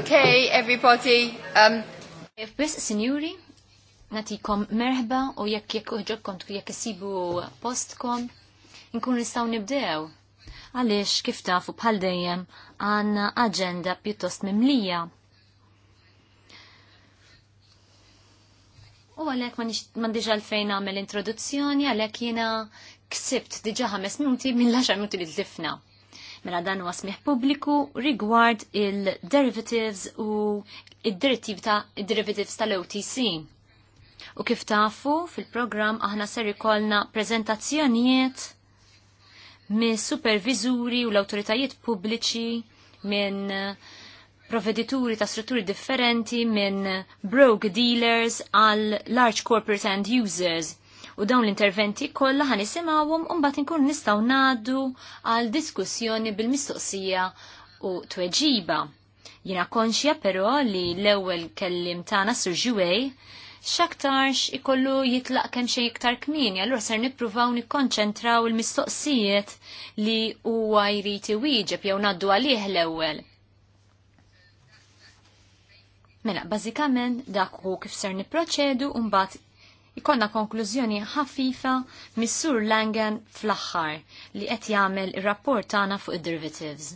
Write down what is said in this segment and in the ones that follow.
Okay, everybody. Um... If bis, signori, natikom merħba u jekk jekk kont jekk isibu postkom, nkun nistaw nibdew. Għalix kif tafu bħal dejjem għanna agenda pjuttost mimlija. U għalek ma diġa għalfejn għamil introduzzjoni, għalek jena ksibt diġa ħames minuti minn laxa minuti li tlifna. Mela dan huwa smih pubbliku rigward il-derivatives u id-direttiv ta' derivatives tal-OTC. U kif tafu fil-programm aħna ser ikollna prezentazzjonijiet minn superviżuri u l-awtoritajiet pubbliċi minn proveditori ta' strutturi differenti minn broke dealers għal large corporate end users u dawn l-interventi kollha ħanisimgħuhom u mbagħad inkun nistgħu ngħaddu għal diskussjoni bil-mistoqsija u tweġiba. Jiena konxja però li l-ewwel kellim tagħna Sur Ġuwej xaktarx ikollu jitlaq kemm xejn iktar kmini, allura ser nippruvaw nikkonċentraw il-mistoqsijiet li huwa jrid iwieġeb jew ngħaddu għalih l-ewwel. Mela, bażikament dak hu kif ser nipproċedu u mbagħad ikonna konklużjoni ħafifa mis-sur Langen fl-aħħar li qed jagħmel ir-rapport tagħna fuq id-derivatives.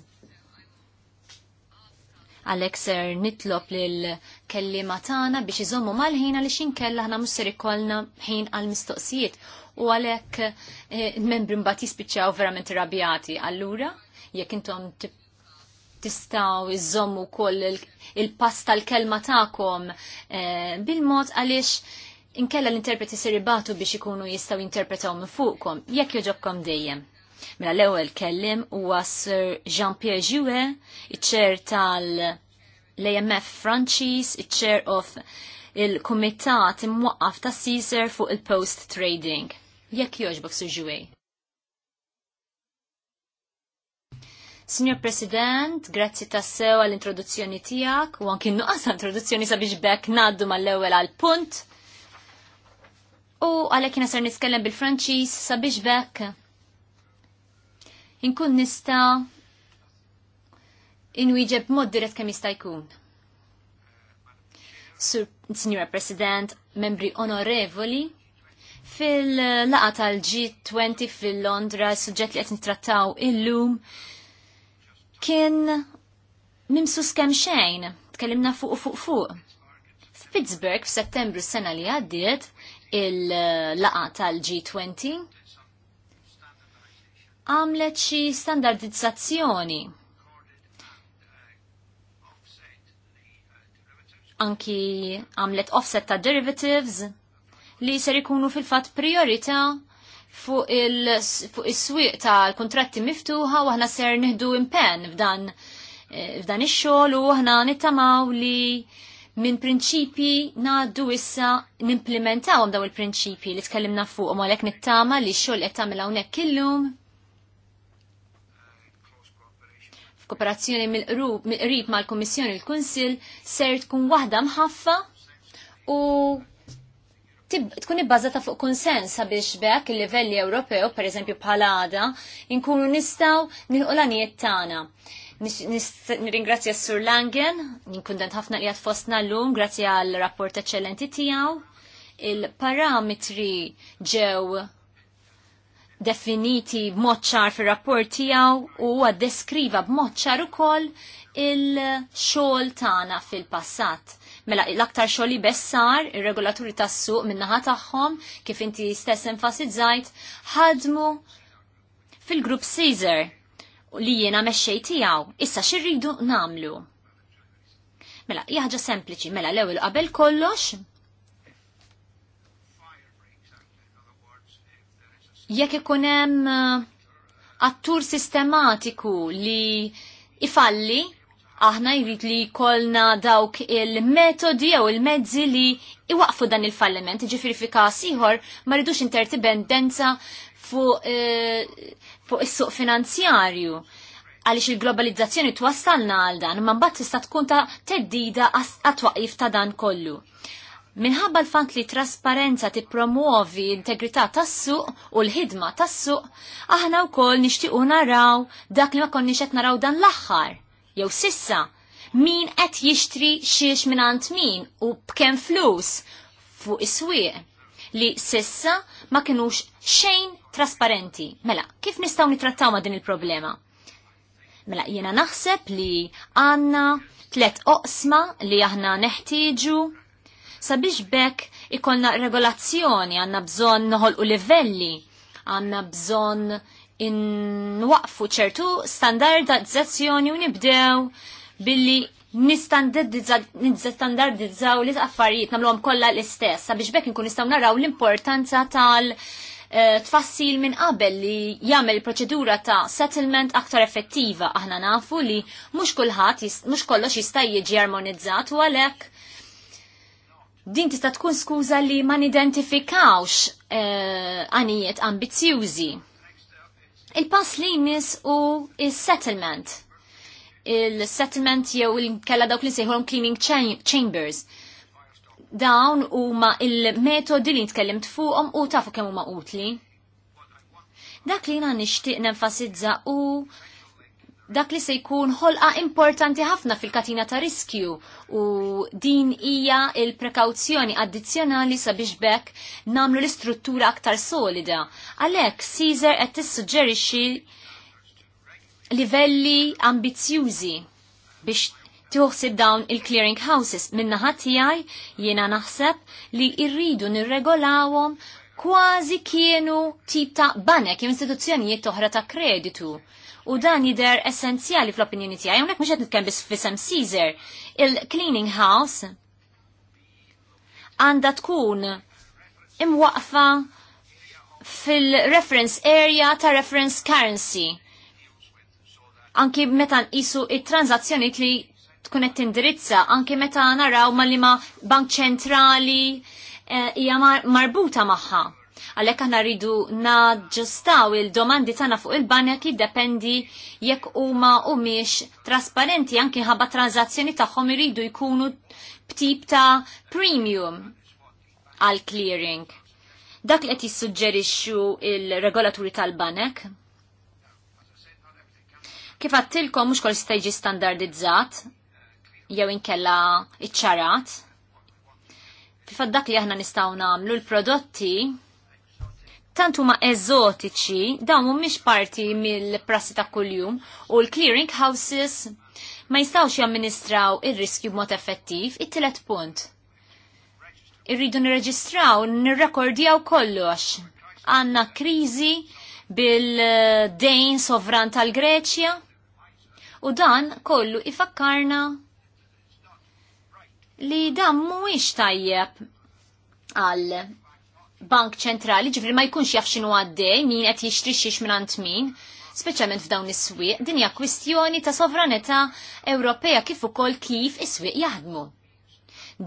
Għalhekk ser nitlob lil kellima tagħna biex iżommu mal-ħin għaliex inkella aħna mussir ikollna ħin għall-mistoqsijiet u għalhekk eh, il-membri mbagħad jispiċċaw verament irrabjati. Allura jekk intom tistaw iżommu wkoll il-pass tal-kelma tagħkom eh, bil-mod għaliex inkella l-interpreti ser ibatu biex ikunu jistaw interpretaw minn fuqkom, jekk joġobkom dejjem. Mela l-ewwel kellim huwa Sir Jean-Pierre Jouet, iċ tal-AMF Franċis, iċ of il-Kumitat imwaqqaf ta' Caesar fuq il-Post Trading. Jekk joġbok Sir Jouet. Signor President, grazzi tas-sew għall-introduzzjoni tijak, u għankin nuqqas introduzzjoni sabiex bekk naddu mal-ewel għal-punt u għalhekk jina ser nitkellem bil-Franċiż sabiex bekk inkun nista inwieġeb mod dirett kemm jista' jkun. Sur Signora President, membri onorevoli, fil-laqa tal-G20 fil-Londra, suġġett li qed nittrattaw illum kien mimsus kemm xejn, tkellimna fuq u fuq fuq. F'Pittsburgh f'Settembru s-sena li għaddiet, il-laqa tal-G20 għamlet xi standardizzazzjoni anki għamlet offset ta' derivatives li ser ikunu fil-fat priorita fuq il-swieq tal kontratti miftuħa u aħna ser nihdu impen f'dan eh, f'dan ix-xogħol u aħna nittamaw li minn prinċipi naddu issa nimplementawhom daw il-prinċipi li tkellimna fuqhom għalhekk nittama li x-xogħol qed tagħmel hawnhekk illum. F'kooperazzjoni mill-qrib mal-Kummissjoni l-Kunsill ser tkun waħda mħaffa u tkun ibbażata fuq konsens sabiex bekk il-livelli Ewropew, pereżempju bħalada, nkunu nistgħu nilqu l-għanijiet tagħna. Nirringrazzja s-Sur Langen, ninkundent ħafna li fostna l-lum, grazzja għal rapport eccellenti tijaw. Il-parametri ġew definiti b'moċċar fil rapport tijaw u għaddeskriva b'moċċar u koll il-xol tana fil-passat. Mela, l-aktar xoli bessar, il-regolaturi tas-suq minnaħa tagħhom kif inti stess enfasizzajt, ħadmu fil-grupp Caesar li jiena meċċej tiegħu. Issa xirridu namlu. Mela, jahġa sempliċi, mela l-ewwel qabel kollox jekk ikun hemm uh, attur sistematiku li ifalli aħna jrid li kolna dawk il-metodi jew il-mezzi li iwaqfu dan il-falliment, ġifiri fi kas ieħor ma rridux intertibendenza fuq uh, fuq is-suq finanzjarju għaliex il-globalizzazzjoni twassalna għal dan, ma mbagħad tista' tkun ta' teddida għat-twaqif ta' dan kollu. Minħabba l-fant li trasparenza tippromuovi integrità tas-suq u l-ħidma tas-suq, aħna wkoll nixtiequ naraw dak li ma konniex qed naraw dan l-aħħar. Jew sissa, min qed jixtri xiex minn għand min u b'kemm flus fuq is-swieq li sissa ma kinux xejn trasparenti. Mela, kif nistaw nitrattaw ma din il-problema? Mela, jena naħseb li għanna tlet oqsma li aħna neħtieġu sabiex bekk ikolna regolazzjoni, għanna bżon u livelli, għanna bżon waqfu ċertu standardizzazzjoni u nibdew billi nistandardizzaw li affarijiet namlu kollha l-istess sabiex bekk nkun nistgħu naraw l-importanza tal- Eh, tfassil minn qabel li jagħmel proċedura ta' settlement aktar effettiva. Aħna nafu li mhux kulħadd mhux kollox jista' jiġi armonizzat u għalhekk din tista' tkun skuża li ma nidentifikawx eh, għanijiet e, ambizzjużi. Il-pass li nis u il-settlement. Il-settlement jew il-kella dawk li sejħolhom cleaning chambers Dawn huma il-metodi li nitkellimt fuqhom u tafu kemm huma utli. Dak li jiena nixtieq nenfasizza u dak li se jkun ħolqa importanti ħafna fil-katina ta' riskju u din hija il-prekawzjoni addizzjonali sabiex bekk namlu l-istruttura aktar solida. Għalhekk Caesar qed tissuġġerixxi livelli ambizzjużi biex tuħsib dawn il-clearing houses minnaħa tiegħi jiena naħseb li irridu nirregolawhom kważi kienu tip ta' banek jew istituzzjonijiet oħra ta' kreditu. U dan jidher essenzjali fl-opinjoni tiegħi hawnhekk mhux qed bis biss Caesar. Il-cleaning house għandha tkun imwaqfa fil-reference area ta' reference currency. Anki meta nqisu it-transazzjoni li tkun qed tindirizza anke meta naraw ma li ma bank ċentrali eh, hija marbuta magħha. Għalhekk aħna rridu naġġustaw il-domandi tagħna fuq il-banek jiddependi jekk huma u miex trasparenti anke ħabba tranzazzjoni tagħhom iridu jkunu b'tip ta' premium għal clearing. Dak li qed jissuġġerixxu il-regolaturi tal-banek kif għattilkom mhux kol stajġi standardizzat, jew inkella iċċarat. Fifad dak li aħna nistgħu nagħmlu l-prodotti tant huma eżotiċi dawn mhumiex parti mill-prassi ta' kuljum u l-clearing houses ma jistgħux jamministraw ir-riskju b'mod effettiv it-tielet punt. Irridu nirreġistraw, nirrekordjaw kollox. Għandna kriżi bil-dejn sovran tal-Greċja u dan kollu ifakkarna li dan mhuwiex tajjeb għal bank ċentrali, ġifri ma jkunx jaf x'inhu għaddej, min qed jixtri xiex minn min, speċjalment f'dawn is-swieq, din hija kwistjoni ta' sovranità Ewropea kif ukoll kif is-swieq jaħdmu.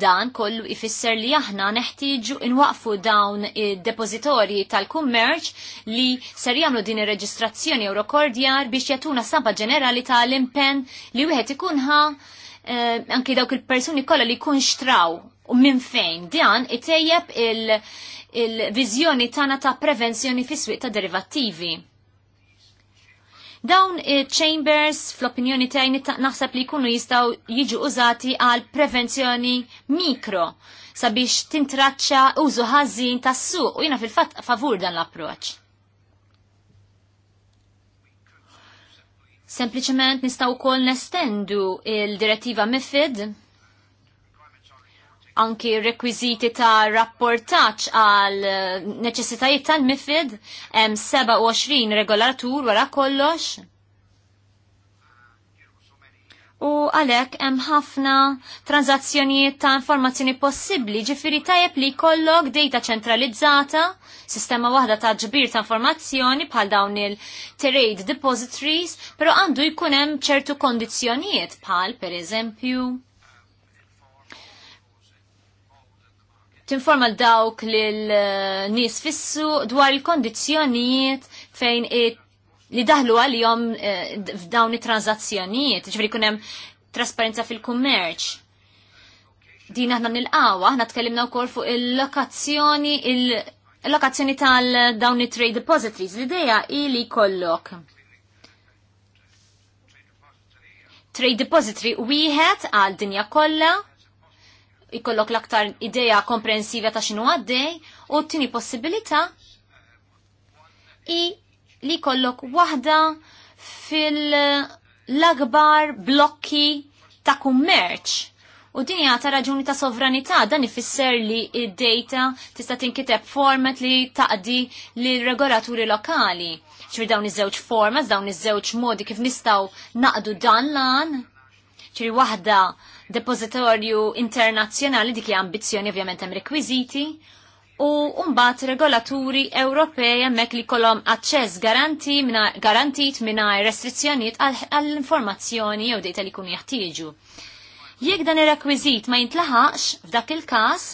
Dan kollu ifisser li aħna neħtieġu inwaqfu dawn id-depozitorji tal-kummerċ li ser jagħmlu din ir-reġistrazzjoni ewrokordjar biex jatuna saba' ġenerali tal-impenn li wieħed ikunha. Eh, anki dawk il-persuni kollha li jkun xtraw u minn fejn dan tejjeb il-viżjoni tagħna ta' prevenzjoni fis-swieq ta' derivattivi. Dawn chambers fl-opinjoni tiegħi naħseb li jkunu jistgħu jiġu użati għal prevenzjoni mikro sabiex tintraċċa użu ħażin tas-suq u jiena fil-fatt favur dan l-approċċ. Sempliċement nistaw kol nestendu il-direttiva MIFID anki rekwiziti ta' rapportaċ għal neċessitajiet tal-MIFID 27 regolatur wara kollox u għalek hemm ħafna tranzazzjonijiet ta' informazzjoni possibbli, ġifiri tajjeb li jkollok data ċentralizzata, sistema waħda ta' ġbir ta' informazzjoni bħal dawn il-trade depositories, però għandu jkun hemm ċertu kondizzjonijiet bħal pereżempju. tinforma l-dawk lil nis fissu dwar il-kondizzjonijiet fejn it li daħlu għal-jom eh, f'dawn it transazzjonijiet ġveri kunem trasparenza fil-kummerċ. Din aħna nil-qawa, aħna tkellimna wkoll fuq il-lokazzjoni il-lokazzjoni tal-dawn it-trade depositories. L-ideja ili kollok trade depository wieħed għal dinja kollha, ikollok l-aktar ideja komprensiva ta' xinu għaddej, u t-tini possibilita i li kollok waħda fil-akbar blokki ta' kummerċ. U din jgħata raġuni ta' sovranità, dan ifisser li id-data tista' tinkiteb format li taqdi li regolaturi lokali. ċir dawn iż-żewġ formats, dawn iż-żewġ modi kif nistgħu naqdu dan lan. ċir waħda depozitorju internazzjonali dik hija ambizzjoni ovvjament hemm rekwiżiti u mbagħad regolaturi Ewropej hemmhekk li kolom aċċess garanti garantit mingħajr restrizzjonijiet għall-informazzjoni jew dejta li jkunu jeħtieġu. Jekk dan ir-rekwiżit ma jintlaħaqx f'dak il-każ,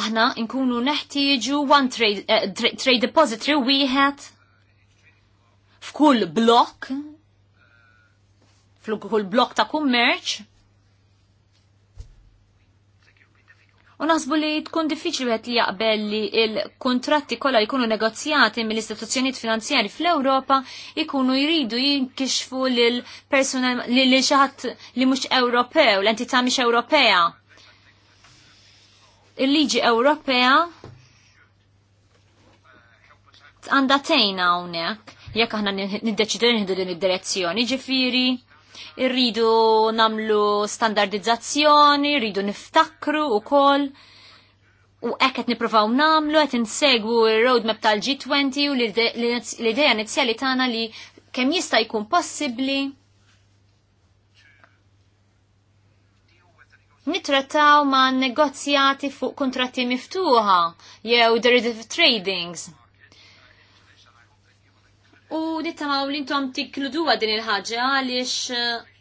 aħna nkunu neħtieġu one trade, uh, trade depository wieħed f'kull blok f'kull blok ta' kummerċ U nasbu li tkun diffiċli għet li jaqbel li il-kontratti kolla jkunu negozjati mill-istituzzjoniet finanzjari fl-Europa jkunu jridu jinkixfu l persuna li xaħat li mux Ewropew, l-entità mux Ewropea. Il-liġi Ewropea għandatejna unek, jekk aħna niddeċidu nħidu din id-direzzjoni, ġifiri irridu namlu standardizzazzjoni, irridu niftakru u kol. U ekket niprofaw namlu, għet nsegwu il-roadmap tal-G20 u l-ideja nizjali tana li kem jista' jkun possibli. Nitrattaw ma' negozjati fuq kontratti miftuħa, jew derivative tradings nittamaw li ntom tikkluduwa din il-ħagġa għaliex eh,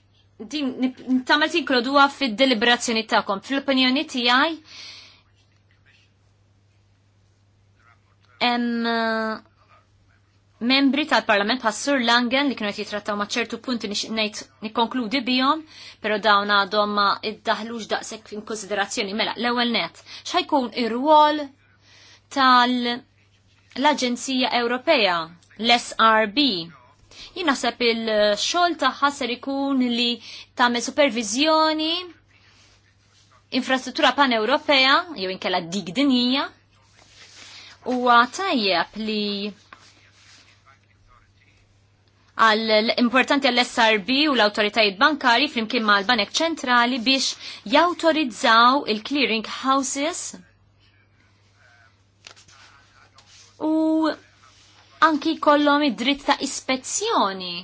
din nittamaw tikkluduwa fil-deliberazzjoni ta'kom. Fil-opinjoni għaj, em eh, membri tal-parlament Sur Langen li kienu jitrattaw ma' ċertu punti nejt nikonkludi bijom, pero dawn għadhom ma id-daħlux daqsek in konsiderazzjoni. Mela, l-ewel net, xajkun ir wol tal- l-Aġenzija Ewropea l-SRB. Jien naħseb il-xogħol tagħha ser ikun li tagħmel supervizjoni infrastruttura pan-Ewropea jew inkella dik dinija huwa tajjeb li għal importanti għall srb u l-autoritajiet bankari flimkien ma' l-Banek ċentrali biex jawtorizzaw il-clearing houses u anki kollom id-dritt ta' ispezzjoni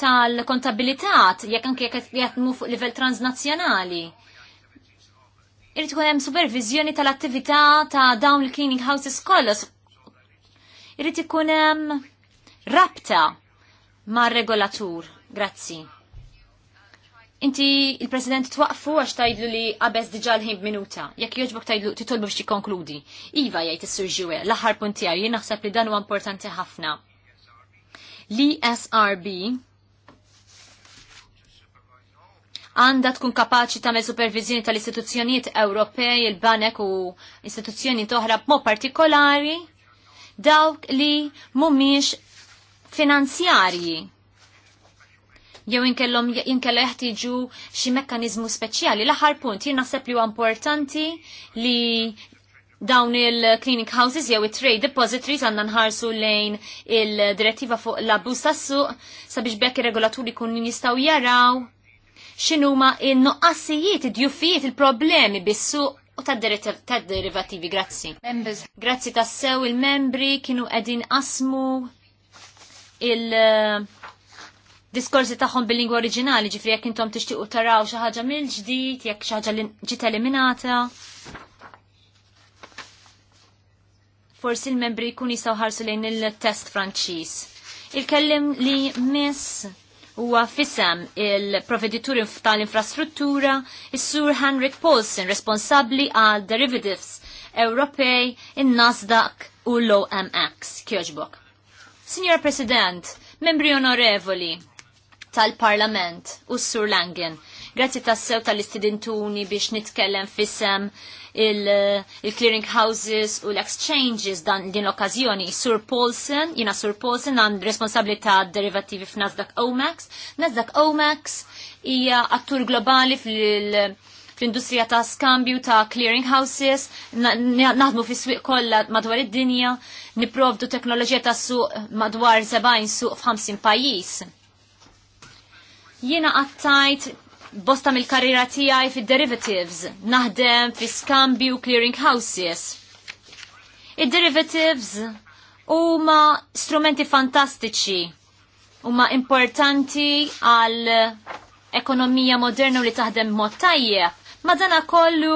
tal-kontabilitat, jekk anki jekk jaħdmu fuq livell transnazzjonali. Irid ikun hemm supervizjoni tal-attività ta' dawn il-cleaning houses kollos. Irid ikun hemm rabta mar regolatur. Grazzi inti il-President twaqfu għax tajdlu li għabez diġa l-ħin minuta, jekk joġbok tajdlu titolbu biex konkludi. Iva jgħid is surġiwe laħar l-aħħar punt tiegħi jien naħseb li dan huwa importanti ħafna. l e SRB għandha tkun kapaċi tagħmel supervizjoni tal-istituzzjonijiet Ewropej, il-banek u l-istituzzjonijiet oħra b'mod partikolari dawk li mhumiex finanzjarji jew inkellhom jinkella jeħtieġu xi mekkaniżmu speċjali. L-aħħar punt jien naħseb li huwa importanti li dawn il-cleaning houses jew it-trade depositories għandna nħarsu lejn il-direttiva fuq l-abbuż tas-suq sabiex bekk ir-regolaturi kun jistgħu jaraw x'inhuma n noqqasijiet id-djufijiet, il-problemi bis-suq u tad derivativi grazzi. Grazzi tassew il-membri kienu qegħdin qasmu il- diskorsi tagħhom bil-lingwa oriġinali, ġifri jekk intom tixtiequ taraw xi ħaġa mill-ġdid, jekk xi ħaġa li ġiet eliminata. Forsi l-membri jkun jistgħu ħarsu lejn il-test Franċiż. Il-kellim li miss huwa fisem il-proveditur tal-infrastruttura is-Sur Henrik Paulsen responsabbli għal derivatives Ewropej in-Nasdaq u l-OMX. Kjoġbok. Signor President, membri onorevoli, tal-Parlament u s-Sur Langen. Grazzi tassew tal-istidintuni biex nitkellem fissem il-clearing il houses u l-exchanges dan din l-okkazjoni. Sur Paulsen, jina Sur Paulsen, għand responsabilità derivativi f'Nasdaq OMAX. Nasdaq OMAX hija attur globali fil- fl-industrija ta' skambju ta' clearing houses, naħdmu fi swiq kollha madwar id-dinja, niprovdu teknoloġija ta' suq madwar 70 suq f'50 pajjiż. Jiena għattajt bosta mill-karriera tiegħi fid-derivatives, naħdem fi skambju clearing houses. Id-derivatives huma strumenti fantastiċi, huma importanti għal ekonomija moderna u li taħdem mod tajjeb. Madana kollu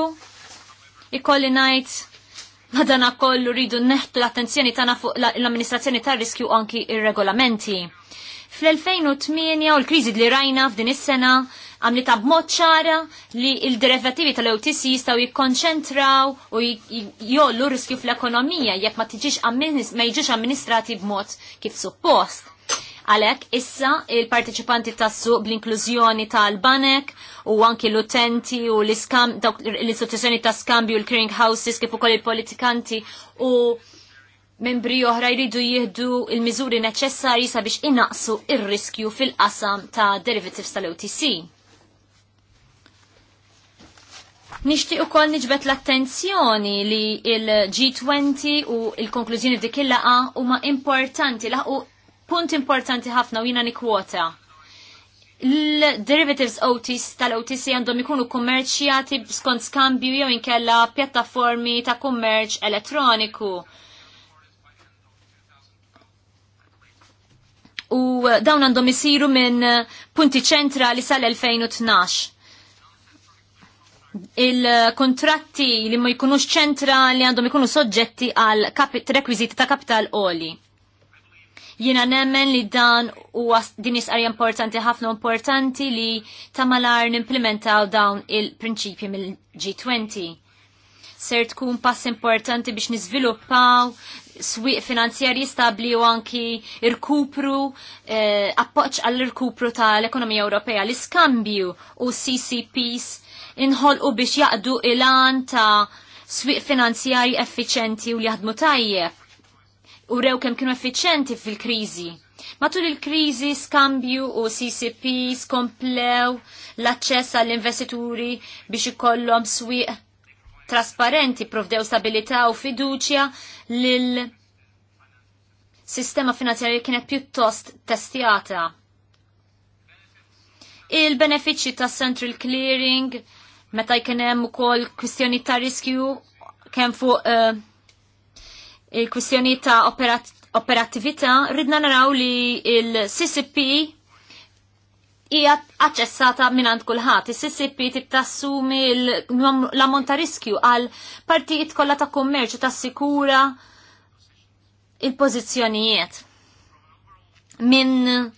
ikolli ngħid madana kollu rridu neħtu l-attenzjoni tana fuq l-amministrazzjoni tar-riskju anki ir-regolamenti. Fl-2008 u l-kriżi li rajna f'din is-sena għamli ta' b'mod ċara li il-derivativi tal-OTC jistaw jikkonċentraw u jollu riskju fl-ekonomija jekk ma jiġux amministrati b'mod kif suppost. Għalek, issa il-parteċipanti suq bl-inklużjoni tal-banek u anki l-utenti u l istituzjoni ta' skambju l-clearing houses kif ukoll il-politikanti u membri oħra jridu jihdu il-miżuri neċessarji sabiex inaqsu ir-riskju fil-qasam ta' derivatives tal-OTC. Nishti u koll nġbet l-attenzjoni li il-G20 u il-konklużjoni dik il-laqa u ma importanti laħu punt importanti ħafna u jina nikwota. L-derivatives OTC tal-OTC għandhom ikunu kummerċjati skont skambju jew inkella pjattaformi ta' kummerċ elettroniku u dawn għandhom isiru minn punti ċentrali sal-2012. Il-kontratti li ma jkunux ċentrali għandhom ikunu soġġetti għal rekwiziti ta' kapital oli. Jina nemmen li dan u din isqarja importanti ħafna importanti li tamalar nimplementaw dawn il-prinċipji mill-G20 ser tkun pass importanti biex nizviluppaw swieq finanzjarji stabli u anki irkupru, eh, appoċ għall-irkupru tal-ekonomija Ewropea, l-iskambju u CCPs inħolqu biex jaqdu ilan ta' swieq finanzjarji effiċenti u li jaħdmu tajjeb. U rew kem kienu effiċenti fil-krizi. Matul il-krizi skambju u CCPs komplew l-aċċess għall-investituri biex ikollhom swieq trasparenti provdew stabilità u fiduċja lil sistema finanzjarja kienet pjuttost testjata. Il-benefiċċji ta' central clearing meta jkien hemm ukoll kwistjoni ta' riskju kemm fuq uh, il-kwistjoni ta' operat operattività ridna naraw li il-CCP hija aċċessata mingħand kulħadd. Is-CCP tittassumi l-ammont ta' riskju għal partijiet kollha ta' kummerċu ta' sikura il-pożizzjonijiet. Minn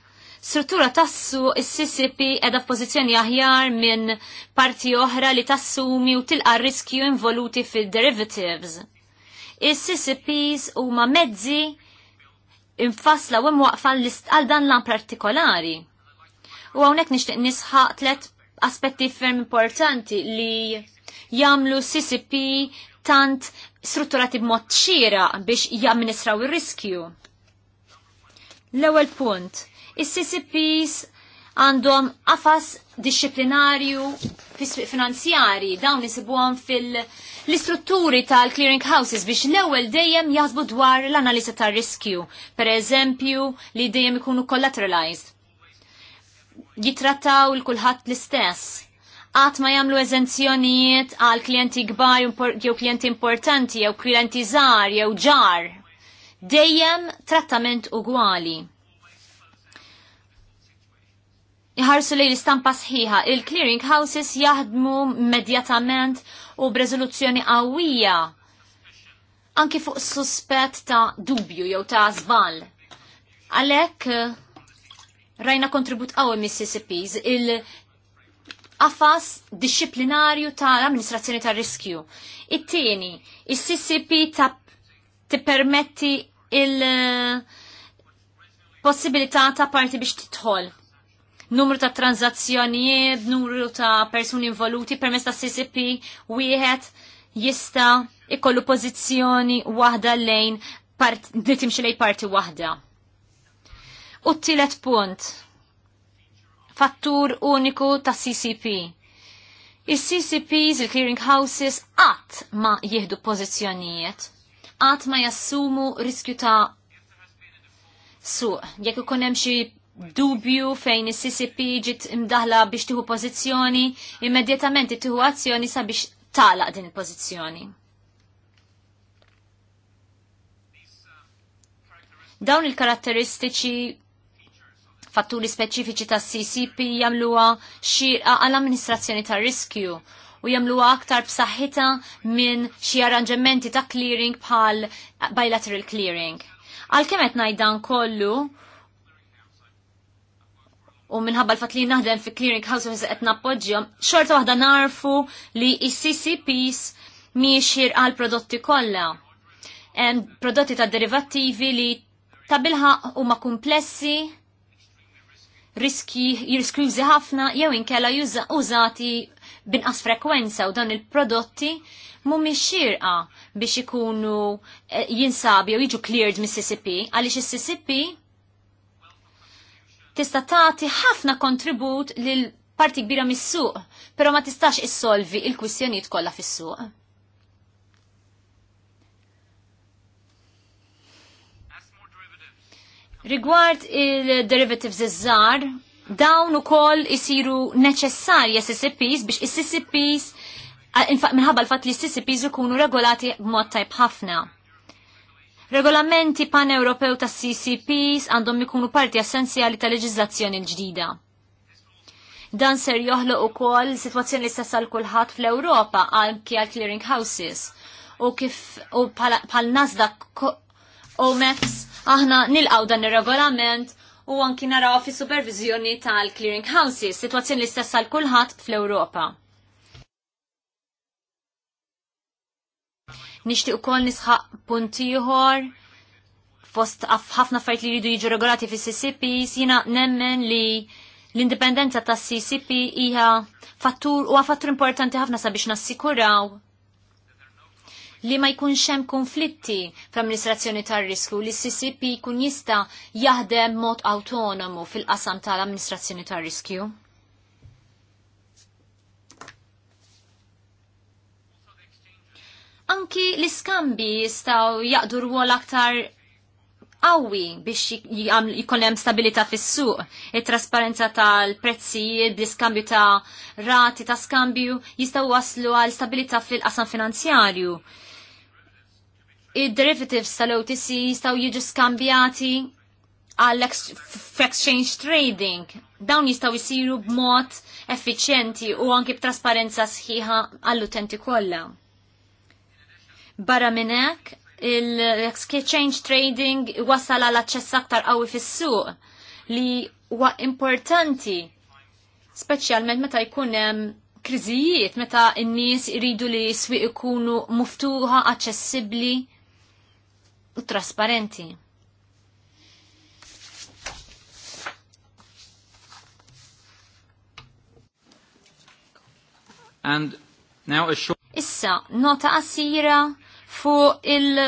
struttura tassu is-CCP edha f'pożizzjoni aħjar minn parti oħra li tassumi u tilqa riskju involuti fil-derivatives. Is-CCPs huma mezzi infasla u mwaqfa għal dan lan partikolari U għawnek nishtiq nisħaq tlet aspetti ferm importanti li jamlu CCP tant strutturati b'mod xira biex jamministraw ir-riskju. L-ewwel punt, is-CCPs għandhom għafas disciplinarju finanzjari dawn nisibuhom fil-istrutturi tal-clearing houses biex l-ewwel dejjem jazbu dwar l-analiżi tar-riskju, per eżempju li dejjem ikunu collateralized jitrattaw il-kulħadd l-istess. Għat ma jamlu eżenzjonijiet għal klienti gbar jew klienti importanti jew klienti żgħar jew ġar. Dejjem trattament ugwali. Iħarsu li l-istampa sħiħa, il-clearing houses jaħdmu immedjatament u b'rezoluzzjoni qawwija anki fuq suspett ta' dubju jew ta' zbal. Għalhekk rajna kontribut għaw mis-CCPs il-qafas disciplinarju tal-amministrazzjoni tar-riskju. It-tieni, il ccp ta' tippermetti il- possibilità ta' parti biex titħol. Numru ta' tranzazzjonijiet, numru ta' persuni involuti permess ta' CCP, wieħed jista' ikollu pożizzjoni waħda lejn part, timxi lejn parti waħda. U t-tielet punt. Fattur uniku ta' CCP. Is-CCPs, il clearing houses, qatt ma jieħdu pożizzjonijiet, qatt ma jassumu riskju ta' suq. Jekk ikun hemm xi dubju fejn is-CCP ġiet imdaħla biex tieħu pożizzjoni, immedjatament tiħu azzjoni sabiex tagħlaq din il-pożizzjoni. Dawn il-karatteristiċi fatturi speċifiċi tas CCP jagħmluha xirqa għall-amministrazzjoni tar-riskju u jagħmluha aktar b'saħħita minn xi arranġamenti ta' clearing bħal bilateral clearing. Għalkemm qed ngħid dan kollu, u minħabba l-fat li naħdem fi clearing house u qed nappoġġjhom, xorta waħda narfu li is-CCPs miex għal prodotti kollha. Prodotti ta' derivattivi li ta' bilħa huma komplessi riski jirsklużi ħafna jew inkella użati binqas frekwenza u dawn il-prodotti mhumiex xirqa biex ikunu eh, jinsabi u jiġu cleared mis-CCP għaliex is-CCP tista' tagħti ħafna kontribut lil parti kbira mis-suq, però ma tistax issolvi il-kwistjonijiet kollha fis-suq. Rigward il-derivatives iż-żar, dawn ukoll isiru neċessarja CCPs biex is-CCPs minħabba l-fatt li s-CCPs ikunu regolati b'mod tajb ħafna. Regolamenti pan-Ewropew ta' CCPs għandhom ikunu parti essenzjali ta' leġizlazzjoni l-ġdida. Dan ser joħloq ukoll sitwazzjoni l kulħadd fl-Ewropa għal għal clearing houses u kif u pal Nasdaq OMEX Aħna nilqaw dan ir-regolament u anki naraw fi supervizjoni tal-clearing houses, situazzjoni li stessa għal kulħadd fl-Ewropa. Nixtieq ukoll nisħaq punt ieħor fost ħafna fajt li jridu jiġu regolati fis ccp jina nemmen li l-indipendenza tas ccp hija fattur u fattur importanti ħafna sabiex nassikuraw li ma jkunx hemm konflitti fl-amministrazzjoni tar-risku li s-CCP jkun jista' jaħdem mod autonomu fil-qasam tal-amministrazzjoni tar-riskju. Anki l-iskambi jistaw jaqdu rwol aktar qawwi biex jikonem hemm stabilità fis-suq, it-trasparenza tal-prezzijiet, l-iskambju ta' rati ta' skambju jistgħu waslu għal stabilita fil-qasam finanzjarju id-derivatives tal-OTC jistaw jiġu skambjati għal exchange trading. Dawn jistaw jisiru b'mod effiċjenti u anki b'trasparenza sħiħa għall-utenti kollha. Barra minn hekk, il-exchange trading wasal għal aċċess aktar qawwi fis-suq li huwa importanti speċjalment meta jkun hemm kriżijiet meta n-nies iridu li s-swieq ikunu muftuħa, aċċessibbli u trasparenti. And now a short... Issa, nota qasira fuq il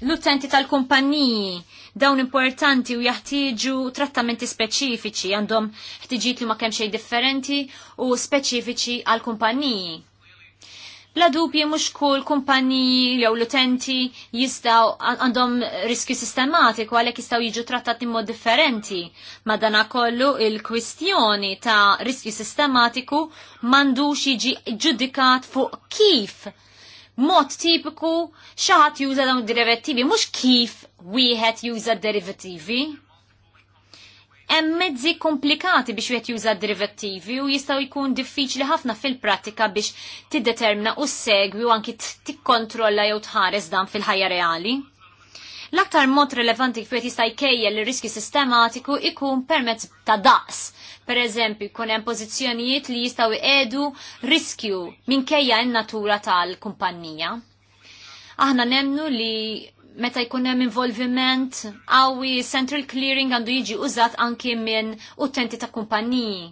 l-utenti tal kumpanniji dawn importanti u jaħtieġu trattamenti speċifiċi għandhom ħtiġiet li ma kemm xejn differenti u speċifiċi għal kumpanniji la dubji mhux kull kumpaniji jew l-utenti jistgħu għandhom riskju sistematiku għalhekk jistgħu jiġu trattati mod differenti. Madana kollu il-kwistjoni ta' riskju sistematiku m'għandux jiġi ġudikat fuq kif mod tipiku xaħat juża dawn derivativi, mhux kif wieħed juża derivativi. Hemm mezzi komplikati biex wieħed juża derivattivi u jistgħu jkun diffiċli ħafna fil-pratika biex tiddetermina u segwi u anki tikkontrolla jew tħares dan fil-ħajja reali. L-aktar mod relevanti kif jista' jkejjel ir-riski sistematiku ikun permezz ta' daqs. Per eżempju, jkun hemm pożizzjonijiet li jistgħu jqedu riskju minkejja n-natura tal-kumpanija. Aħna nemnu li meta jkun hemm involviment qawwi central clearing għandu jiġi użat anki minn utenti ta' kumpaniji.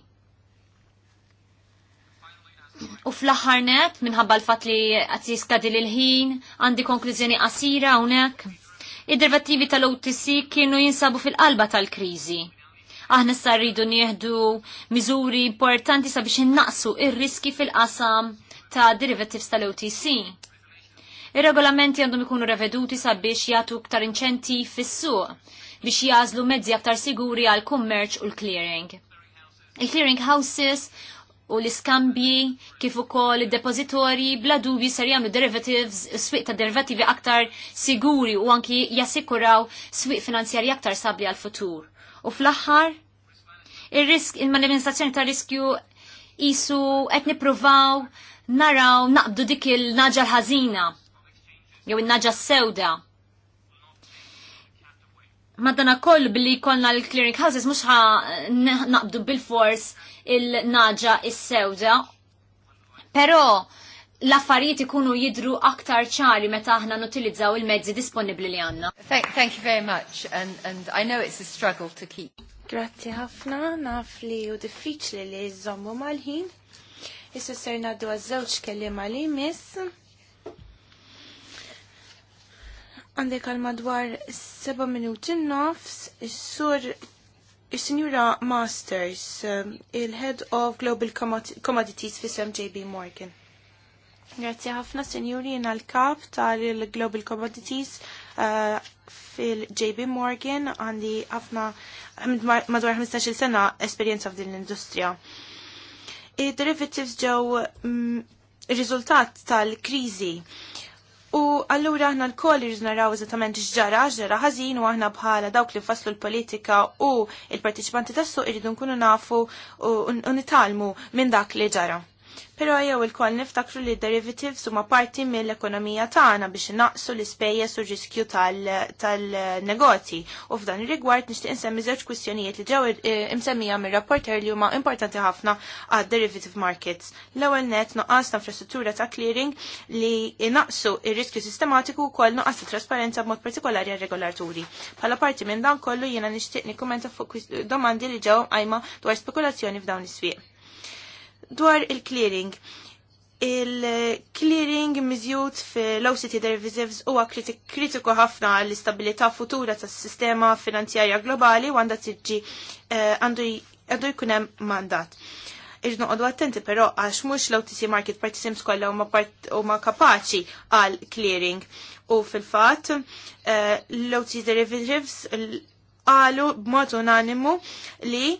U fl-aħħar net, minħabba l-fatt li qed jiskadi l-ħin, għandi konklużjoni qasira hawnhekk. Id-derivativi tal-OTC kienu jinsabu fil-qalba tal-kriżi aħna issa rridu nieħdu miżuri importanti sabiex innaqsu ir-riski fil-qasam ta' derivatives tal-OTC. Ir-regolamenti għandhom ikunu reveduti sabiex jagħtu iktar inċenti fis-suq biex jażlu mezzi aktar siguri għal kummerċ u l-clearing. Il-clearing houses u l-iskambji kif ukoll id-depozitorji bla dubju ser jagħmlu derivatives, swieq ta' derivativi aktar siguri u anki jassikuraw swieq finanzjarji aktar sabli għal futur. U fl-aħħar ir-risk il il-manifestazzjoni ta' riskju isu qed nippruvaw naraw naqbdu dik il-naġa l-ħażina jew in-naġa sewda. Madana koll billi konna l-clearing houses mux ħa naqbdu bil-fors il-naġa is-sewda. Pero l-affarijiet ikunu jidru aktar ċari meta aħna nutilizzaw il-mezzi disponibbli li għanna. Thank, thank you very much and, and I know it's a struggle to keep. Grazzi ħafna, naf li u diffiċli li jżommu mal-ħin. Issa serna du għaż kelli kellim imis Għandek għal madwar 7 minuti nofs, is-sur il sinjura Masters, um, il-Head of Global Commodities fi JB Morgan. Grazie ħafna, senjuri. jena l-kap tal-Global Commodities uh, fil-JB Morgan, għandi ħafna madwar 15 sena esperienza f'din l-industrija. il derivatives ġew il mm, riżultat tal-krizi. U allura aħna l-koll naraw eżattament x'ġara, ġara ħażin u aħna bħala dawk li faslu l-politika u il-partiċipanti tassu irridu nkunu nafu u nitalmu minn dak li ġara. Pero jew il-koll niftakru li derivatives huma parti mill-ekonomija tagħna biex naqsu l-ispejjeż u riskju tal-negozji. U f'dan ir-rigward nixtieq insemmi żewġ kwistjonijiet li ġew eh, imsemmija mir-rapporter li huma importanti ħafna għad derivative markets. L-ewwel net noqqas ta' infrastruttura ta' clearing li naqsu ir-riskju sistematiku wkoll noqqas ta' trasparenza b'mod partikolari għal-regolaturi. Bħala parti minn dan kollu jiena nixtieq nikkumenta fuq domandi li ġew għajma dwar spekulazzjoni f'dawn is-swieq. Dwar il-clearing. Il-clearing miżjut fil-OCT derivatives huwa kritiku ħafna għall-istabilità futura tas-sistema finanzjarja globali u għandha tiġi eh, għandu jkun hemm mandat. Iġ attenti però għax mhux l-OTC market participants kollha huma kapaċi għal clearing u fil-fatt eh, l-OTC derivatives qalu b'mod unanimu li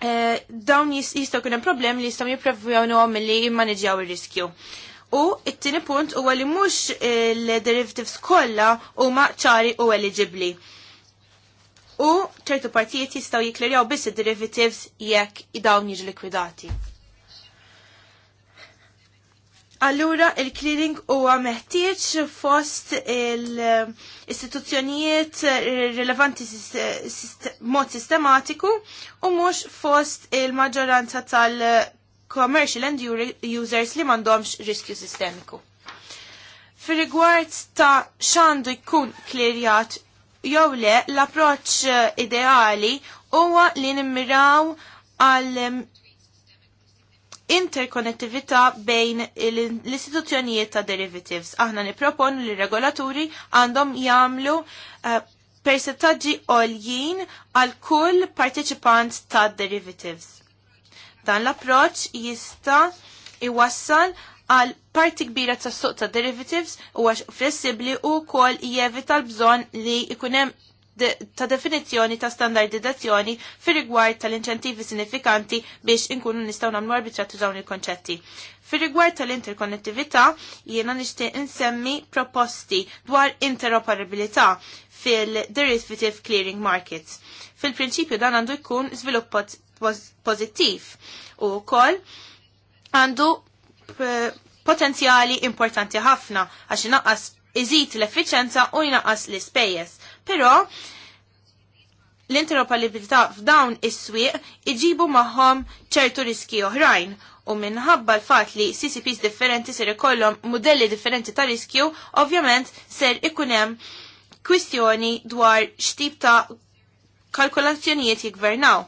Eh, dawn jistaw kunem problem li jistaw jiprevjonu għom li jimmanġaw il-riskju. U it-tini punt u li mux il-derivatives eh, kolla u ċari u eligibli. U ċertu partijiet jistaw jiklerjaw biss il-derivatives jekk dawn jiġu likwidati. Allura il-clearing huwa meħtieġ fost il-istituzzjonijiet rilevanti mod sistematiku u mhux fost il-maġġoranza tal-commercial end users li m'għandhomx riskju sistemiku. Fir-rigward ta' xandu jkun klirjat jew le l-approċċ ideali huwa li nimmiraw għal interkonnettività bejn l-istituzzjonijiet ta' derivatives. Aħna nipropon li regolaturi għandhom jagħmlu eh, persettaġġi għoljin għal kull partiċipant ta' derivatives. Dan l-approċ jista' iwassal għal parti kbira ta' suq ta' derivatives u għax flessibli u kol jevita l-bżon li ikunem de, ta' definizjoni ta' standardizzazzjoni fir rigward tal-inċentivi sinifikanti biex inkunu nistgħu nagħmlu arbitratu dawn il-konċetti. Fir rigward tal-interkonnettività jiena nixtieq insemmi proposti dwar interoperabilità fil-derivative clearing markets. Fil-prinċipju dan għandu jkun żvilupp pożittiv u wkoll għandu eh, potenzjali importanti ħafna għax inaqqas iżid l-effiċenza u jnaqqas l-ispejjeż. Però l-interoperabilità f'dawn is-swieq iġibu magħhom ċertu riski oħrajn u minħabba l-fat li CCPs differenti ser ikollhom modelli differenti ta' riskju, ovvjament ser ikun hemm kwistjoni dwar x'tip ta' kalkolazzjonijiet jigvernaw.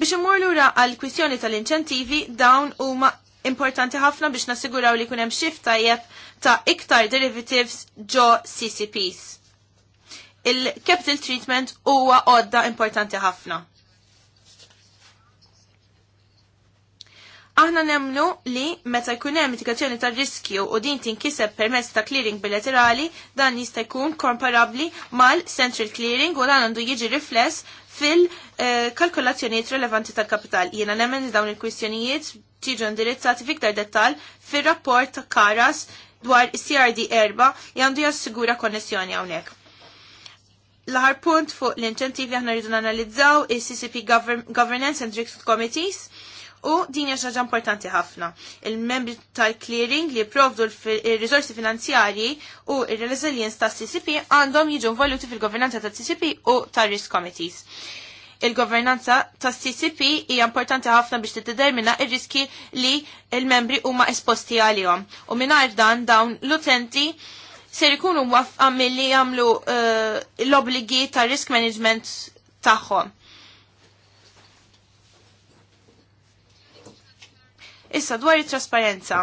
Biex imur lura għal kwistjoni tal-inċentivi, dawn huma importanti ħafna biex nassiguraw li kunem xift tajjeb ta' iktar derivatives ġo CCPs il-capital treatment huwa għodda importanti ħafna. Aħna nemnu li meta jkun hemm mitigazzjoni tar riskju u din tinkiseb permezz ta' clearing bilaterali dan jista' jkun komparabbli mal-central clearing u dan għandu jiġi rifless fil eh, kalkulazzjonijiet relevanti tal-kapital. Jiena nemmen dawn il-kwistjonijiet tiġu indirizzati fiktar dettal fir-rapport ta' Karas dwar CRD erba' li għandu jassigura konnessjoni hawnhekk. L-ħar punt fuq l intentivi aħna rridu analizzaw il-CCP Governance and Risk Committees u din hija ħaġa importanti ħafna. Il-membri tal-clearing li jipprovdu l-risorsi finanzjarji u il-resilience tas CCP għandhom jiġu involuti fil-governanza ta' CCP u ta' risk committees. Il-governanza tas CCP hija importanti ħafna biex tiddetermina ir-riski li il-membri huma esposti għalihom. U mingħajr dan dawn l-utenti ser ikunu mwafqa milli jagħmlu uh, l-obligi ta' risk management tagħhom. Issa dwar it-trasparenza.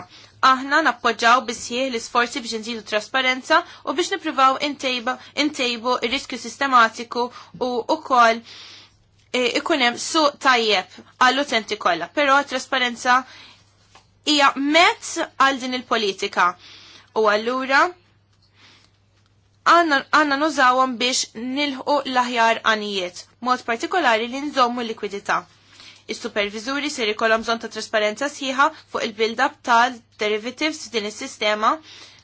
Aħna nappoġġaw bisħieħ l-isforzi biex nżidu trasparenza u biex nipruvaw intejbu il riskju sistematiku u ukoll eh, ikun hemm suq tajjeb għall-utenti kollha, però trasparenza hija mezz għal din il-politika. U allura għanna nużawhom biex nilħu l-aħjar għanijiet, mod partikolari li nżommu l-likwidità. Is-supervizuri se jkollhom bżonn ta' trasparenza sħiħa fuq il-build-up tal-derivatives din is-sistema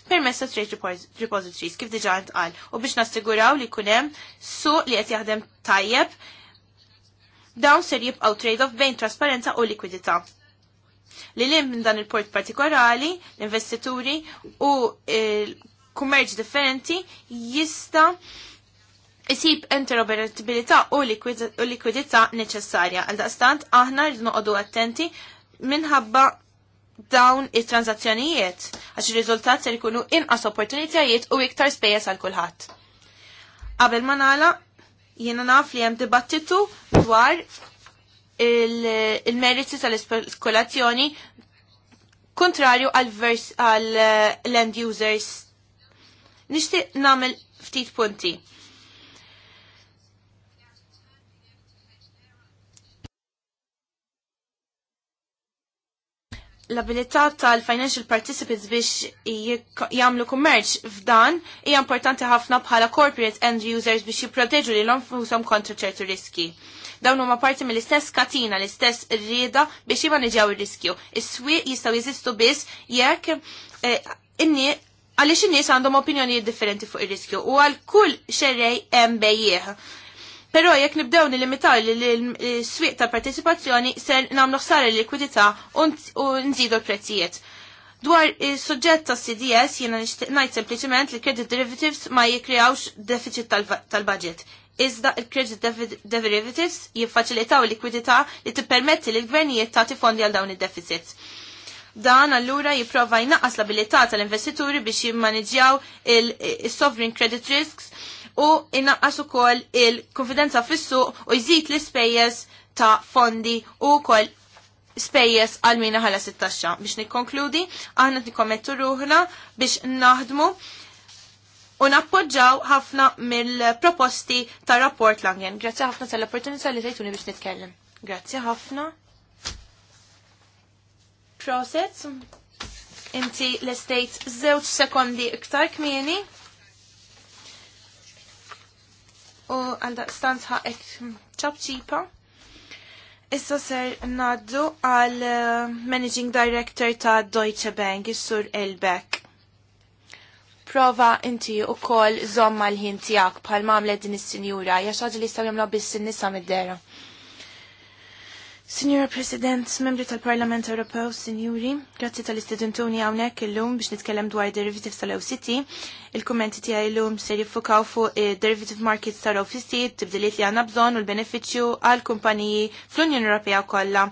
permess ta' trade repositories kif diġà għal, u biex nassiguraw li jkun hemm suq li qed jaħdem tajjeb dawn ser jibqgħu trade-off bejn trasparenza u likwidità li lim dan il-port partikolari, l-investituri u kummerġ differenti jista jisib interoperabilità u likwidità neċessarja. Għal daqstant aħna rridu noqogħdu attenti minħabba dawn it transazzjonijiet għax ir-riżultat se jkunu inqas opportunitajiet u iktar spejjeż għal kulħadd. Qabel ma nagħla jiena naf li hemm dibattitu dwar il-meriti il meriti tal ispekulazzjoni kontrarju għal-end eh, users Nixtieq nagħmel ftit punti. l-abilità tal-financial participants biex jagħmlu kummerċ f'dan hija importanti ħafna bħala corporate end users biex jipproteġu li l onfusom kontra ċertu riski. Dawn huma parti mill-istess katina, l-istess rieda biex jimaneġjaw ir-riskju. Is-swieq jistgħu jeżistu biss jekk eh, inni għaliex in-nies għandhom opinjonijiet differenti fuq ir-riskju u għal kull xerrej hemm bejjieħ. Però jekk nibdew nilimitaw l-swieq tal-partecipazzjoni ser nagħmlu ħsara l-likwidità u nżidu l-prezzijiet. Dwar is-suġġett tas CDS jiena nixtieq ngħid sempliċement li credit derivatives ma jikrijawx deficit tal-budget. Iżda il-credit derivatives jiffaċilitaw likwidità li tippermetti li l-gvernijiet tagħti fondi għal dawn id-deficits. Dan allura jipprova jnaqqas l-abilità tal-investituri biex jimmanġjaw il-sovereign credit risks u jnaqqas ukoll il-konfidenza fis-suq u jżid l-ispejjeż ta' fondi u kol spejjes għal mina ħala 16 biex nikkonkludi aħna nikkommettu ruħna biex naħdmu u nappoġġaw ħafna mill-proposti ta' rapport Langen. Grazzi ħafna tal-opportunità li tajtuni biex nitkellem. Grazzi ħafna. Process. inti l-estate zewċ sekondi iktar kmieni. U għanda stanz ħaqek ċabċipa. Issa ser naddu għal eh, Managing Director ta' Deutsche Bank, Sur Elbeck. Prova inti u kol zomma l-ħin tijak bħal mamle din is-sinjura, jaxħaġi li stamjamla bis-sinni sa' mid-dera. Signora President, membri tal-Parlament Ewropew, Sinjuri, grazzi tal-istudentuni għawnek il-lum biex nitkellem dwar derivatives tal-OCT. Il-kommenti tiegħi il-lum ser jiffukaw fuq eh, derivative markets tal-OCT, tibdiliet li għanna bżon u l-beneficju għal-kumpaniji fl-Unjoni Ewropea kollha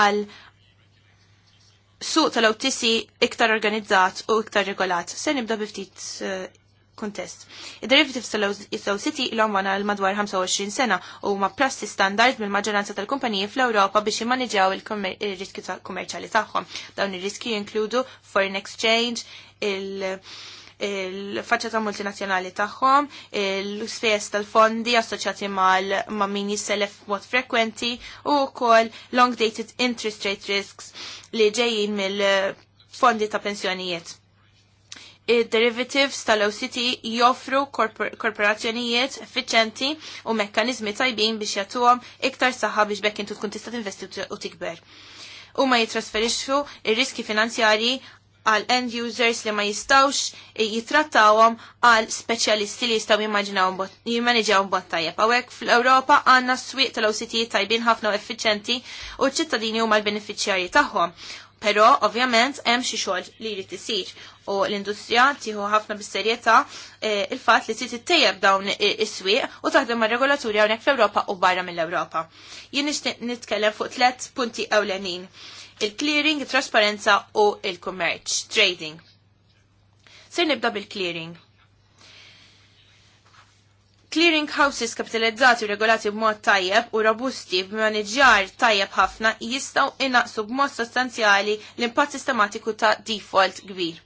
għal suq tal-OTC iktar organizzat u iktar regolat. Se nibda biftit eh, kontest. Id-derivatives tal City l-om għana l-madwar 25 sena u ma prassi standard mill-maġġoranza tal-kumpaniji fl-Europa biex jimmaniġaw il-riski kummerċali tagħhom. Dawn ir-riski jinkludu foreign exchange, il- il-faċċa ta' multinazzjonali tagħhom, l-spes tal-fondi assoċjati mal ma' min jisselef mod frekwenti u wkoll long dated interest rate risks li ġejjin mill-fondi ta' pensjonijiet derivatives tal-OCT joffru korporazzjonijiet effiċenti u mekkanizmi tajbin biex jagħtuhom iktar saħħa biex bekk intu tkun tista' tinvesti u tikber. U ma jitrasferixxu ir-riski finanzjarji għal end users li ma jistawx jitrattawhom għal speċjalisti li jistaw jimmaneġaw bot tajjeb. Għawek fl-Ewropa għanna s-swiq tal-OCT tajbin ħafna u effiċenti u ċittadini huma l benefiċjarji tagħhom. Pero, ovvjament, hemm xi xogħol li jrid isir u l-industrija tieħu ħafna bis-serjetà eh, il-fatt li trid ittejjeb dawn is-swieq u taħdem mar-regolaturi hawnhekk fl-Ewropa u barra mill-Ewropa. Jien nixtieq nitkellem fuq tliet punti ewlenin: il-clearing, it-trasparenza u il-kummerċ, trading. Ser nibda bil-clearing Clearing houses kapitalizzati u regolati b'mod tajjeb u robusti b'maniġjar tajjeb ħafna jistaw inaqsu b'mod sostanzjali l-impatt sistematiku ta' default kbir.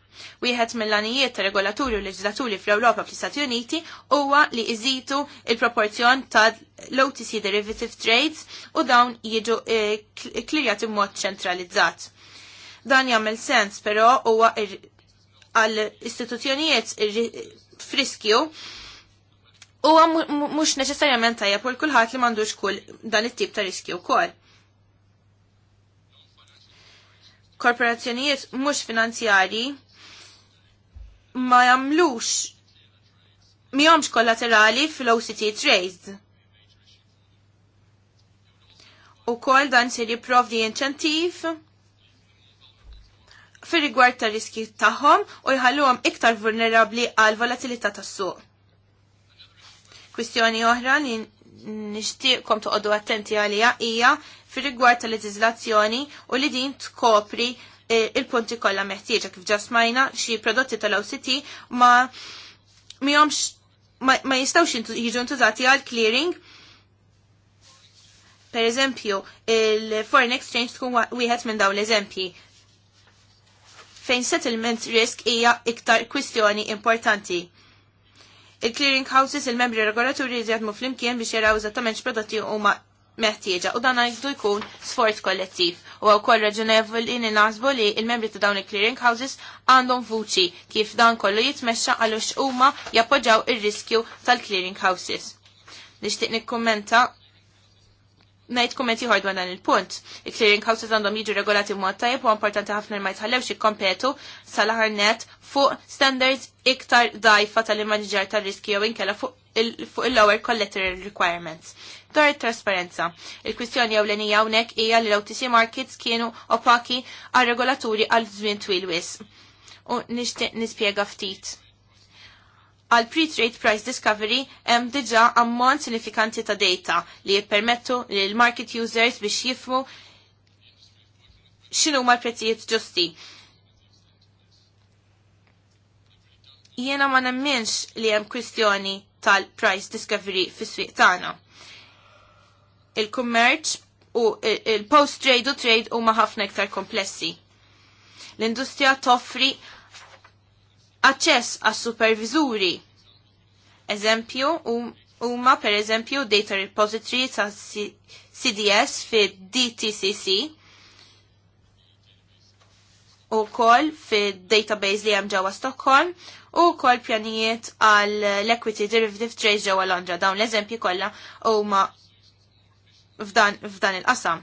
Wieħed mill-anijiet ta' regolaturi u leġislaturi fl-Ewropa fl-Istati Uniti huwa li iżitu il-proporzjon ta' l-OTC derivative trades u dawn jiġu klirjati eh, b'mod ċentralizzat. Dan jagħmel sens però huwa għall istituzzjonijiet friskju u mux neċessarjament tajja u l li mandux kull dan it-tip ta' riskju kol. Korporazzjonijiet mux finanzjari ma jamlux miħomx kollaterali fil-OCT trades. U kol dan se di inċentiv fir rigward ta' riski tagħhom u jħalluhom iktar vulnerabbli għal volatilità tas-suq. Kwistjoni oħra li nixtieqkom toqgħodu attenti għalija hija fir-rigward tal-leġiżlazzjoni u li din tkopri eh, il-punti kollha meħtieġa kif ġa smajna xi prodotti tal-OCT ma mihomx ma jistgħux jiġu ntużati għal clearing per eżempju, il-foreign exchange tkun wieħed minn dawn l-eżempji. Fejn settlement risk hija iktar kwistjoni importanti. Il-clearing houses il-membri regolaturi jizjadmu muflim kien biex jaraw eżattament u huma meħtieġa u dan għajdu jkun sfort kollettiv. U għaw koll raġunevol in nasbu li il-membri ta' dawn il-clearing houses għandhom vuċi kif dan kollu jitmexxa għalux huma jappoġġaw ir-riskju tal-clearing houses. Nixtieq nikkummenta Najt kommenti jħor dwar dan il-punt. Il-clearing houses għandhom jiġu regolati mod tajjeb u importanti ħafna ma jitħallewx jikkompetu sal-aħar net fuq standards iktar dajfa tal-immaniġar tal-riski jew inkella fuq il-lower collateral requirements. Dar it-trasparenza. Il-kwistjoni jew ewlenija hawnhekk hija li l-OTC markets kienu opaki għal regolaturi għal żmien twil wisq. U nixtieq nispjega ftit għal pre-trade price discovery hemm diġà ammont sinifikanti ta' data li jippermettu lil market users biex jifmu x'inhu ma' prezzijiet ġusti. Jiena ma nemminx li hemm kwistjoni tal-price discovery fis-swieq tagħna. Il-kummerċ u il-post trade u trade huma ħafna iktar komplessi. L-industrija toffri aċċess għas supervizuri Eżempju, um, huma um, per eżempju data repository ta' CDS fi DTCC u kol fi database li hemm ġewwa Stockholm u kol pjanijiet għal l-Equity Derivative Trades ġewwa Londra. Dawn l-eżempji kollha huma f'dan il-qasam.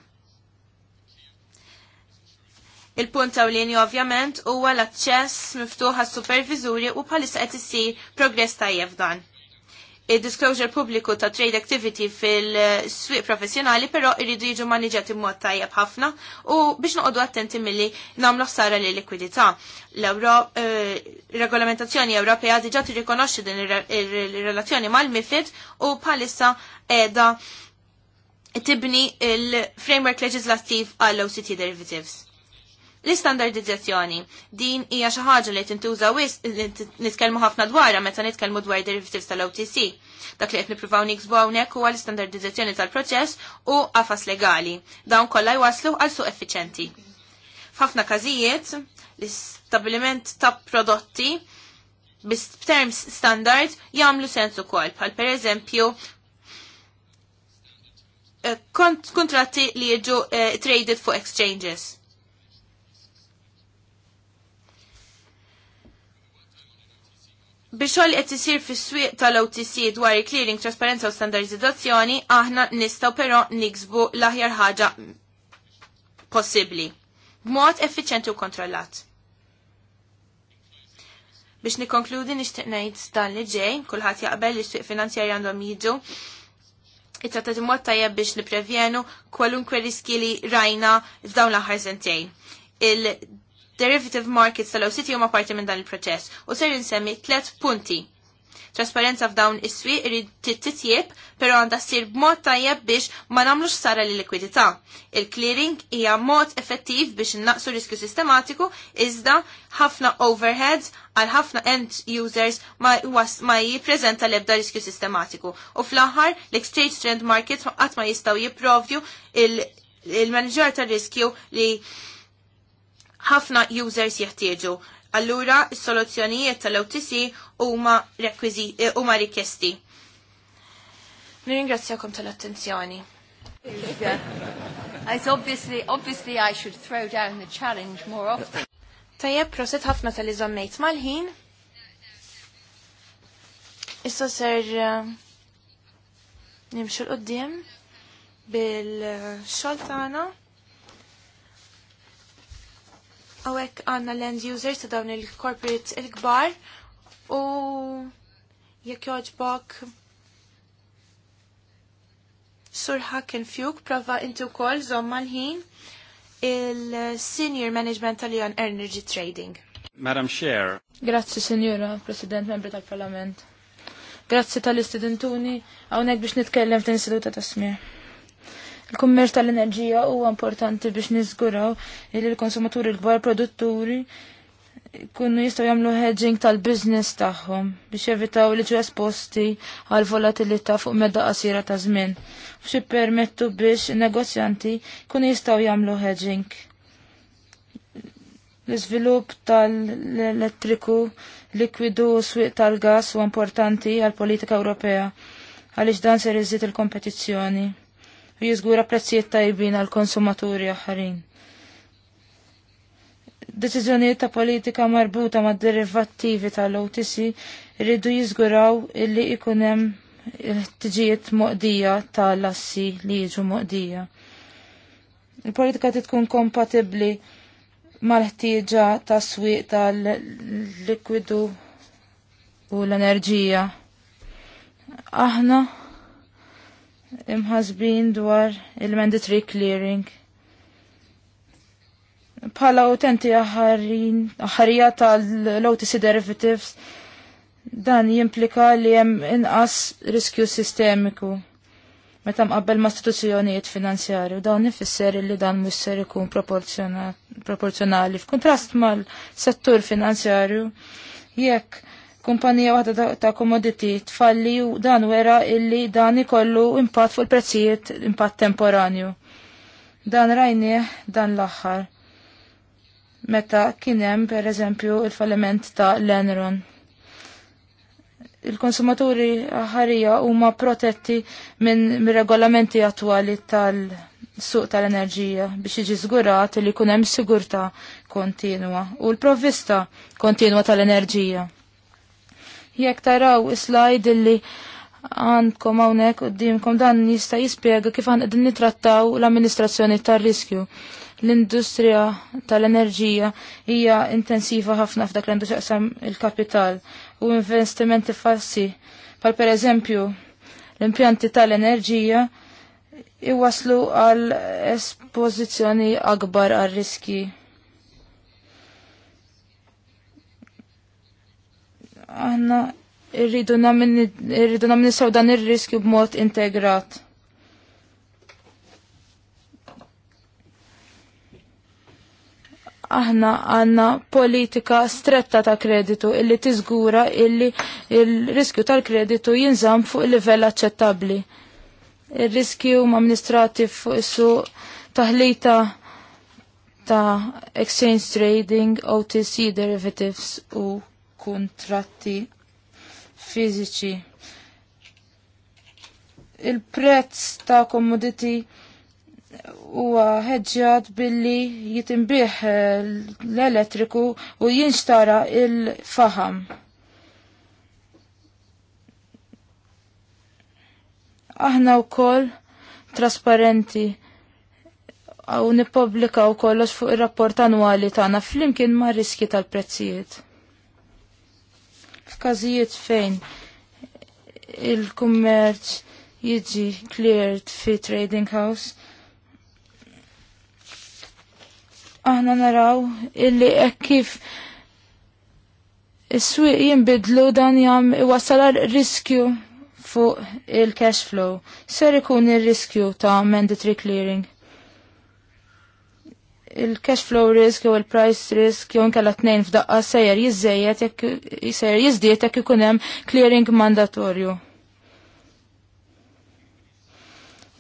Il-punt ewlieni ovvjament huwa l-aċċess miftuħ għas-supervizuri u bħalissa qed isir progress tajjeb dan. Id-disclosure pubbliku ta' trade activity fil-swieq professjonali però irridu jiġu maniġati mod tajjeb ħafna u biex noqogħdu attenti milli nagħmlu ħsara li likwidità. L-regolamentazzjoni eh, Ewropea diġà tirrikonoxxi din ir-relazzjoni mal-MIFID u bħalissa qiegħda tibni il-framework leġislattiv għall-OCT derivatives L-istandardizzazzjoni din hija xi ħaġa li tintuża wis nitkellmu ħafna dwarha meta nitkellmu dwar derivatives tal-OTC. Dak li qed nippruvaw niksbu hawnhekk huwa l-istandardizzazzjoni tal-proċess u qafas legali. Dawn kollha jwaslu għal suq effiċenti. F'ħafna każijiet l-istabbiliment ta' prodotti bis-terms standard jagħmlu sens ukoll, bħal pereżempju eh, kontratti li jiġu eh, traded fuq exchanges Biex Bixol qed isir fis-swieq tal-OTC dwar il-clearing, trasparenza u standardizzazzjoni, aħna nistgħu però niksbu l-aħjar ħaġa possibbli b'mod effiċjenti u kontrollat. Biex nikkonkludi nixtieq ngħid dan li ġej, kulħadd jaqbel li s-swieq finanzjarji għandhom jiġu it-trattat mod tajjeb biex niprevjenu kwalunkwe riski li rajna f'dawn l-aħħar sentejn derivative markets tal city huma parti minn dan il-proċess u ser insemmi tlet punti. Trasparenza f'dawn is-swi irid titjib, però għandha ssir b'mod tajjeb biex ma nagħmlux sara li likwidità. Il-clearing hija mod effettiv biex innaqsu riskju sistematiku iżda ħafna overheads għal ħafna end users ma, ma jippreżenta l-ebda riskju sistematiku. U fl-aħħar l-exchange trend markets qatt ma jistgħu jipprovdju il-manager il tar-riskju li ħafna users jeħtieġu. Allura, il soluzzjonijiet tal-OTC huma eh, huma rikjesti. Nirringrazzjakom tal-attenzjoni. As obviously, obviously I should throw down the challenge more often. Tajjeb, proset ħafna tal izommejt mal-ħin. Issa ser eh, nimxu l-qoddim bil xoltana Għawek għanna l-end users ta' dawn il-corporate il-kbar u jek joġbok surħa kien fjuk prova intu kol zomma l-ħin il-Senior Management tal-Jon Energy Trading. Madam Chair. Grazzi, Senjora, President, Membri tal-Parlament. Grazzi tal-istudentuni, għonek biex nitkellem f'din seduta ta' smir. Il-kummerċ tal-enerġija huwa importanti biex niżguraw li l-konsumaturi l-kbar produtturi kunu jistaw jamlu hedging tal-biznis tagħhom biex jevitaw li ġu esposti għal volatilità fuq medda qasira ta' żmien. F'xi permettu biex negozjanti kunu jistaw jamlu hedging. L-iżvilupp tal-elettriku likwidu u swieq tal-gas u importanti għal politika Ewropea għaliex dan ser iżid il-kompetizzjoni. U jiżgura prezzijiet tajbin għal konsumaturi oħrin. Deċiżjonijiet ta' politika marbuta mad derivattivi tal-OTC rridu jiżguraw illi ikun hemm il-ħtiġijiet moqdija tal-assi li jiġu moqdija. Il-politika tkun kompatibli mal-ħtieġa ta' swieq tal-likwidu u l-enerġija. Aħna imħasbin dwar il-mandatory clearing. Bħala utenti aħarija tal-OTC derivatives, dan jimplika li jem inqas riskju sistemiku meta mqabbel ma' istituzzjonijiet finanzjarju dawn ifisser li dan mhux ikun proporzjonali f'kuntrast mal-settur finanzjarju jekk kumpanija waħda ta' komoditi tfalli u dan wera illi dan ikollu impatt fuq il-prezzijiet, impatt temporanju. Dan rajnieh dan l-aħħar. Meta kien hemm pereżempju il-falliment ta' l-Enron. Il-konsumaturi ħarija huma protetti minn regolamenti attwali tal-suq tal-enerġija biex jiġi żgurat li jkun hemm sigurtà kontinwa u l-provvista kontinwa tal-enerġija. Jekk taraw slajd illi għandkom hawnhekk kom dan jista' jispjega kif għan qegħdin nitrattaw l-amministrazzjoni tar-riskju. L-industrija tal-enerġija hija intensiva ħafna f'dak l-għandu xaqsam il-kapital u investimenti falsi pal per eżempju l-impjanti tal-enerġija iwaslu għal espożizzjoni akbar għal riski Aħna irridu namnisaw dan ir-riskju b'mod integrat. Aħna għanna politika stretta ta' kreditu illi tiżgura illi il-riskju tal-kreditu jinżam fuq livell aċċettabbli. Ir-riskju amministrati fuq su taħlita ta' exchange trading, OTC derivatives u kontratti fiżiċi. Il-prezz ta' komoditi huwa ħeġġjat billi jitimbih eh, l-elettriku u jinxtara il-faham. Aħna wkoll trasparenti għaw nipublika u kollox fuq ir-rapport annwali tagħna flimkien ma' riski tal-prezzijiet f'każijiet fejn il-kummerċ jiġi cleared fi trading house. Aħna naraw illi kif is-swieq jinbidlu dan jam iwassal riskju fuq il-cash flow. Ser ikun ir riskju ta' mandatory clearing il-cash flow risk jew il-price risk jew nkella tnejn f'daqqa sejjer jiżejjed jekk sejjer jiżdied jekk ikun hemm clearing mandatorju.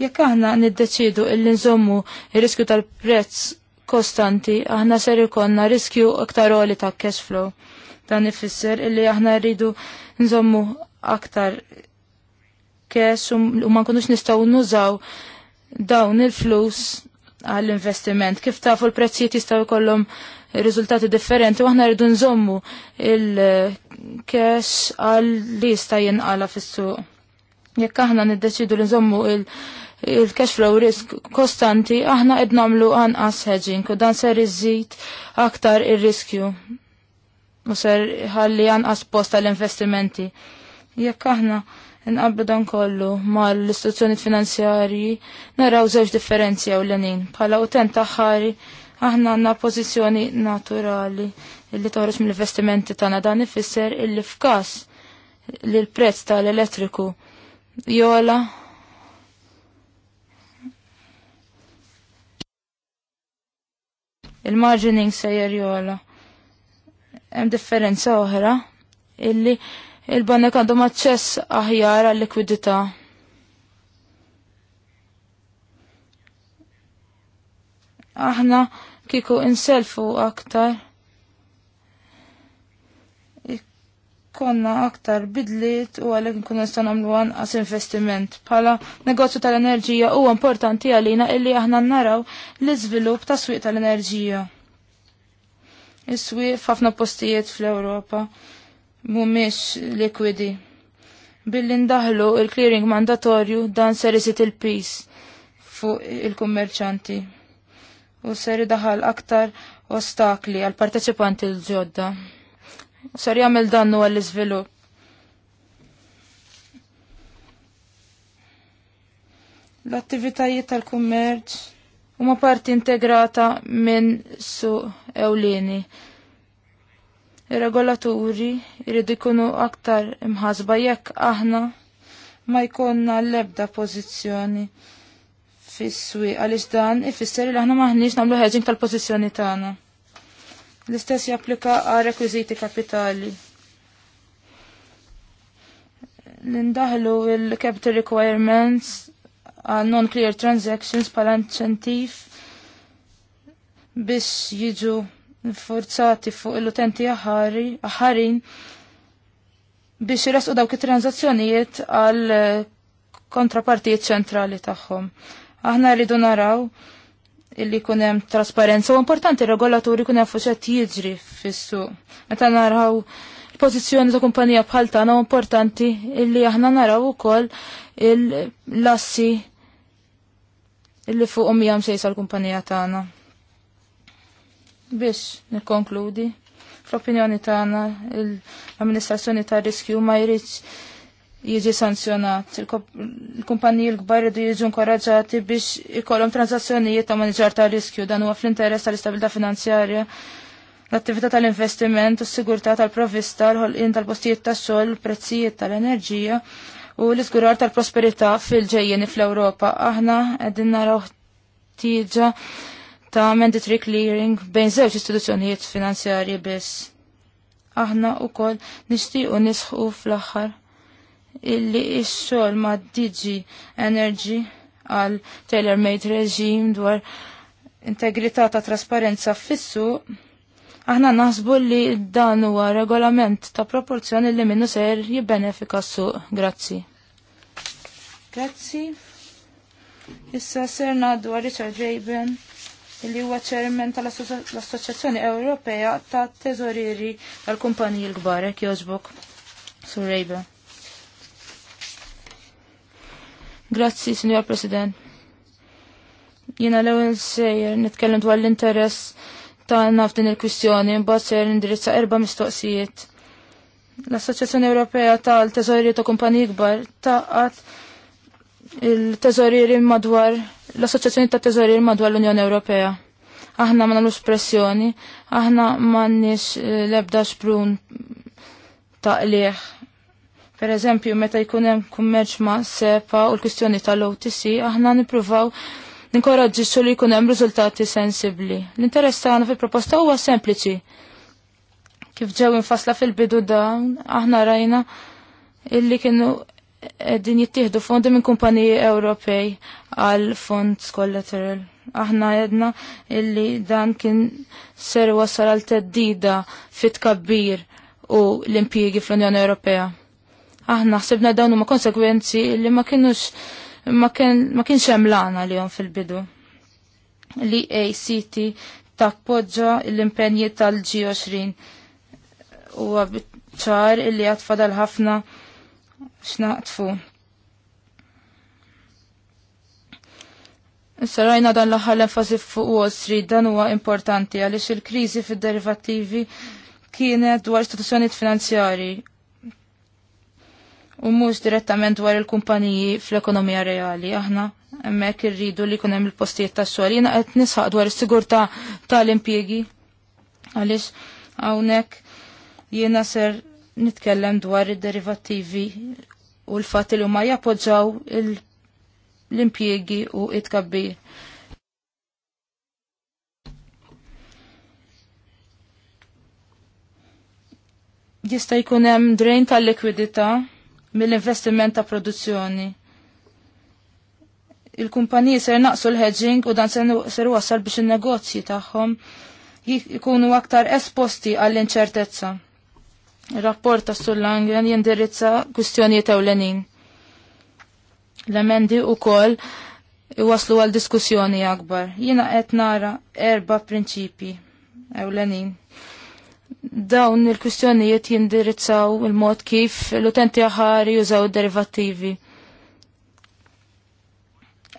Jekk aħna niddeċidu illi nżommu ir-riskju tal-prezz kostanti, aħna ser ikonna riskju aktar għoli ta' cash flow. Dan ifisser illi aħna rridu nżommu aktar cash u um, ma nkunux nistgħu nużaw dawn il-flus għall-investiment. Kif tafu l-prezzijiet jistgħu jkollhom riżultati differenti u aħna rridu nżommu il-cash għall li jista' jinqala fis-suq. Jekk aħna niddeċidu li nżommu il-cash flow risk kostanti, aħna qed nagħmlu anqas hedging u dan ser iżid aktar ir-riskju u ser ħalli anqas post tal-investimenti. Jekk aħna nqablu dan kollu mal-istituzzjoni finanzjari naraw żewġ differenzi ewlenin. Bħala utent aħħari aħna għandna pożizzjoni naturali illi toħroġ mill-investimenti tagħna dan ifisser illi f'każ li l-prezz tal-elettriku jola il-margining sejjer jola. Hemm differenza oħra illi il bannek għandhom aċċess aħjar għal likwidità. Aħna kiku inselfu aktar. Konna aktar bidliet u għalek nkun nistan għamlu as investiment. Pala negozju tal-enerġija u importanti għalina illi aħna naraw l-izvilup ta' swieq tal-enerġija. Is-swieq f'ħafna postijiet fl-Ewropa mumiex likwidi. Billi ndaħlu il-clearing mandatorju dan ser isit il-peace fuq il-kummerċanti u ser daħal aktar ostakli għal parteċipanti l-ġodda. U ser jagħmel dannu għall-iżvilupp. L-attivitajiet tal-kummerċ huma parti integrata minn su ewlieni Ir-regolaturi jridu jkunu aktar imħasba jekk aħna ma jkonna l-ebda pożizzjoni fis-swi għaliex dan ifisser li aħna maħniex nagħmlu hedging tal-pożizzjoni tagħna. L-istess japplika għal rekwiżiti kapitali. L-indaħlu il-capital requirements għal non-clear transactions pala incentiv biex jiġu forzati fuq l-utenti aħarin biex jirasqu dawk it-tranzazzjonijiet għal eh, kontrapartijiet ċentrali tagħhom. Aħna rridu naraw illi hemm trasparenza u importanti hemm fuq fuċet jiġri fissu. Meta naraw l-pożizzjoni ta' kumpanija bħal tagħna importanti illi aħna naraw ukoll il-lassi illi fuqhom jam sejsa l-kumpanija tagħna. Biex nikkonkludi, fl-opinjoni tagħna l-amministrazzjoni ta' riskju ma jridx jiġi sanzjonat. Il-kumpaniji l-kbar jridu jiġu nkoraġġati biex ikollhom transazzjonijiet ta' maniġar ta' riskju dan huwa fl-interess tal-istabilità finanzjarja l-attività tal-investiment u s-sigurtà tal-provvista, l-ħolqien tal-postijiet tax-xogħol, prezzijiet tal-enerġija u l-iżgurar tal-prosperità fil-ġejjeni fl-Ewropa. Aħna qegħdin naraw ħtieġa ta' mandatory clearing bejn żewġ istituzzjonijiet finanzjarji biss. Aħna wkoll nixtiequ nisħu fl-aħħar illi x-xogħol ma' DG Energy għal tailor-made regime dwar integrità ta' trasparenza fissu aħna naħsbu li dan huwa regolament ta' proporzjoni li minnu ser jibbenefika s-suq. Grazzi. Grazzi. Issa serna dwar Richard Raben li huwa ċermen tal-Assoċjazzjoni Ewropea ta' teżorieri tal-kumpaniji l-kbar hekk jogħġbok. Sur Rejba. Grazzi, Signor President. Jiena l-ewwel sejjer nitkellem dwar l-interess tagħna f'din il-kwistjoni, mbagħad sejjer indirizza erba' mistoqsijiet. L-Assoċjazzjoni Ewropea tal-Teżorieri ta' Kumpaniji Kbar taqgħat il-teżorieri madwar l-Assoċjazzjoni ta' Teżorir madwar l-Unjoni Ewropea. Aħna ma nagħmlux pressjoni, aħna m'għandniex eh, l-ebda sprun ta' liħ. Per eżempju, meta jkun hemm kummerċ ma' sepa u l-kwistjoni tal-OTC, aħna nippruvaw ninkoraġġi li jkun hemm riżultati sensibbli. L-interess tagħna fil-proposta huwa sempliċi. Kif ġew infasla fil-bidu dawn, aħna rajna illi kienu din jittieħdu fondi minn kumpaniji Ewropej għal fonds collateral. Aħna jedna illi dan kien ser wasal għal teddida fit kabbir u l impiegi fl-Unjoni Ewropea. Aħna ħsebna dawn huma konsekwenzi illi ma kienux ma kienx hemm lana li fil-bidu. Li ACT tappoġġa l-impenji tal-G20 u ċar illi għatfadal ħafna xnaqtfu. Issa rajna dan l-aħħar enfasi fuq Wall Street dan huwa importanti għaliex il-kriżi fid-derivattivi kienet dwar istituzzjonijiet finanzjari u mhux direttament dwar il-kumpaniji fl-ekonomija reali. Aħna hemmhekk irridu li jkun hemm il-postijiet tax-xogħol. Jiena qed nisħaq dwar is-sigurtà tal-impjiegi għaliex hawnhekk jiena ser nitkellem dwar id-derivattivi u l-fat li huma jappoġġaw l-impjiegi u it-kabbi. Jista' jkun hemm drain tal-likwidità mill-investiment ta' produzzjoni. Il-kumpaniji ser naqsu l-hedging u dan ser wassal biex in-negozji tagħhom jikunu aktar esposti għall-inċertezza rapport ta' Sullangren jindirizza kustjonijiet ewlenin. L-emendi u kol waslu għal diskussjoni akbar. Jina qed nara erba prinċipi ewlenin. Dawn il-kustjonijiet jindirizzaw il-mod kif l-utenti aħari jużaw derivativi.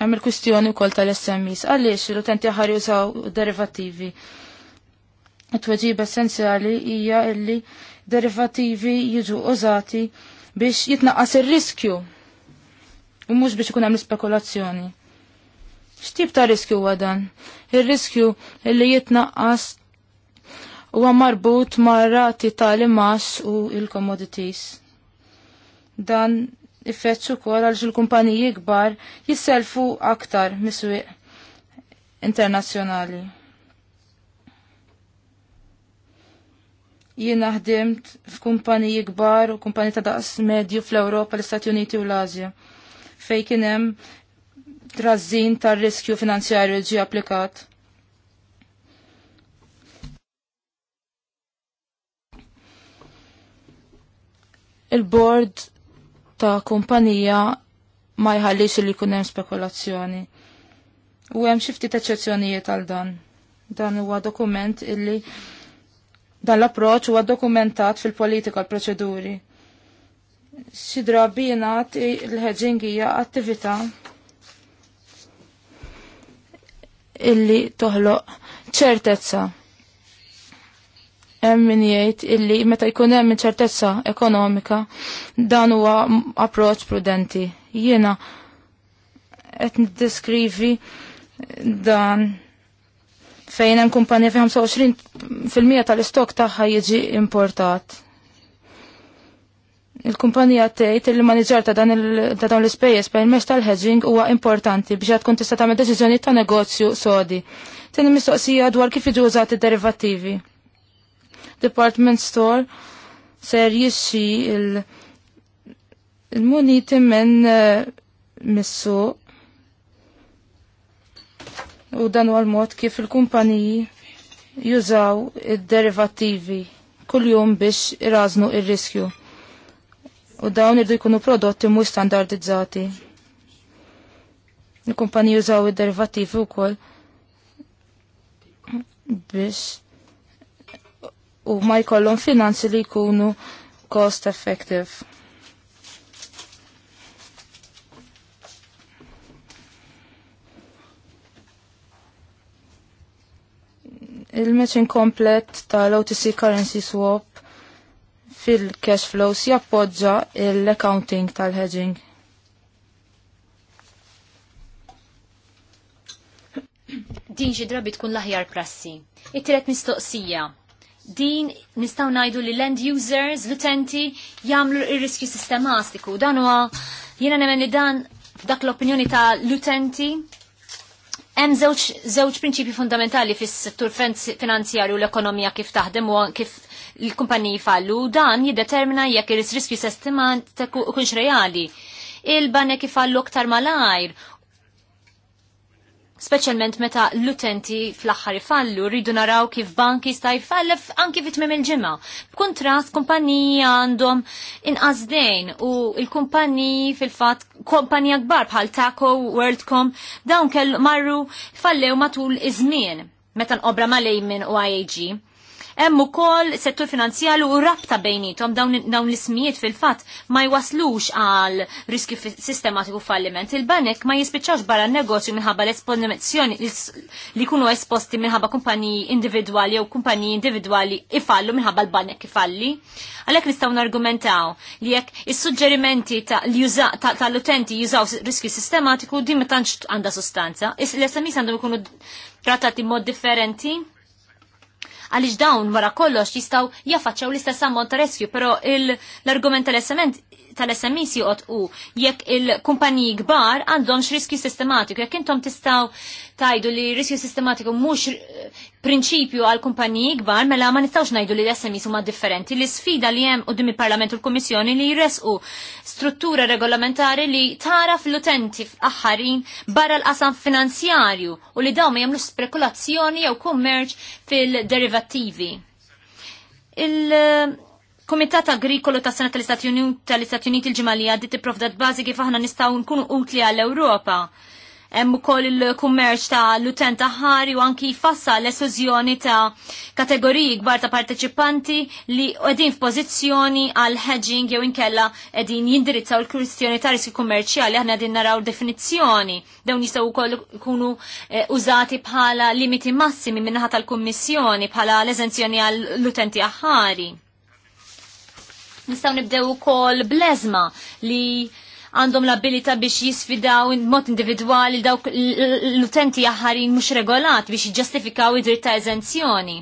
Hemm il-kustjoni wkoll tal smis Għaliex l-utenti aħari jużaw derivativi? it-tweġiba essenzjali hija illi derivativi jiġu użati biex jitnaqqas ir-riskju u mhux biex ikun hemm l-spekulazzjoni. X'tip ta' riskju huwa dan? Ir-riskju li jitnaqqas huwa marbut ma' rati tal-imax u il-commodities. Dan ifetx ukoll għal l kumpaniji kbar jisselfu aktar miswieq internazzjonali. Jiena ħdimt f'kumpaniji kbar u kumpaniji ta' daqs medju fl-Ewropa, l-Istati Uniti u l azja Fej kien hemm trażin tar-riskju finanzjarju ġi applikat. Il-board ta' kumpanija ma jħallix li jkun hemm spekulazzjoni. U hemm xi ftit eċċezzjonijiet għal dan. Dan huwa dokument illi Dan l-approċ huwa dokumentat fil-politika l-proċeduri. Xi drabi jingħati l-hedging hija attività illi toħloq ċertezza hemm min jgħid illi meta jkun hemm ċertezza ekonomika dan huwa approċċ prudenti. Jiena qed niddeskrivi dan fejn hemm kumpanija fi 25% tal-istok tagħha jiġi importat. Il-kumpanija tgħid li maniġar ta' dan ta' dawn l-ispejjeż bejn permezz tal-hedging huwa importanti biex tkun tista' tagħmel deċiżjoni ta' negozju sodi. Tieni mistoqsija dwar kif jiġu użati derivattivi. Department Store ser jixxi il- muniti minn eh, missu u dan u l-mod kif il-kumpaniji jużaw id-derivattivi kuljum biex irraznu il riskju U dawn irdu jkunu prodotti mu standardizzati. Il-kumpaniji jużaw id-derivattivi wkoll biex u ma jkollhom finanzi li jkunu cost effective. Il-matching komplet tal-OTC currency swap fil-cash flows jappoġġa l-accounting tal-hedging. Din xi drabi tkun l-aħjar prassi. It-tret mistoqsija. Din nistgħu ngħidu li land users, l-utenti jagħmlu il riskju sistematiku. Dan huwa jiena nemmen li dan f'dak l-opinjoni ta' l-utenti Hemm żewġ prinċipji fundamentali fis-settur finanzjarju l-ekonomija kif taħdem u kif l-kumpaniji fallu dan jiddetermina jekk ir-riskju sestimat kunx reali il-banek ifallu aktar malajr specialment meta l-utenti fl-axħar fallu rridu naraw kif banki staj jfallef anki fit il-ġimma. B'kontrast, kumpaniji għandhom inqasdejn u il-kumpaniji fil-fat kumpanija kbar bħal Taco, WorldCom, dawn kell marru fallew matul iż-żmien meta nqobra ma' lejmin u IAG Hemm ukoll settur finanzjarju u rabta bejnietom dawn, dawn l-ismijiet fil-fatt ma jwaslux għal riski sistematiku falliment. Il-banek ma jispiċċawx barra negozju minħabba l esponizzjoni li kunu esposti minħabba kumpaniji individwali jew kumpaniji individwali ifallu minħabba l-banek ifalli. Għalhekk nistgħu nargumentaw li jekk is-suġġerimenti tal-utenti jużaw riski sistematiku di ma tantx għandha sostanza. Is-SMIs għandhom ikunu trattati mod differenti għaliex dawn wara kollox jistgħu jaffaċċaw l-istess ammont ta' rescue, pero l-argument tal-essement tal-SMEs joqgħod u jekk il-kumpaniji kbar għandhomx riskju sistematiku. Jekk intom tistgħu tajdu li riskju sistematiku mhux eh, prinċipju għal kumpaniji kbar, mela ma nistgħux ngħidu li l-SMEs huma differenti. L-isfida li hemm u il-Parlament u l-Kummissjoni li jresqu struttura regolamentari li tara fl-utenti aħħarin barra l-qasam finanzjarju u li dawn ma jagħmlu spekulazzjoni jew kummerċ fil-derivattivi. Komitat Agrikolo ta' Sena tal-Istati Uniti tal-Istati Uniti l-ġimali għaddi tipprovdat bażi kif aħna nistgħu nkunu utli għall-Ewropa. Hemm ukoll il-kummerċ ta' l-utent aħari u anki jfassa l-esużjoni ta' kategoriji kbar ta' parteċipanti li qegħdin f'pożizzjoni għal hedging jew inkella qegħdin jindirizzaw il-kwistjoni ta' riski kummerċjali aħna qegħdin naraw definizzjoni dawn jistgħu wkoll ikunu eh, użati bħala limiti massimi minnaħa tal-Kummissjoni bħala l-eżenzjoni għall utenti aħari Nistaw nibdew ukoll blezma li għandhom l-abilita biex jisfidaw in mod individwali dawk l-utenti aħħarin mhux regolat biex jiġġustifikaw id-dritt ta' eżenzjoni.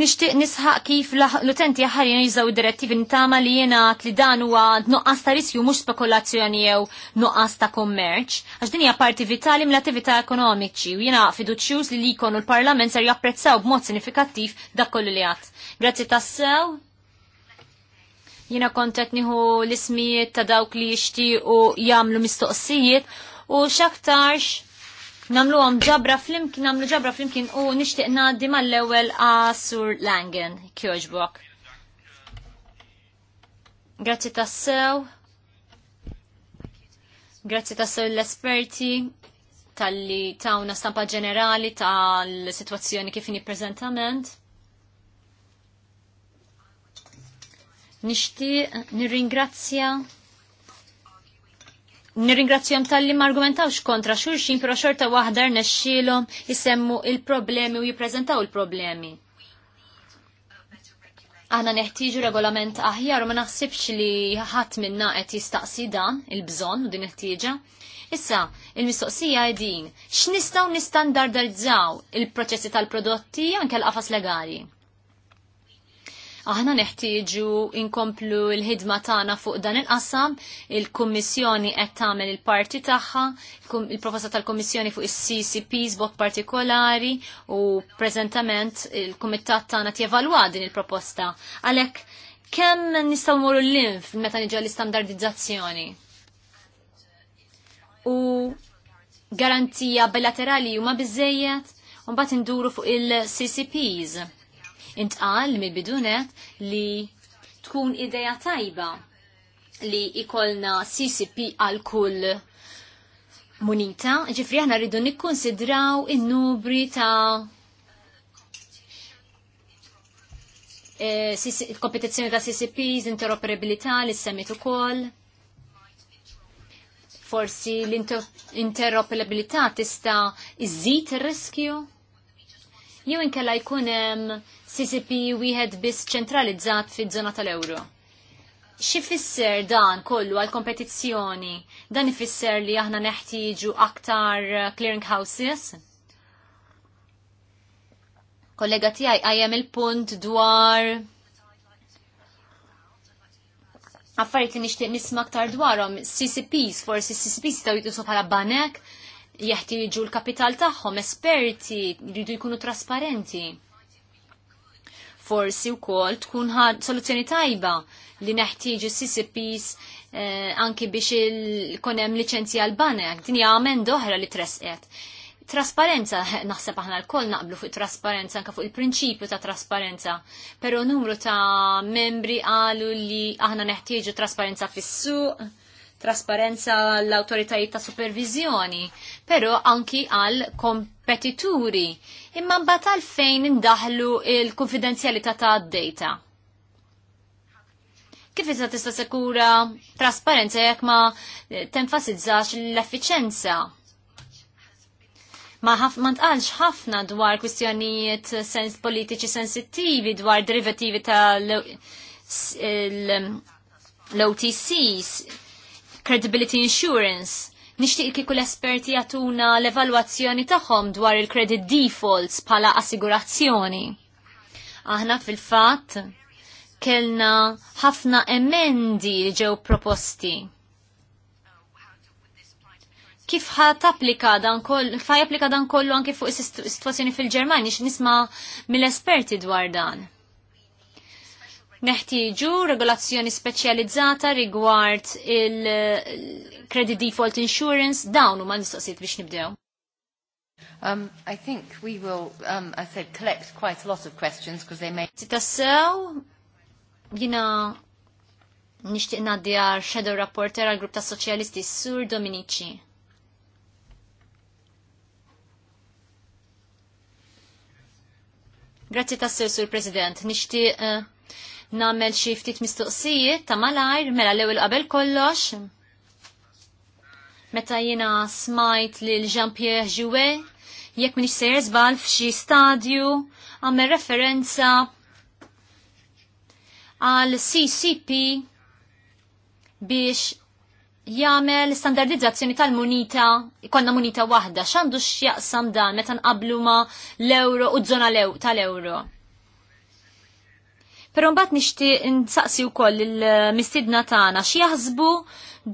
Nixtieq nisħaq kif l-utenti ħarjen jużaw direttivi nitama li jena li dan huwa nuqqas ta' risju mhux spekulazzjoni jew nuqqas ta' kummerċ, għax din hija parti vitali mill-attività ekonomiċi u jena fiduċjuż li likon u l-Parlament ser japprezzaw b'mod sinifikattiv dak kollu li għat. Grazzi tassew jina kontet niħu l-ismijiet ta' dawk li u jamlu mistoqsijiet u xaktarx namlu għom ġabra flimkien, namlu ġabra flimkien u nishtiq naddi mal-ewel għasur Langen, kjoġbok. Grazzi tassew. Grazzi tassew l-esperti tal-li una stampa ġenerali tal-situazzjoni kifini prezentament. Nishtiq nirringrazzja Nirringrazzjom tal-li argumentawx kontra xurxin, pero xorta wahdar nesċilom jisemmu il-problemi u jiprezentaw il-problemi. Aħna neħtiġu regolament aħjar u ma naħsibx li ħadd minna qed jistaqsi dan il-bżonn u din ħtieġa. Issa, il-mistoqsija din, x'nistgħu nistandardizzaw il-proċessi tal-prodotti anke l-qafas legali? Aħna neħtieġu inkomplu l-ħidma tagħna fuq dan il-qasam, il-Kummissjoni qed tagħmel il-parti tagħha, il-proposta tal-Kummissjoni fuq is-CCPs bot partikolari u preżentament il-Kumitat tagħna tjevalwa din il-proposta. Għalhekk kemm nistgħu mmorru l-linf meta niġu l-istandardizzazzjoni? U garantija bilaterali huma biżejjed u mbagħad induru fuq il-CCPs intqal mill-bidunet li tkun ideja tajba li ikolna CCP għal kull munita, ġifri aħna rridu nikkonsidraw in-nubri ta' e, kompetizzjoni ta' CCP, interoperabilità li semmit ukoll. Forsi l-interoperabilità tista' iżid ir-riskju? jew inkella jkun hemm CCP wieħed biss ċentralizzat fiż-żona tal ewro Xi fisser dan kollu għal kompetizzjoni? Dan ifisser li aħna neħtieġu aktar clearing houses? Kollega tiegħi qajjem il-punt dwar affarijiet li nixtieq nisma' aktar dwarhom, CCPs, forsi CCPs jistgħu jitusu bħala banek, jeħtieġu l-kapital tagħhom, esperti, jridu jkunu trasparenti. Forsi wkoll tkun ħad soluzzjoni tajba li neħtieġu CCPs eh, anki biex il-konem licenzja għal-banek, din hija amenda oħra li tresqet trasparenza, naħseb aħna l-koll naqblu fuq trasparenza, anka fuq il-prinċipju ta' trasparenza, pero numru ta' membri għalu li aħna neħtieġu trasparenza fis-suq, trasparenza l-autoritajiet ta' supervizjoni, pero anki għal kompetituri. Imma mbagħad għalfejn indaħlu il-konfidenzjalità ta' data Kif issa tista' sekura trasparenza jekk ma tenfasizzax l-effiċenza? Ma ħaf ma tqalx ħafna dwar kwistjonijiet sens politiċi sensittivi dwar derivativi tal l-OTCs credibility insurance. Nixtieq kieku l-esperti jagħtuna l-evalwazzjoni tagħhom dwar il-credit defaults bħala assigurazzjoni. Aħna fil-fatt kellna ħafna emendi ġew proposti. Kif ħat applika dan kollu, kif applika dan kollu anki fuq is-sitwazzjoni fil-Ġermanja, nisma' mill-esperti dwar dan. Neħtieġu regolazzjoni speċjalizzata rigward il-Credit Default Insurance dawn huma l-mistoqsijiet biex nibdew. Um, I think we will, um, I said, collect quite a lot of questions because they may... Titassew, jina nishtiq naddi shadow rapporter għal grupp ta' soċjalisti Sur Dominici. Grazzi tassew, Sur President. Nishtiq uh, namel xi ftit mistoqsijiet ta' malajr mela l-ewwel qabel kollox. Meta jiena smajt lil Jean-Pierre Jouet, jekk minix se jeżbal f'xi stadju għamel referenza għal CCP biex jagħmel standardizzazzjoni tal-munita, ikonna munita waħda, x'għandu x'jaqsam dan meta nqablu ma l-euro u żona tal-euro. Pero mbagħad nixtieq nsaqsi wkoll il-mistidna tagħna xi jaħsbu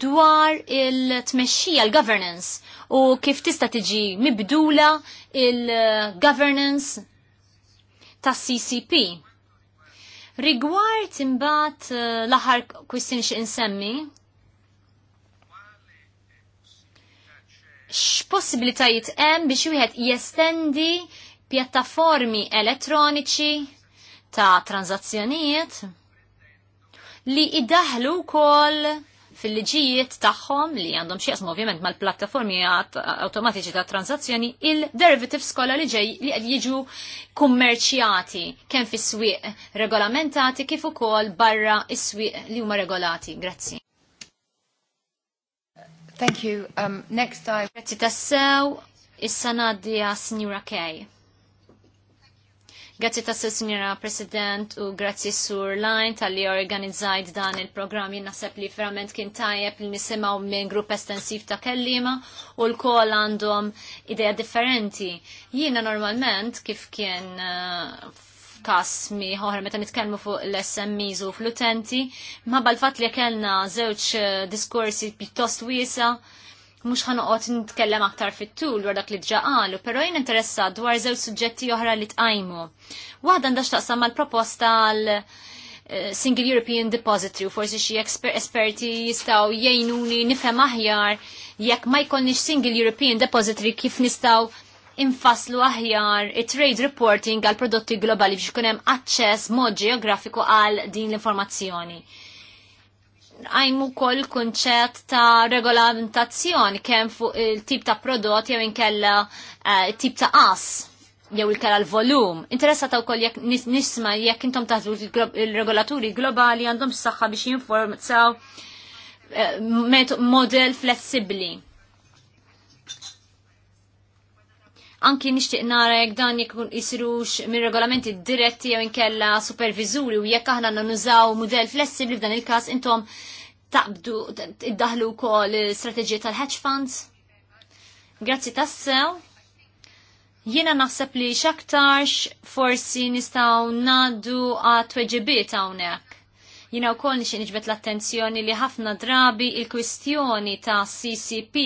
dwar il-tmexxija l-governance u kif tista' tiġi mibdula il-governance tas-CCP. Rigward imbagħad eh, l-aħħar kwistin xi insemmi, x'possibilitajiet hemm biex wieħed jestendi pjattaformi elettroniċi ta' tranzazzjonijiet li iddaħlu kol fil-liġijiet tagħhom li għandhom xi ovvjament mal-plattaformi awtomatiċi ta' tranzazzjoni il-derivatives kollha li ġej li qed jiġu kummerċjati kemm fis-swieq regolamentati kif ukoll barra is-swieq li huma regolati. Grazzi. Thank you. Um, next I... Grazzi tassew, issa naddi għas Signora Kay. Grazzi ta' s-signora President u grazzi sur Lajn tal-li organizzajt dan il-programm jinnaseb li verament kien tajjeb li nisimaw minn grupp estensiv ta' kellima u l-kol għandhom ideja differenti. Jiena normalment kif kien uh, kas mi ħoħra meta nitkellmu fuq l-SMEs u fl-utenti, ma bal-fat li kellna żewġ uh, diskorsi pjuttost wiesa' mux ħanoqot nitkellem aktar fit-tul dwar dak li qalu, pero jien interessa dwar żewġ suġġetti oħra li tqajmu. Waħda għandax taqsam mal-proposta għal eh, Single European Depository u forsi xi esperti jistgħu jgħinuni nifhem aħjar jekk ma jkollniex Single European Depository kif nistgħu infaslu aħjar it-trade reporting għal prodotti globali biex ikun hemm aċċess mod ġeografiku għal din l-informazzjoni għajmu kol kunċet ta' regolamentazzjoni kemm fuq il-tip ta' prodott jew inkella eh, tip ta' qas jew il kella l-volum. Interessa ta' wkoll jekk nisma jekk intom taħdu il-regolaturi globali għandhom s-saxħa biex jinformzaw eh, model flessibli. Anki nixtieq nara jekk dan jekk jisirux minn regolamenti diretti jew inkella supervizuri u jekk aħna nużaw model flessibli f'dan il-każ intom taqbdu iddaħlu kol strategji tal-hedge funds. Grazzi tassew. Jiena naħseb li xaktarx forsi nistaw naddu għat weġibiet hawnhekk. Jiena wkoll nixin iġbet l-attenzjoni li ħafna drabi il-kwistjoni ta' CCP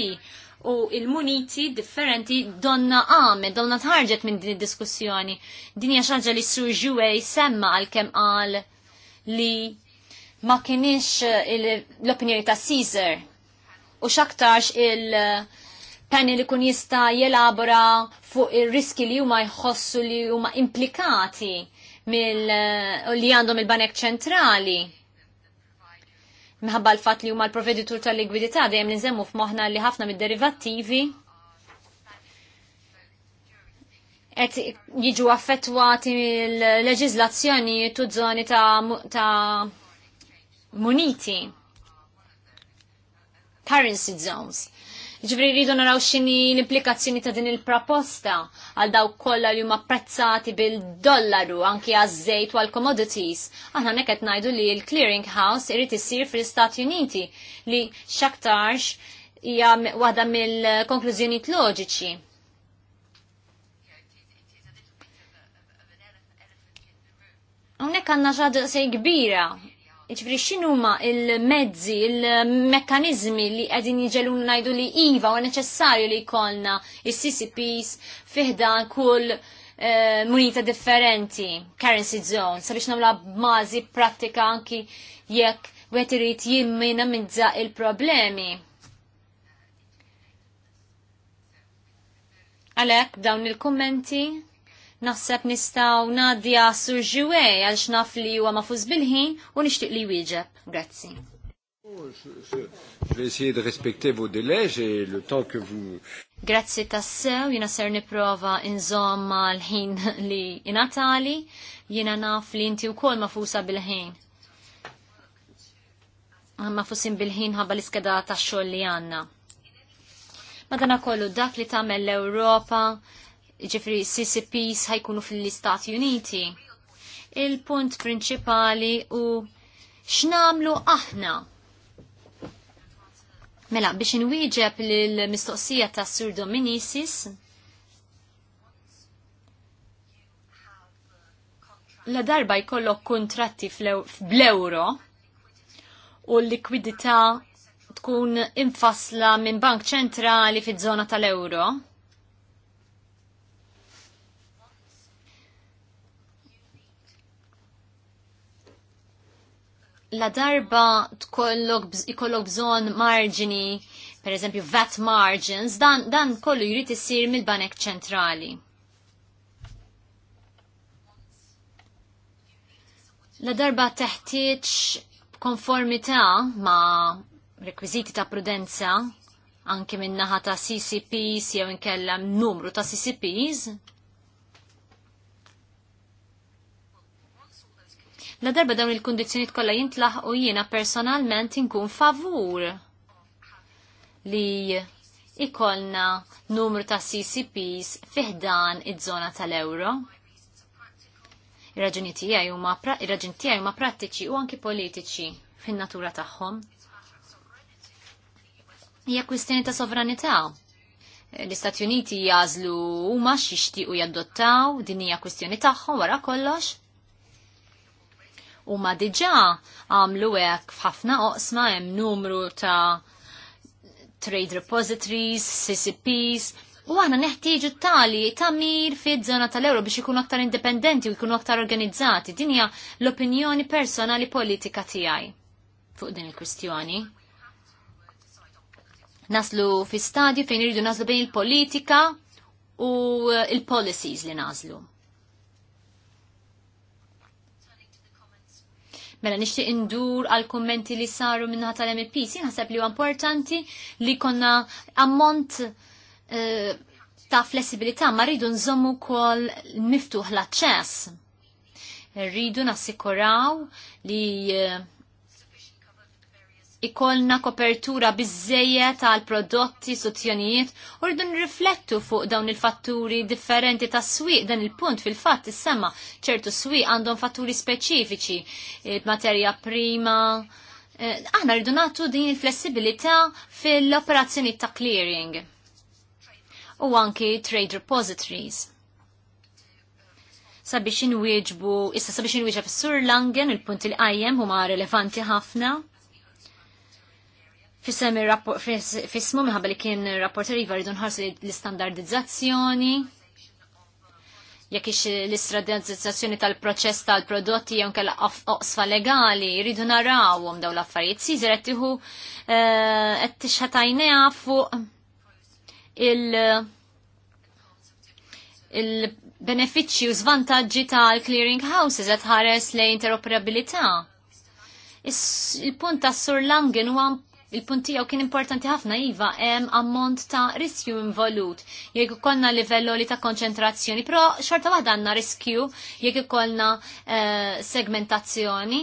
u il-muniti differenti donna għame, donna tħarġet minn din id-diskussjoni. Din hija xaġa li Sur Jouet semma għal kem qal li ma kienix eh, l-opinjoni ta' Caesar u xaktarx il eh, penni li kun jista jelabora fuq il-riski li huma jħossu li huma implikati mill eh, li għandhom il-banek ċentrali. Minħabba l-fat li huma l-proveditur tal-likwidità dejjem ninżemmu f'moħħna li ħafna mid-derivattivi qed jiġu affettwati mill-leġiżlazzjoni tuż-żoni ta', ta muniti currency zones. Ġifri rridu naraw xini l-implikazzjoni ta' din il-proposta għal daw kolla li huma prezzati bil-dollaru anki għaż-żejt u għal-commodities. Aħna nek qed ngħidu li l-clearing house irid isir fl-Istati Uniti li x'aktarx hija waħda mill-konklużjonijiet loġiċi. Hawnhekk għandna ġadu sej kbira Iġbri xinuma il-mezzi, il-mekkanizmi li għedin jġelun najdu li iva u neċessarju li kolna il-CCPs fiħda kull eh, munita differenti, currency zone, sabiex namla mażi pratika anki jekk għet irrit jimmina mizza il-problemi. Għalek, dawn il-kommenti Naħseb nistaw nadja surġiwe għal xnaf li huwa mafuż bil-ħin u nixtieq li wieġeb. Grazzi. Je vais essayer de respecter vos délais, et le temps que vous... Grazzi tassew, jina ser niprofa inżomma l-ħin li inatali, jina naf li inti u kol mafusa bil-ħin. Mafusin bil-ħin ħabba l-iskeda ta' xogħol li għanna. Madana kollu dak li tagħmel l-Ewropa ġifri CCPs ħajkunu fil-Istati Uniti. Il-punt prinċipali u x'namlu aħna Mela, biex nwieġeb l-mistoqsija ta' Sur Dominicis, la darba jkollok kontratti fl-euro u l-likwidità tkun infasla minn bank ċentrali fiż żona tal-euro. la darba ikollok bżon marġini, per eżempju VAT margins, dan, dan kollu jrid isir mill-banek ċentrali. La darba teħtieġ konformità ma' rekwiziti ta' prudenza anke minnaħa ta' CCPs jew inkellem numru ta' CCPs La darba dawn il-kondizjoniet kollha jintlaħ u jiena personalment inkun favur li ikolna numru ta' CCPs fiħdan id żona tal-euro. Ir-raġuni tiegħi huma huma prattiċi u anki politiċi fin-natura tagħhom. Hija kwistjoni ta' sovranità l-Istati Uniti jażlu huma xixtiequ jaddottaw din hija kwistjoni tagħhom wara kollox u ma diġa għamlu hekk f'ħafna oqsma hemm numru ta' trade repositories, CCPs, U għana neħtieġu tali tamir fi zona tal-euro biex ikunu aktar indipendenti u ikunu aktar organizzati. Dinja l-opinjoni personali politika tiegħi fuq din il-kwistjoni. Naslu fi stadju fejn iridu naslu bejn il-politika u il-policies li naslu. Mela nixtieq indur għal kummenti li saru minnaħa tal-MPs, naħseb li huwa importanti li konna ammont eh, ta' flessibilità ma rridu nżommu kol miftuħ l-aċċess. Rridu nassikuraw li uh, ikolna kopertura bizzejja tal-prodotti, sozzjonijiet u rridu nriflettu fuq dawn il-fatturi differenti ta' swiq dan il-punt fil-fatt is-sema ċertu swiq għandhom fatturi speċifiċi, eh, materja prima. Eh, aħna rridu nagħtu din il-flessibilità fil-operazzjoni ta' clearing u anki trade repositories sabiex inwieġbu, issa sabiex inwieġeb fis-sur Langen, il-punti l-qajjem huma relevanti ħafna Fisem fismu minħabba li kien rapporter iva rridu nħarsu l-istandardizzazzjoni, jekk ix l-istandardizzazzjoni tal-proċess tal-prodotti jew kella oqsfa legali, rridu narawhom dawn l-affarijiet. Siżer qed tieħu eh, qed tixħatajnejha fuq il- il-benefiċċji u zvantaġġi tal-clearing houses qed ħares lejn interoperabilità. Il-punt tas Sur Langen huwa il-punti jew kien importanti ħafna iva hemm ammont ta' riskju involut. Jekk ikollna livello li ta' konċentrazzjoni, però xorta waħda għandna riskju jekk ikollna eh, segmentazzjoni.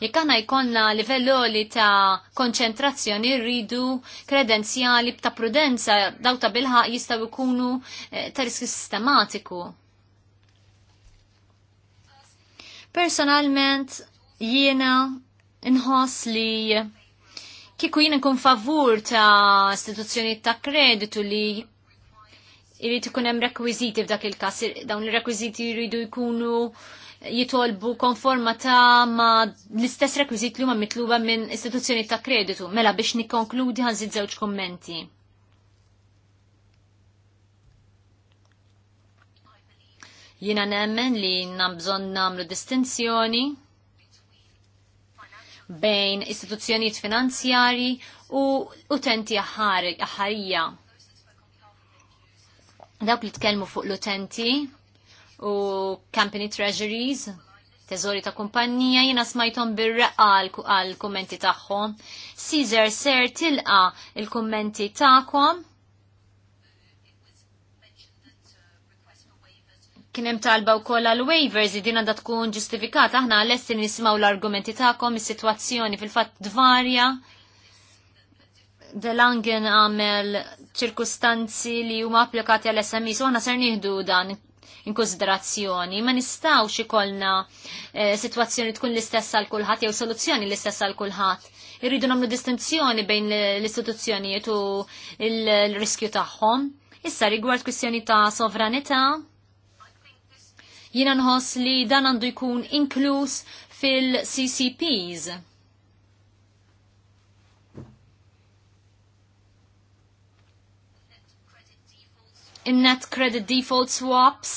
Jekk għandna jkollna livello li ta' konċentrazzjoni rridu kredenzjali ta' prudenza daw ta' bilħaq jistgħu jkunu eh, ta' riskju sistematiku. Personalment jiena nħoss li kieku jien kun favur ta' istituzzjoni ta' kreditu li jrid ikun hemm rekwiżiti f'dak il-każ, dawn ir-rekwiżiti jridu jkunu jitolbu ta' ma l-istess rekwiziti li huma mitluba minn istituzzjoni ta' kreditu. Mela biex nikkonkludi ħanżid żewġ kommenti. Jiena nemmen li nam bżonn nagħmlu distinzjoni bejn istituzzjonijiet finanzjari u utenti aħħarija. Dawk li tkellmu fuq l-utenti u company treasuries, teżori ta' kumpanija jina smajtom bil reqqal għal kummenti tagħhom. Caesar ser tilqa il-kummenti tagħkom kien hemm talba wkoll għal waivers li din għandha tkun ġustifikata aħna lesti nismaw l-argumenti tagħkom is-sitwazzjoni fil-fatt dvarja. Delangen għamel ċirkustanzi li huma applikati għal smis u għana ser nieħdu dan in konsiderazzjoni. Ma nistaw ikollna eh, situazzjoni tkun l-istess għal kulħadd jew soluzzjoni l-istess għal kulħadd. Irridu nagħmlu distinzjoni bejn l-istituzzjonijiet u l-riskju tagħhom. Issa rigward kwistjoni ta' sovranità, Jiena nħoss li dan għandu jkun inkluż fil-CCPs. In-net credit default swaps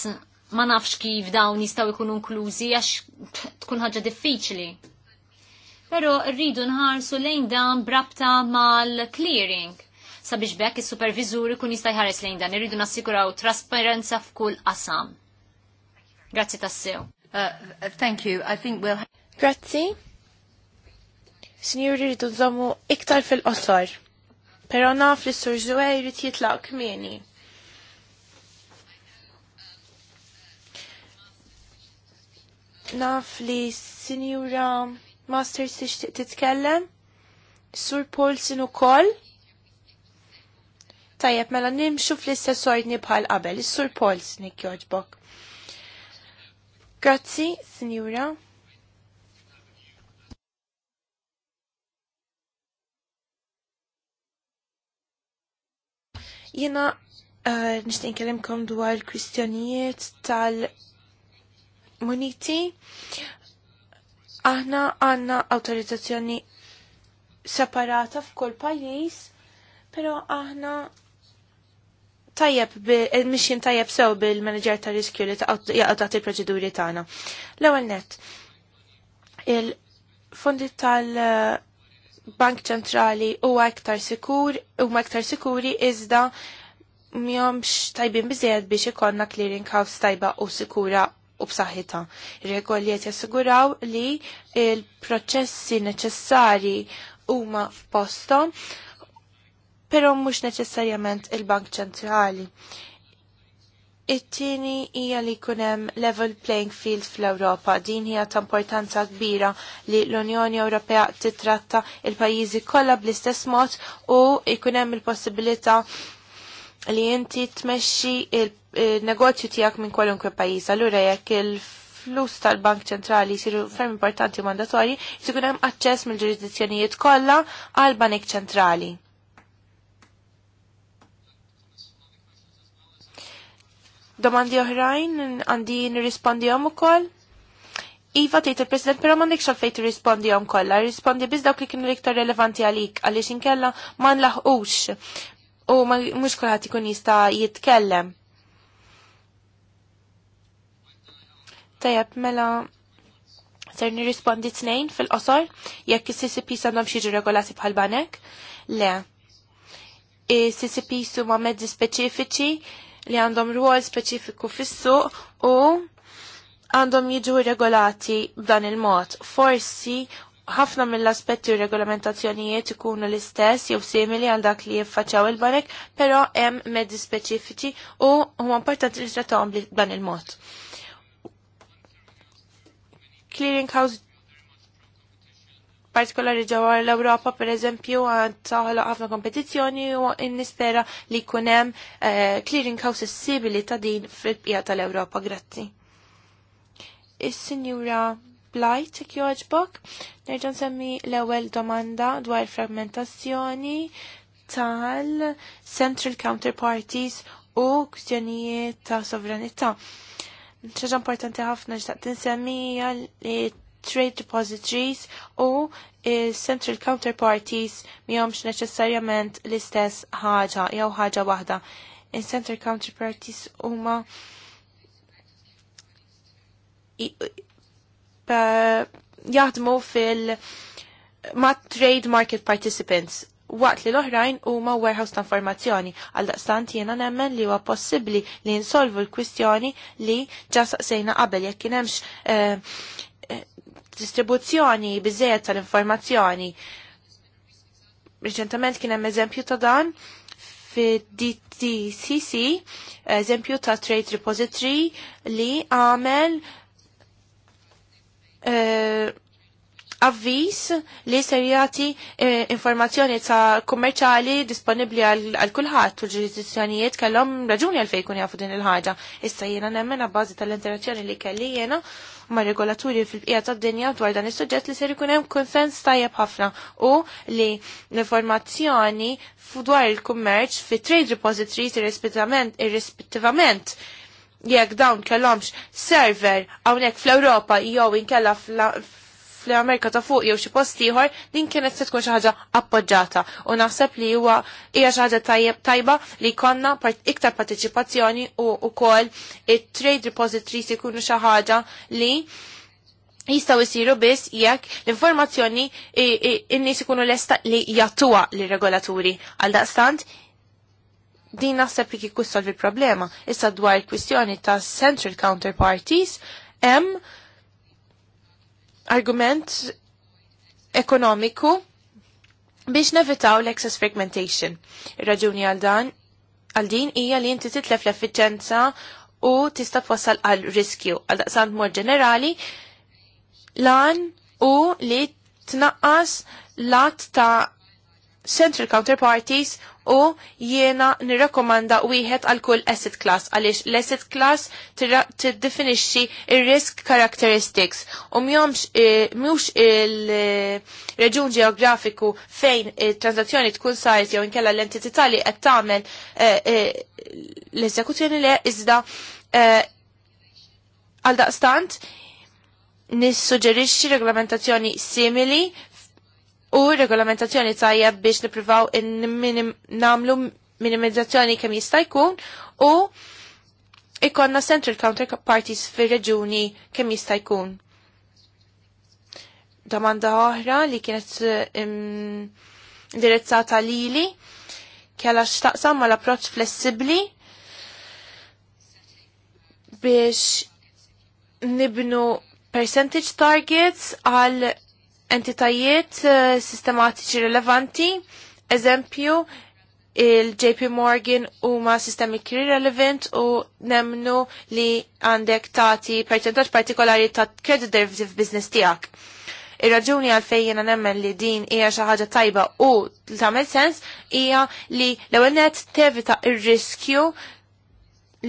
ma nafx kif dawn jistgħu jkunu inklużi għax tkun ħaġa diffiċli. Pero rridu nħarsu lejn dan brabta mal-clearing. Sabiex bekk is superviżur ikun jista' jħares lejn dan, rridu nassikuraw trasparenza f'kull qasam. Grazzi tassew. Uh, thank you. I think we'll... Grazzi. Signori rridu nżommu iktar fil-qosor. Pero naf li s-sur Zuwej rrit jitlaq kmieni. Naf li sinjura master tixtieq titkellem. Sur sinu ukoll. Tajjeb mela nimxu fl-istess ordni bħal qabel. Is-sur Paulson jogħġbok. Grazzi, Signora. Jena uh, eh, nishtin kellimkom dwar kwistjonijiet tal-muniti. Aħna għanna autorizzazzjoni separata f'kull pajjiż, pero aħna tajjeb, eh, mixin tajjeb sew bil-manager ta' riskju li jaqdat il-proċeduri tagħna. L-ewwel net, il-fondi tal-Bank Ċentrali huwa iktar sikur, huma aktar sikuri iżda mjomx tajbin biżejjed biex ikonna clearing house tajba u sikura u b'saħħitha. Regoli qed jassiguraw li il-proċessi neċessari huma f'posthom pero mhux neċessarjament il-Bank Ċentrali. It-tieni hija li jkun hemm level playing field fl-Ewropa. Din hija ta' importanza kbira li l-Unjoni Ewropea titratta il-pajjiżi kollha bl-istess mod u jkun hemm il-possibilità li inti tmexxi il-negozju tiegħek minn kwalunkwe pajjiż. Allura jekk il flus tal-Bank ċentrali jsiru ferm importanti mandatorji, jkun hemm aċċess mill-ġurisdizzjonijiet kollha għal Banik ċentrali. domandi oħrajn għandi nirrispondihom ukoll. Iva tgħid il-President però m'għandekx rispondi tirrispondihom kollha, rispondi biz dawk li kienu l-iktar relevanti għalik għaliex inkella ma nlaħqux u mhux kulħadd ikun jista' jitkellem. Tajab, mela ser nirrispondi tnejn fil-qosor jekk is-CCP għandhom xieġu regolati bħal banek? Le. Is-CCP huma mezzi speċifiċi li għandhom ruol speċifiku fis-suq u għandhom jiġu regolati b'dan il-mod. Forsi ħafna mill-aspetti u regolamentazzjonijiet ikunu l-istess jew simili għal dak li jiffaċċaw il-banek, però hemm mezzi speċifiċi u huma importanti li trattawhom b'dan il-mod. Clearing House partikolari ġewwa l-Ewropa pereżempju taħloq ħafna kompetizzjoni u nispera li jkun hemm eh, clearing house sibili ta' din fil-bqija tal-Ewropa. Grazzi. Is-Sinjura Blight jekk joġbok, nerġa' nsemmi l-ewwel domanda dwar fragmentazzjoni tal-Central Counterparties u kwistjonijiet ta' sovranità. ċaġa importanti ħafna ġtaq tinsemmi li trade depositories u central counterparties miħomx neċessarjament l-istess ħaġa jew ħaġa waħda. In central counterparties huma eh, jaħdmu fil ma trade market participants waqt li l-oħrajn huma warehouse ta' informazzjoni. Għal daqstant jiena nemmen li huwa possibbli li nsolvu l-kwistjoni li ġa saqsejna qabel jekk kien hemmx eh, distribuzzjoni biżejjed tal-informazzjoni. Reċentament kien hemm eżempju ta' dan fid-DTCC, eżempju ta' Trade Repository li għamel uh, avvis li ser jagħti eh, informazzjoni ta' kummerċali disponibbli għal kulħadd u l-ġurisdizzjonijiet kellhom raġuni għal fejn jafu din il-ħaġa. Issa jiena nemmen bażi tal-interazzjoni li kelli jiena ma' regolaturi fil-bqija tad-dinja dwar dan is-suġġett li ser ikun hemm konsens tajjeb ħafna u li l-informazzjoni dwar il-kummerċ fi trade repositories irrispettivament jekk dawn kellhomx server hawnhekk fl-Ewropa jew inkella fl-Amerika ta' fuq jew xi post ieħor din kienet se tkun xi ħaġa appoġġjata u naħseb li huwa hija xi ħaġa tajba li jkollna iktar partiċipazzjoni u wkoll it-trade repositories ikunu xi ħaġa li jistaw jisiru biss jekk l-informazzjoni in-nies ikunu lesta li jattuha lir-regolaturi għal daqstant din naħseb li kieku il problema. Issa dwar il-kwistjoni ta' central counterparties, hemm argument ekonomiku biex nevitaw l-excess fragmentation. Ir-raġuni għal dan għal din hija li inti titlef l-effiċenza u tista' fwassal għal riskju. Għal daqsant mod ġenerali lan u li tnaqqas lat ta' Central Counterparties u jiena nirrekomanda wieħed għal kull asset class għaliex l-asset class tiddefinixxi ir-risk characteristics u mhomx eh, mhux il-reġun ġeografiku fejn it-transazzjoni tkun sajt jew inkella l-entità li qed tagħmel eh, eh, l-eżekuzzjoni le iżda għal daqstant nissuġġerixxi reglamentazzjoni simili u regolamentazzjoni tajjeb biex niprivaw namlu minimizzazzjoni kemm jista' jkun u ikonna central counterparties fir-reġuni kemm jista' jkun. Domanda oħra li kienet indirizzata lili kella xtaqsam ma l-approċ flessibli biex nibnu percentage targets għal entitajiet eh, sistematiċi rilevanti, eżempju, il-JP Morgan huma sistemically relevant u nemnu li għandek tati percentaċ partikolari ta' credit derivative business tiegħek. Ir-raġuni għalfejn jiena nemmen li din hija xi ħaġa tajba u tagħmel sens hija li l-ewwel net tevita ir-riskju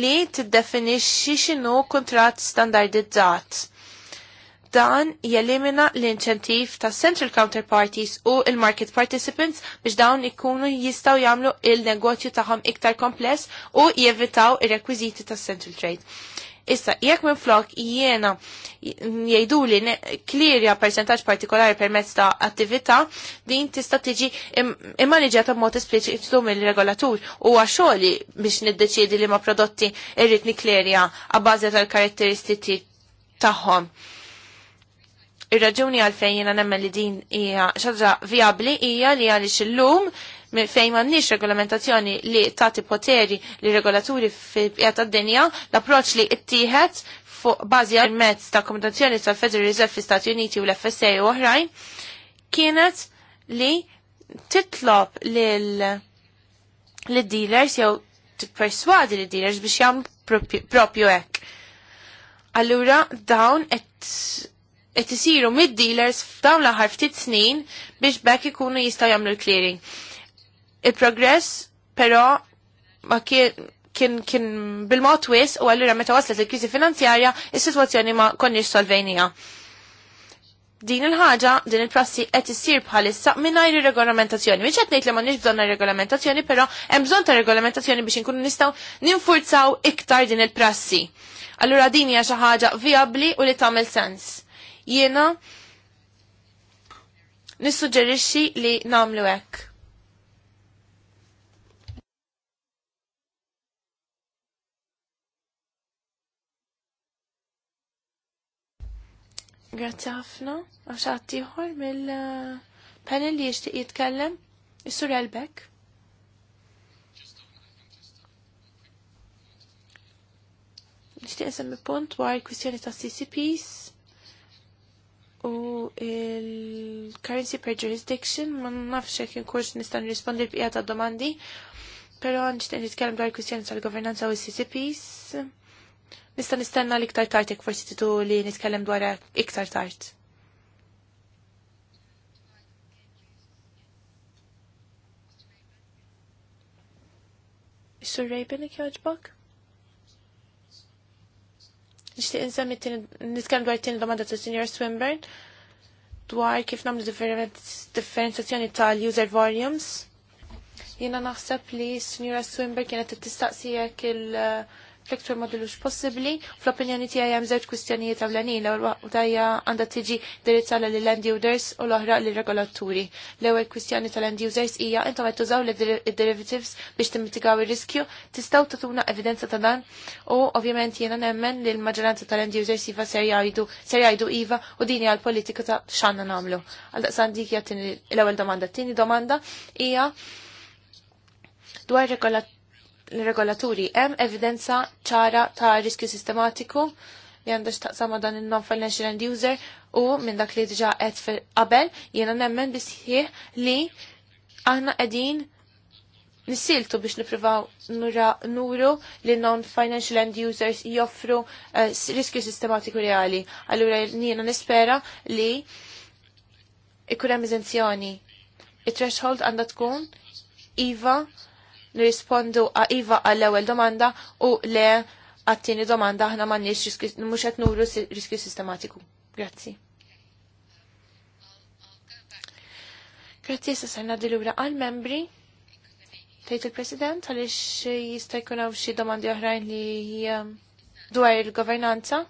li tiddefinixxi x'inhu kuntratt standardizzat dan jelimina l-inċentiv ta' central counterparties u il-market participants biex dawn ikunu jistaw jamlu il-negozju tagħhom iktar kompless u jevitaw ir-rekwiżiti ta' central trade. Issa, jekk minn flok jiena jgħidu li klirja percentaġġ partikolari permezz ta' attività, din tista' tiġi immaniġata b'mod espliċitu mill-regolatur u għaxoli biex niddeċiedi li ma' prodotti irrid niklerja għabbażi tal-karatteristiċi tagħhom. Ir-raġuni għalfejn jiena nemmen li din hija xadra viabli hija li għaliex illum fejn m'għandniex regolamentazzjoni li tagħti poteri li regolaturi fil-qija tad-dinja, l-approċċ li ttieħed fuq bażi għal mezz ta' komunikazzjoni tal Federal Reserve fl-Istati Uniti u l-FSA u oħrajn kienet li titlob lil l-dealers jew tipperswadi l-dealers biex jagħmlu propju hekk. Allura dawn qed qed isiru mid-dealers f'dawn l-aħħar ftit snin biex bekk ikunu jistgħu jagħmlu l-clearing. Il-progress però ma kien kien, kien bil-mod wis u allura meta waslet il-kriżi finanzjarja is-sitwazzjoni ma konniex solvejnija. Din il-ħaġa, din il-prassi qed issir bħalissa mingħajr ir-regolamentazzjoni. Mhix qed ngħid li m'għandniex bżonn regolamentazzjoni, però hemm bżonn ta' regolamentazzjoni biex inkunu nistgħu ninfurzaw iktar din il-prassi. Allura din hija xi ħaġa viabbli u li tagħmel sens Jiena nissuġġerixxi li nagħmlu hekk. Grazzi ħafna. Għax għattijħor mill-panel uh, li jishtiq jitkellem. Is-sur Elbek. Nishtiq nsemmi punt dwar kwistjoni ta' CCPs u il-currency per jurisdiction ma nafx jekk kurs nistan rispondi l-bqija ta' domandi, però nixtieq nitkellem dwar kwistjoni tal-governanza u s-CCPs. nistan nistanna l-iktar tart jekk forsi titu li nitkellem dwar iktar tard. Is-Sur Rabin jogħġbok? Nixtieq insemmi nitkellem dwar it-tieni domanda ta' Senior Swinburne dwar kif nagħmlu differenzjazzjoni tal-user volumes. Jiena naħseb li Senior Swinburne kienet tistaqsi jekk il- fl-iktar modulux possibli. Fl-opinjoni tiegħi hemm żewġ kwistjonijiet ewlenin u tajja għandha tiġi dirizzala lil land users u l-oħra lil regolaturi. L-ewwel kwistjoni tal-end users hija intom qed tużaw l derivatives biex timmitigaw ir-riskju, tistaw tatuna evidenza ta' dan u ovvjament jiena nemmen li l-maġġoranza tal-end users iva ser jgħidu iva u din hija l-politika ta' x'għandna nagħmlu. Għal daqsan hija l-ewwel domanda. Tieni domanda hija dwar regolaturi l-regolaturi hemm evidenza ċara ta' riskju sistematiku li għandax taqsama dan il-non-financial end user u minn dak li diġa qed qabel jiena nemmen bisħiħ li aħna qegħdin nisiltu biex niprivaw nuru li non-financial end users joffru uh, riskju sistematiku reali. Allura jiena nispera li ikun hemm eżenzjoni. it threshold għandha tkun iva nirrispondu iva għall-ewel domanda u le għattini domanda ħna ma nix muxet nuru riskju sistematiku. Grazzi. Grazzi, sa sarna dil-ura għal-membri. Tejt il-President, għalix jista' jkun hawn xi domandi oħrajn li dwar il-governanza.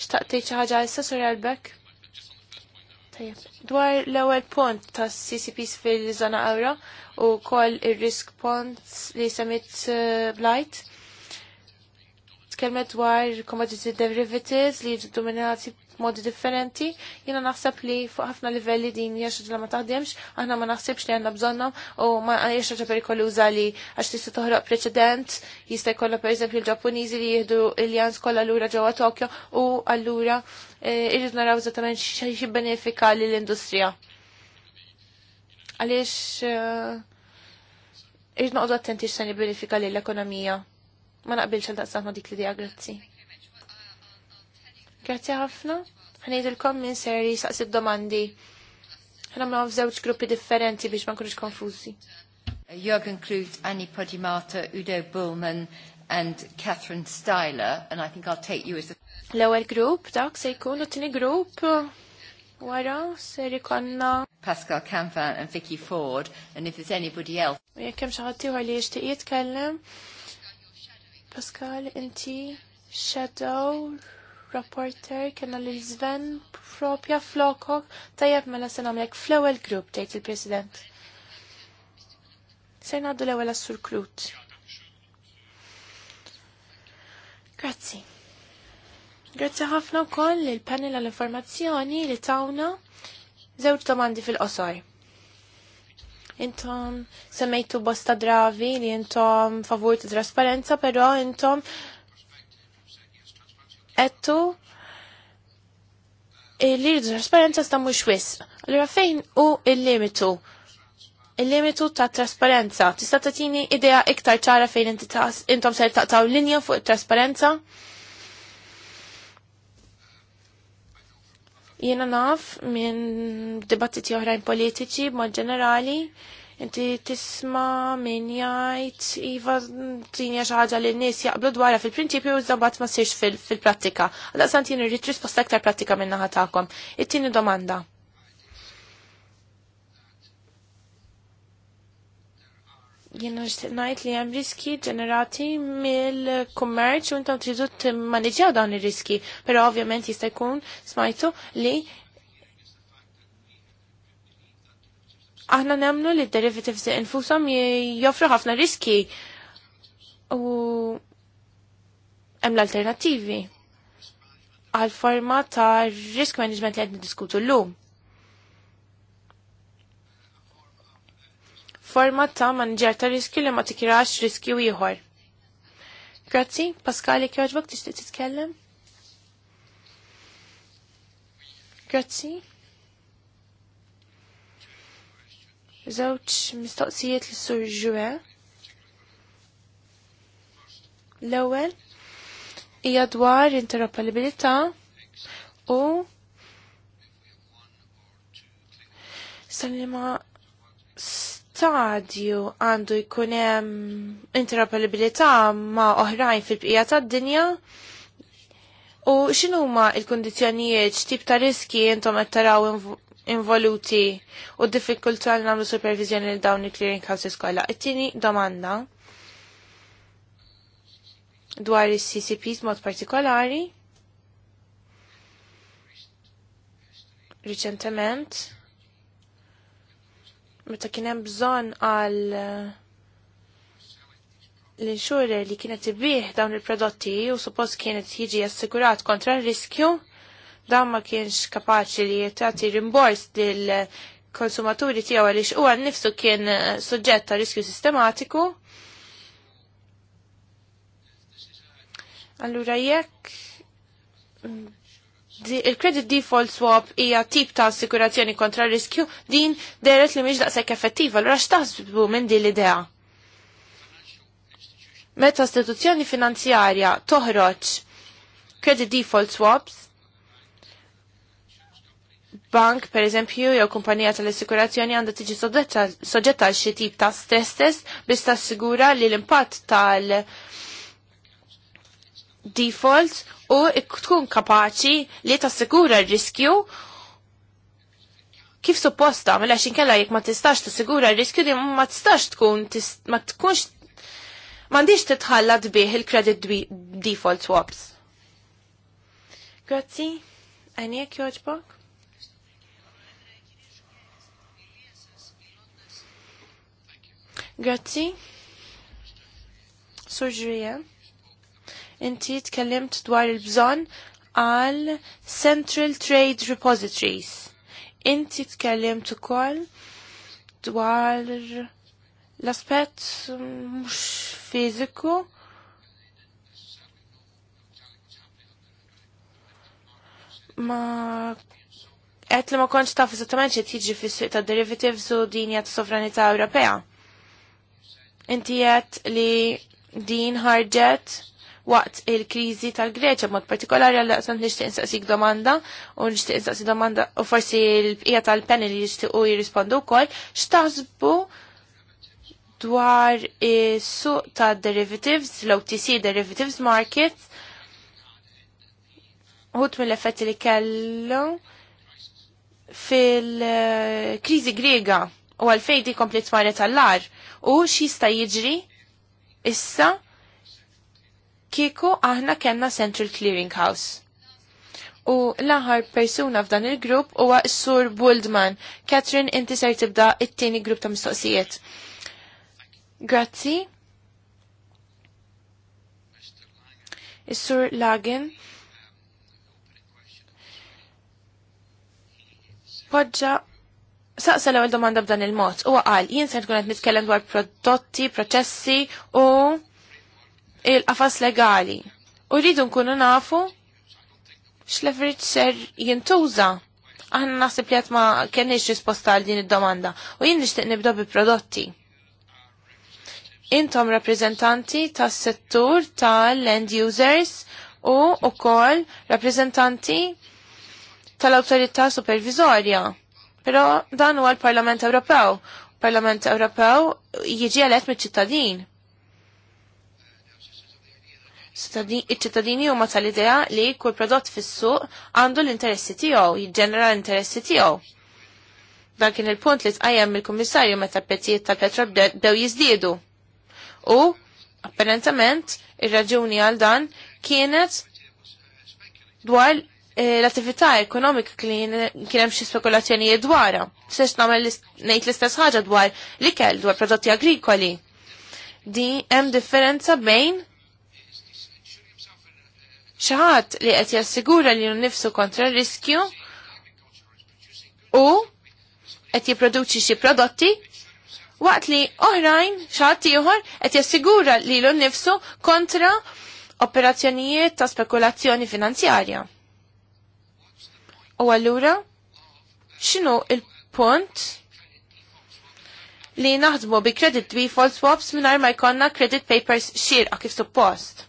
Xtaqtejt xi ħaġa issa għal Elbek? Dwar l-ewwel punt tas CCPs fil zona awra u kol il risk ponts li semit eh, blight. Tkellmet dwar commodity derivatives li dominati modi differenti. Jina naħseb li fuq ħafna livelli din hija xi ma taħdimx, aħna ma naħsibx li għandna bżonna u ma hija xi perikoluża li għax tista' toħroq preċedent jista' jkollha eżempju l-Ġappuniżi li jieħdu il jans kollha ura ġewwa Tokyo u allura eh, irrid naraw eżattament xi benefika lill-industrija. Għaliex eh, irrid noqdu attenti x'se benefika lill-ekonomija. Ma naqbilx għal daqsaħna dik l-idea, grazzi. Grazie ħafna. Ħnejdilkom minn seri saqsid domandi. Ħna ma f'żewġ gruppi differenti biex ma nkunux konfużi. Jürgen Klut, Annie Podimata, Udo Bullman and Catherine Styler, and I think I'll take you as the... L-ewel grupp, dak se jkun, u tini grupp, wara, se rikonna. Pascal Canfan and Vicky Ford, and if there's anybody else. U jekkem xaħati u għalli jishtiq jitkellem. Pascal, inti, Shadow, rapporter kena li l-zven propja flokok tajab mela se namlek fl-ewel grupp tgħid il-President. Se ngħaddu l-ewwel għas Klut. Grazzi. Grazzi ħafna wkoll lil panel għal informazzjoni li tawna żewġ domandi fil-qosor. Intom semmejtu bosta dravi li intom favur ta' trasparenza, però intom qettu li rridu trasparenza sta mhux wisq. Allura fejn hu il-limitu? Il-limitu ta' trasparenza. Tista' tagħtini idea iktar ċara fejn inti intom ser ta' linja fuq it-trasparenza? Jiena naf minn dibattiti oħrajn politiċi b'mod ġenerali Inti tisma min jgħid iva tinja xi ħaġa li n nis jaqblu dwarja fil-prinċipju u żabbat ma sirx fil-prattika. Għaldaqsant jien irrid risposta aktar prattika minna naħa tagħkom. it tini domanda. Jena nixtieq ngħid li hemm riski ġenerati mill-kummerċ u intom tridu timmaniġjaw dawn ir-riski, però ovvjament jista' jkun smajtu li Aħna nemmnu li derivatives infusom joffru ħafna riski u hemm l-alternattivi għal forma ta' risk management li qed diskutu llum. Forma ta' manager ta' riski li ma tikirax riski ieħor. Grazzi, Paskali jekk jogħġbok tixtieq titkellem? Grazzi. żewġ mistoqsijiet l sur Jue L-ewwel hija dwar interoperabilità u sanima stadju għandu jkun hemm interoperabilità ma' oħrajn fil-bqija tad-dinja u x'inhuma l-kundizzjonijiet x'tip ta' riski intom qed taraw involuti u d-diffikultà li nagħmlu supervizjoni li dawn il-clearing house skola. It-tieni domanda dwar il ccps mod partikolari. Riċentement, meta kien hemm bżonn għal eh, l insurer li kienet ibih dawn il-prodotti u suppost kienet jiġi assigurat kontra r-riskju, dan ma kienx kapaċi li jtati rimbors dil konsumaturi tiegħu għaliex huwa nnifsu kien eh, suġġett ta' riskju sistematiku. Allura jekk mm, il-credit default swap hija tip ta' assikurazzjoni kontra riskju din deret li mhix daqshekk effettiva, allura x'taħsbu minn din l-idea? Meta istituzzjoni finanzjarja toħroġ credit default swaps, bank per eżempju jew kumpanija tal-assikurazzjoni għandha tiġi soġġetta għal xi tip ta' stress test biex tassigura li l-impatt tal- default u tkun kapaċi li tassigura r-riskju kif supposta, mela xin kella jek ma tistax tassigura r-riskju di ma tistax tkun, ma tkunx, mandiġ titħallat bih il-credit default swaps. Grazzi, għajnijek joġbok? Grazzi. Surġrija. Inti tkellimt dwar il-bżon għal Central Trade Repositories. Inti tkellimt ukoll dwar l-aspett mux mm, fiziku. ma qed li ma kontx taf eżattament xi tiġi fis ta' derivatives u dinja ta' sovranità Ewropea. Inti qed li din ħarġet waqt il-kriżi tal-Greċja mod partikolari għal għasan nixtieq insaqsik domanda u nixtieq insaqsik domanda u forsi l-bqija tal-panel li jixtiequ jirrispondu wkoll x'taħsbu dwar is-suq ta' derivatives, l-OTC derivatives market, ħut mill-effetti li kellu fil-krizi eh, grega u għalfej di kompli tmari tal-lar u x'jista' jiġri issa kieku aħna kenna Central Clearing House. U l-aħar persuna f'dan il-grupp huwa s-sur Buldman. Catherine, inti ser tibda it-tieni grupp ta' mistoqsijiet. Grazzi. Is-sur Lagen. Poġġa saqsa l ewel domanda b'dan il-mod. Huwa qal jien se tkun qed nitkellem dwar prodotti, proċessi u il-qafas legali. U rridu nkunu nafu x'leverage ser jintuża. Aħna naħseb li qed ma kenniex risposta għal din id-domanda u jien nixtieq nibda bi prodotti. Intom rappreżentanti tas-settur tal-end users u wkoll rappreżentanti tal-awtorità supervizorja Pero dan huwa l-Parlament Ewropew. Parlament Ewropew jiġi għalet mill-ċittadin. Iċ-ċittadini huma tal-idea li kull prodott fis-suq għandu l-interessi tiegħu, jiġġenera l-interessi tiegħu. Dan kien il-punt li tqajjem il-Kummissarju meta prezzijiet tal petro bdew jiżdiedu. U apparentament ir-raġuni għal dan kienet dwar Eh, l-attività ekonomika kien hemm xi spekulazzjonijiet dwarha. Sex nagħmel ngħid l-istess ħaġa dwar l-ikel dwar prodotti agrikoli. Di hemm differenza bejn xi ħadd li qed jassigura li nnifsu kontra riskju u qed jipproduċi xi prodotti waqt li oħrajn xi ħadd ieħor qed jassigura lilu nnifsu kontra operazzjonijiet ta' spekulazzjoni finanzjarja. U allura x'inhu il-punt li naħdmu bi credit default swaps mingħajr ma jkollna credit papers xirqa' kif suppost.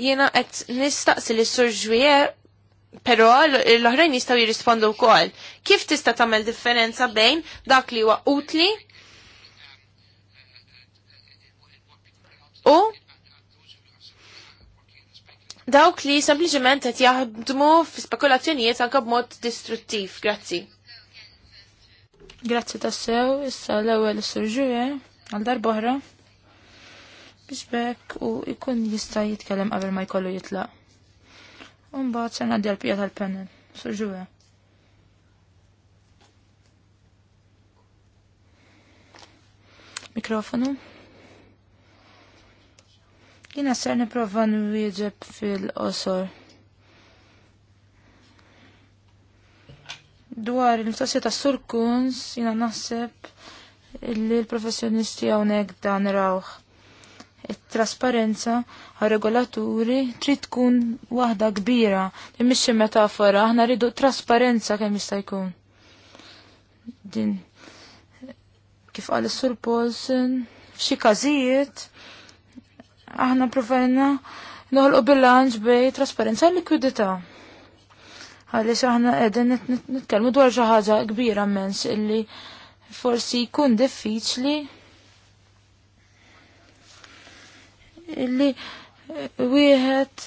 Jiena qed nistaqsi li sur ġwier Pero l-oħrajn jistaw jirrispondu wkoll. Kif tista' tagħmel differenza bejn dak li huwa utli u dawk li sempliċement qed jaħdmu f'spekulazzjonijiet anke b'mod distruttiv. Grazzi. Grazzi tassew, issa l-ewwel is-surġuje għal darboħra biex bekk u jkun jista' jitkellem qabel ma jkollu jitlaq. Umbagħad se ngħaddi l-pija tal-panel. Surġuje. Mikrofonu. Jina għasar niprofa nwieġeb fil-qosor. Dwar il-mistoqsija ta' surkuns, jina naħseb li l-professjonisti hawnhekk dan rawħ. It-trasparenza għal-regolaturi trid tkun waħda kbira, li mhix metafora, aħna rridu trasparenza kemm jista' jkun. Din kif qal is-sur Paulsen, f'xi każijiet aħna provajna noħolqu bilanċ bej trasparenza u likwidità. Għaliex aħna qegħdin nitkellmu dwar xi ħaġa kbira mens illi forsi jkun diffiċli illi eh, wieħed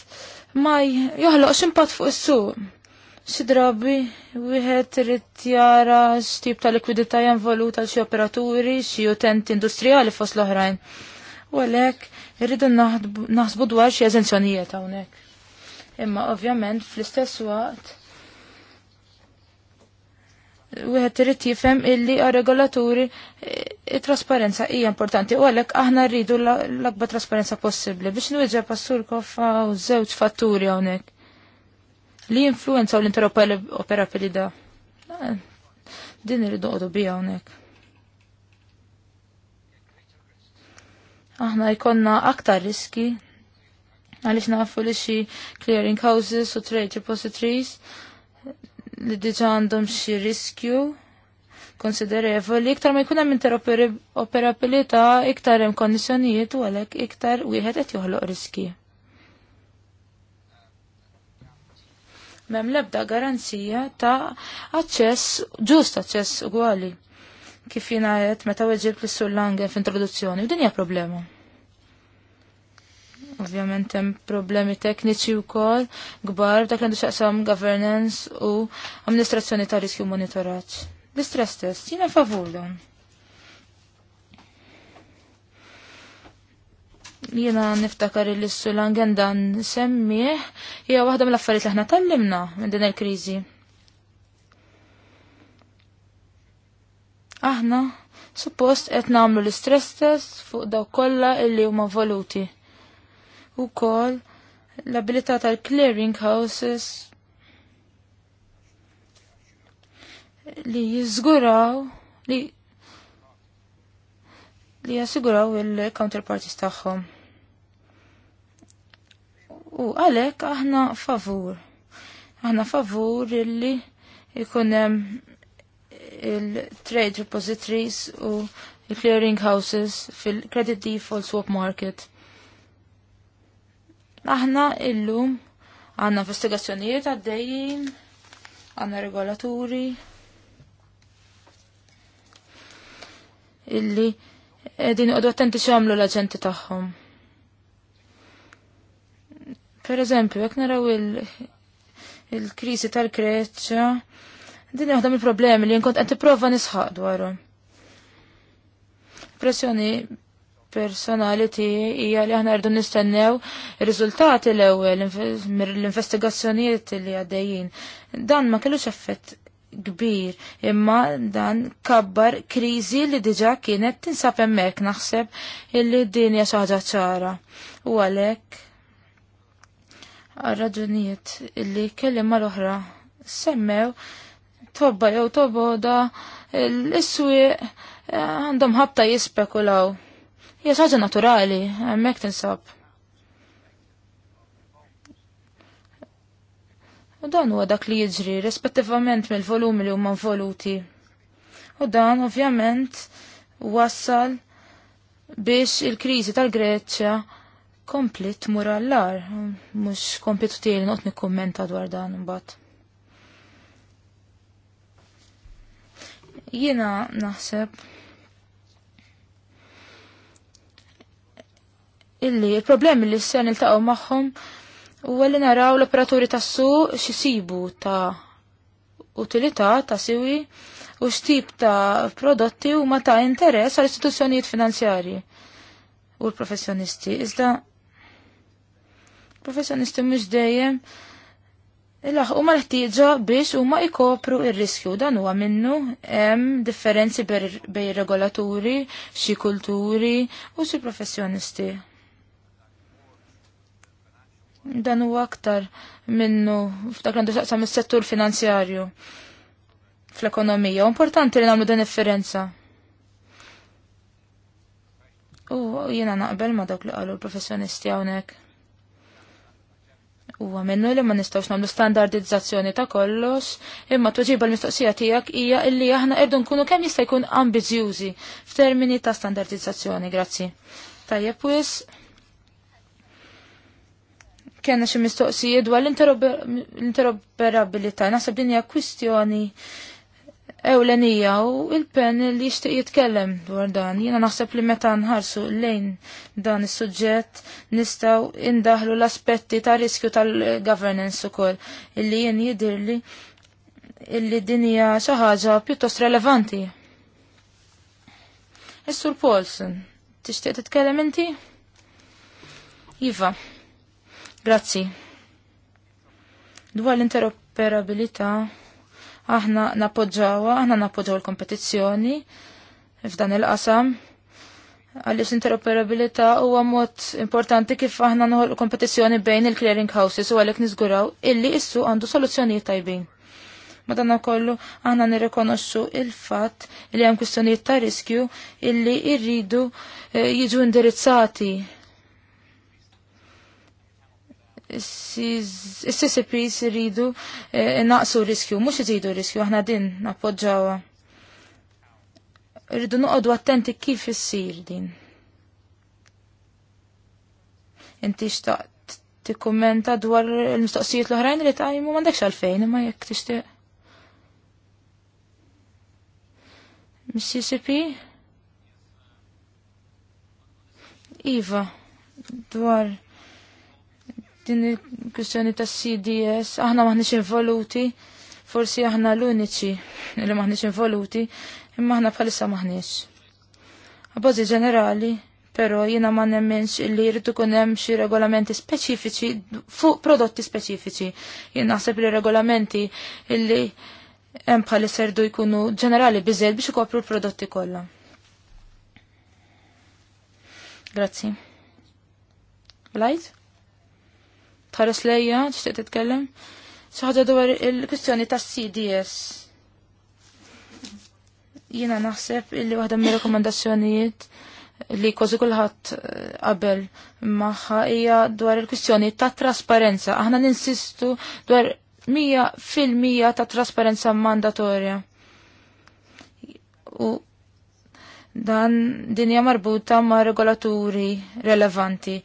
ma joħloqx impatt fuq is-suq. Xi drabi wieħed irid jara x'tip ta' likwidità involuta għal xi operaturi, xi utenti industrijali fost l-oħrajn. U għalhekk irridu naħsbu dwar xi eżenzjonijiet hawnhekk. Imma ovvjament fl-istess waqt wieħed irid jifhem illi għar-regolaturi eh, trasparenza hija importanti u għalhekk aħna rridu l-akbar trasparenza possibbli biex passur passurkof u żewġ fatturi hawnhekk li influenzaw l-interoperabilità. Ah, din irridu qogħdu bija hawnhekk. aħna jkonna aktar riski għalix nafu li xi clearing houses u trade repositories li diġa għandhom xi riskju konsiderevoli, iktar ma jkun hemm interoperabilità, iktar hemm kondizzjonijiet u għalhekk iktar wieħed qed joħloq riski. Mem lebda garanzija ta' aċċess, ġust aċċess ugwali kif jina għed meta weġib li sur langen f'introduzzjoni u dinja hija problema. Ovvjament hemm problemi tekniċi wkoll kbar dak li għandu xaqsam governance u amministrazzjoni ta' riskju monitorat. L-istress test jiena favur dan. Jiena niftakar li s-sulangen dan semmieħ hija waħda mill-affarijiet li aħna limna minn din il-kriżi Aħna suppost qed nagħmlu l-istress test fuq daw kollha illi huma voluti. Ukoll l-abilità tal-clearing houses li jiżguraw li li jassiguraw il-counterparties tagħhom. U għalek aħna favur. Aħna favur illi hemm il-trade repositories u il-clearing houses fil-credit default swap market. Aħna illum għanna investigazzjonijiet għaddejjin, għanna regolaturi illi din għadu għattenti xamlu l-agenti tagħhom. Per eżempju, jekk naraw il-krisi il tal kreċċa Din waħda mill-problemi li nkont qed tipprova nisħaq dwarhom. Pressjoni personali tiegħi hija li aħna rridu nistennew ir-riżultati l-ewwel l-investigazzjonijiet li għaddejjin. Dan ma kellux effett kbir, imma dan kabbar kriżi li diġà kienet tinsab hemmhekk naħseb illi d-dinja xi ħaġa ċara. U għalhekk għar raġunijiet illi kelli l-oħra semmew tobba jew toboda l-iswieq eh, għandhom ħabta jispekulaw. Hija ħaġa naturali, hemmhekk tinsab. U dan huwa dak li jiġri rispettivament mill-volumi li huma involuti. U dan ovvjament wassal biex il-kriżi tal-Greċja komplit murallar, mhux komplit tiegħi noqgħod nikkummenta dwar dan imbagħad. Jiena naħseb illi il-problemi li s-sen il-taqaw maħħum u għalli naraw l-operaturi tassu xisibu ta' utilità ta' siwi u xtib ta' prodotti u ma ta' interess għal istituzzjonijiet finanzjarji u l-professjonisti. Iżda professjonisti mhux dejjem Il-laħqu ma l-ħtieġa biex huma jkopru il riskju dan huwa minnu hemm differenzi bej regolaturi, xi kulturi u xi professjonisti. Dan huwa aktar minnu f'dak għandu xaqsam is-settur finanzjarju fl-ekonomija. Importanti li nagħmlu dan differenza. U jiena naqbel ma dawk li qalu l-professjonisti hawnhekk. Huwa minnu li ma nistawx namlu standardizzazzjoni ta' kollox, imma tuġiba l-mistoqsija tijak ija illi aħna qegħdu nkunu kem jista' jkun ambizzjużi f'termini ta' standardizzazzjoni, grazzi. Tajjeb wis kellna xi mistoqsijiet dwar l-interoperabilità, naħseb din hija kwistjoni ewlenija u il-pen li jixtieq jitkellem dwar dan. Jiena naħseb li meta nħarsu lejn dan is-suġġett nistgħu indaħlu l-aspetti ta' riskju tal-governance ukoll illi jien jidirli illi din hija xi ħaġa pjuttost relevanti. Is-Sur Paulson, tixtieq titkellem inti? Iva, grazzi. Dwar l-interoperabilità aħna napoġġawha, aħna napoġġaw il-kompetizzjoni f'dan il-qasam għaliex interoperabilità huwa mod importanti kif aħna nħol kompetizzjoni bejn il-clearing houses u għalhekk niżguraw illi issu għandu soluzzjonijiet tajbin. Madonna kollu aħna nirrikonoxxu il-fatt li hemm kwistjonijiet ta' riskju illi rridu eh, jiġu indirizzati Is-CCPs iridu eh, naqsu riskju, mhux iżidu riskju, aħna din nappoġġawha. Irridu noqogħdu attenti kif issir din. Inti xtaqt kommenta dwar il-mistoqsijiet l-oħrajn li tajmu m'għandekx għalfejn imma jekk tixtieq. Mississippi? Iva, dwar din il kwestjoni tas CDS, aħna maħniex involuti, forsi aħna l-uniċi li maħniex involuti, imma aħna bħalissa maħniex. Għabbażi ġenerali, pero jina ma nemmenx li jridu kunem xi regolamenti speċifiċi fuq prodotti speċifiċi. Jien naħseb li regolamenti illi hemm bħal serdu jkunu ġenerali bizzed biex ikopru l-prodotti kollha. Grazzi. Blajt? tħares lejja, tixtieq titkellem. Saħġa dwar il-kwistjoni tas-CDS. Jiena naħseb illi waħda mir-rekomandazzjonijiet li kważi kulħadd eh, qabel magħha hija dwar il-kwistjoni ta' trasparenza. Aħna ninsistu dwar mija fil-mija ta' trasparenza mandatorja. U dan dinja marbuta ma' regolaturi relevanti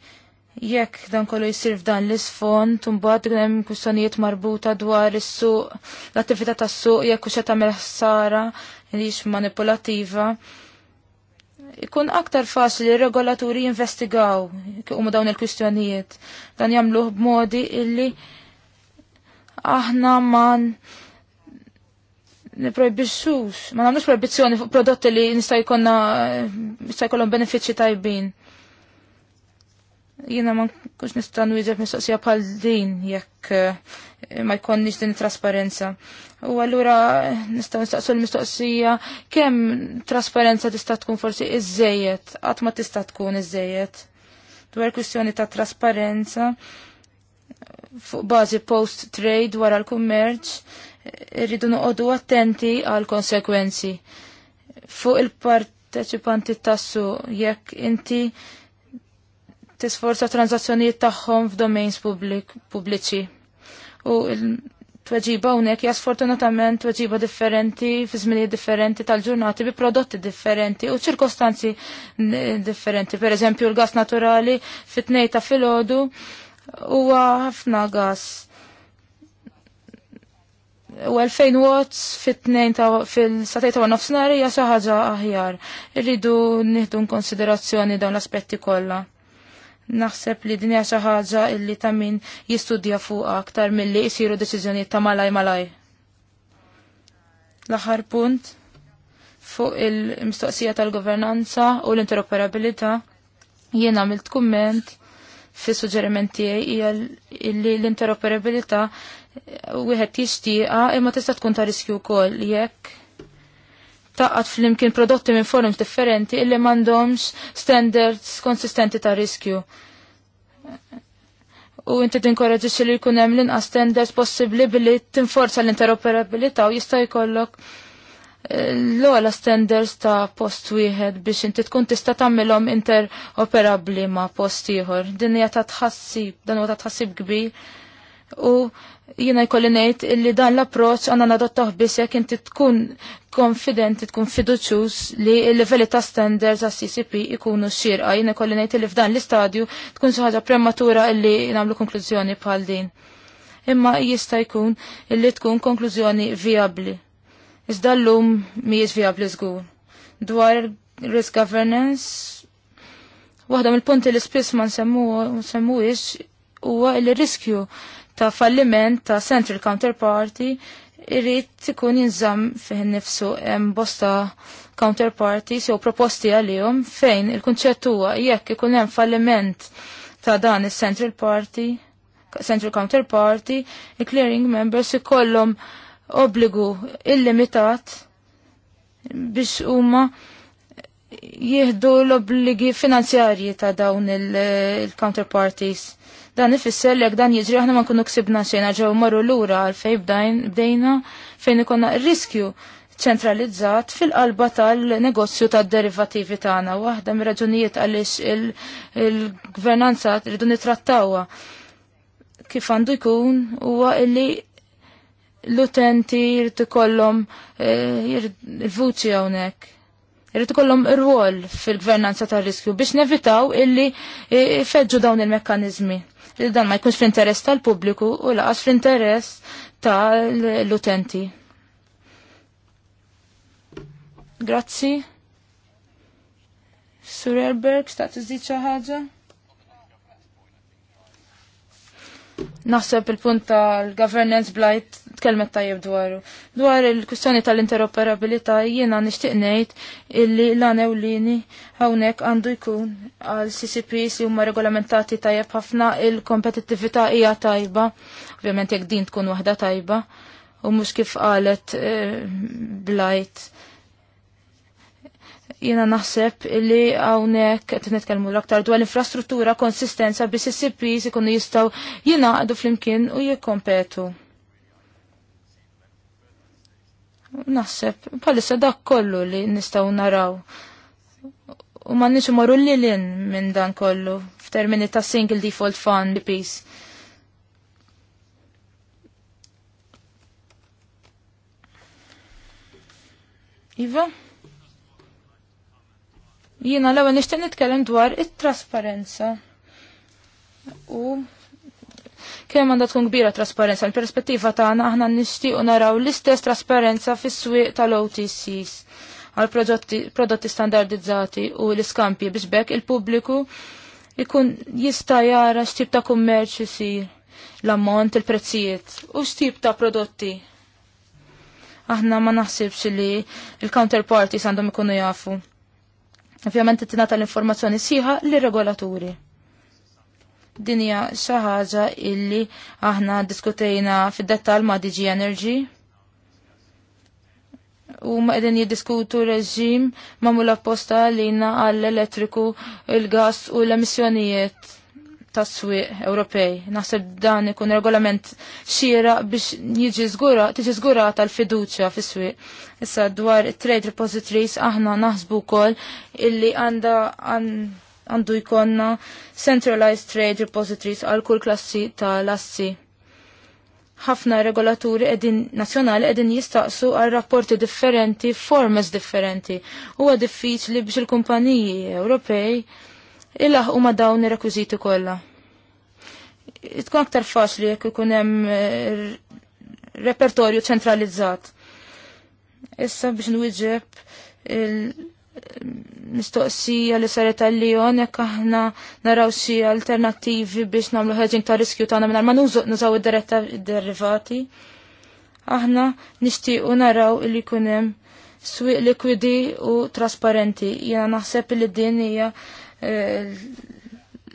jekk dan kollu jisir f'dan l-isfond, mbagħad għem kustanijiet kwistjonijiet marbuta dwar is-suq, l-attività tas-suq jekk u qed tagħmel ħsara lix manipulativa, Ikun aktar faċli regolaturi investigaw kum dawn il-kwistjonijiet. Dan jagħmluh b'modi illi aħna man niprojbixxux, ma nagħmlux proibizzjoni fuq prodotti li nista' jkollhom benefiċċji tajbin. Jiena ma kux nistan nwieġeb mistoqsija bħal din jekk eh, ma jkollniex din trasparenza. U allura eh, nistan nistaqsu l-mistoqsija kemm trasparenza tista' tkun forsi iżejjed, qatt ma tista' tkun iżejjed. Dwar kwistjoni ta' trasparenza fuq bażi post-trade wara l-kummerċ irridu eh, noqogħdu attenti għal konsekwenzi. Fuq il-parteċipanti tassu jekk inti tisforza transazzjonijiet tagħhom f'domains pubbliċi. U tweġiba hawnhekk hija sfortunatament tweġiba differenti fi żminijiet differenti tal-ġurnati bi prodotti differenti u ċirkostanzi differenti. Per eżempju l-gas naturali fit-tnej ta' filgħodu huwa ħafna gas u 2000 watts fit-tnejn fil satajt ta' nofsinhar hija xi ħaġa aħjar. Irridu nieħdu konsiderazzjoni dawn l-aspetti kollha. Naħseb li dinja xi ħaġa illi ta' min jistudja fuqha aktar milli jsiru deċiżjonijiet ta' malaj malaj. L-aħħar punt fuq il-mistoqsija tal-governanza u l-interoperabilità Jien għamilt kumment fi suġġerimenti hija li l-interoperabilità wieħed jixtieqa imma tista' tkun ta' riskju wkoll jekk taqqat fl-imkien prodotti minn forums differenti illi mandomx standards konsistenti ta' riskju. U inti tinkoraġġi li jkun hemm l-inqas standards possibbli billi tinforza l-interoperabilità u jista' jkollok eh, l-ola standards ta' post wieħed biex inti tkun tista' tagħmilhom interoperabbli ma' post ieħor. Din hija ta' tħassib, dan huwa ta' tħassib kbir u jina jkolli ngħid illi dan l-approċ għandna nadottaħ biss jekk inti tkun konfidenti, tkun fiduċjuż li l-livelli ta' standards għas CCP ikunu xirqa. Jina jkolli ngħid illi f'dan l-istadju tkun xaħġa prematura illi nagħmlu konklużjoni bħal din. Imma jista' jkun illi tkun konklużjoni viabli. Iżda llum mhijiex viabli żgur. Dwar risk governance, waħda mill-punti li spiss ma nsemmuwiex huwa il-riskju ta' falliment ta' Central Counterparty irrit ikun jinżam fih nifsu hemm bosta counterparties jew proposti għalihom fejn il-kunċett huwa jekk ikun hemm falliment ta' dan is-Central Party, Central Counterparty, il-clearing members ikollhom obbligu illimitat biex huma jieħdu l-obbligi finanzjarji ta' dawn il-counterparties. Dan ifisser li dan jiġri aħna ma nkunu ksibna xejn ġew marru lura għalfej bdejna fejn ikonna riskju ċentralizzat fil-qalba tal-negozju tad-derivativi tagħna. Waħda mir-raġunijiet għaliex il-gvernanza rridu nitrattawha kif għandu jkun huwa li l-utenti jrid ikollhom eh, il-vuċi hawnhekk. Irrid ikollhom ir-rwol fil-gvernanza tar-riskju biex nevitaw illi eh, feġġu dawn il-mekkaniżmi li dan ma jkunx fl-interess tal-pubbliku u laqas fl-interess tal-utenti. Grazzi. Sur Elberg, sta' tiżdid xi ħaġa? Naħseb il-punt tal-governance blight tkellmet tajjeb dwaru. Dwar il kustjoni tal-interoperabilità jiena nixtieq ngħid illi l-għanew lini hawnhekk għandu jkun għal CCPs li huma regolamentati tajjeb ħafna il-kompetittività hija tajba, ovvjament jekk din tkun waħda tajba, u mhux kif qalet eh, blajt. Jiena naħseb li hawnhekk qed nitkellmu l-aktar dwar l-infrastruttura konsistenza bi CCPs ikunu jistgħu jingħaqdu flimkien u jikkompetu. naħseb palissa dak kollu li nistaw naraw. U ma nisu marru li lin minn dan kollu f'termini ta' single default fund li Iva? Jina l-ewwel nixtieq nitkellem dwar it-trasparenza. U kemm għandha tkun kbira trasparenza. Mill-perspettiva tagħna aħna nixtiequ naraw l-istess trasparenza fis-swieq tal-OTCs għal prodotti standardizzati u l-iskampi biex bekk il-pubbliku ikun jista' jara x'tib ta' kummerċ isir l-ammont, il-prezzijiet u x'tip ta' prodotti. Aħna ma naħsibx li il-counterparties għandhom ikunu jafu. Ovvjament it-tina l-informazzjoni siħa l regolaturi Dinja xi ħaġa illi aħna diskutejna fid-dettall ma' DG Energy u ma' qegħdin jiddiskutu reġim ma' magħmul posta lina għall-elettriku, il-gas u l-emissjonijiet tas swieq Ewropej. Naħseb dan ikun regolament xira biex jiġi żgura, tiġi żgurata tal fiduċja fis-swieq. Issa dwar trade repositories aħna naħsbu wkoll illi għandha għandu jkonna centralized trade repositories għal kull klassi ta' lassi. Ħafna regolaturi edin nazjonali edin jistaqsu għal rapporti differenti, formes differenti. Huwa diffiċli biex il-kumpaniji Ewropej illa huma dawn ir-rekwiżiti kollha. Tkun aktar faċli jekk ikun hemm eh, repertorju ċentralizzat. Issa biex nwiġeb mistoqsija li saret għallijon jekk aħna naraw xi alternattivi biex nagħmlu ħedġin ta' riskju tagħna mingħajr ma nużaw id-derivati. Aħna nixtiequ naraw li jkun hemm likwidi u trasparenti. Jiena naħseb li din hija eh,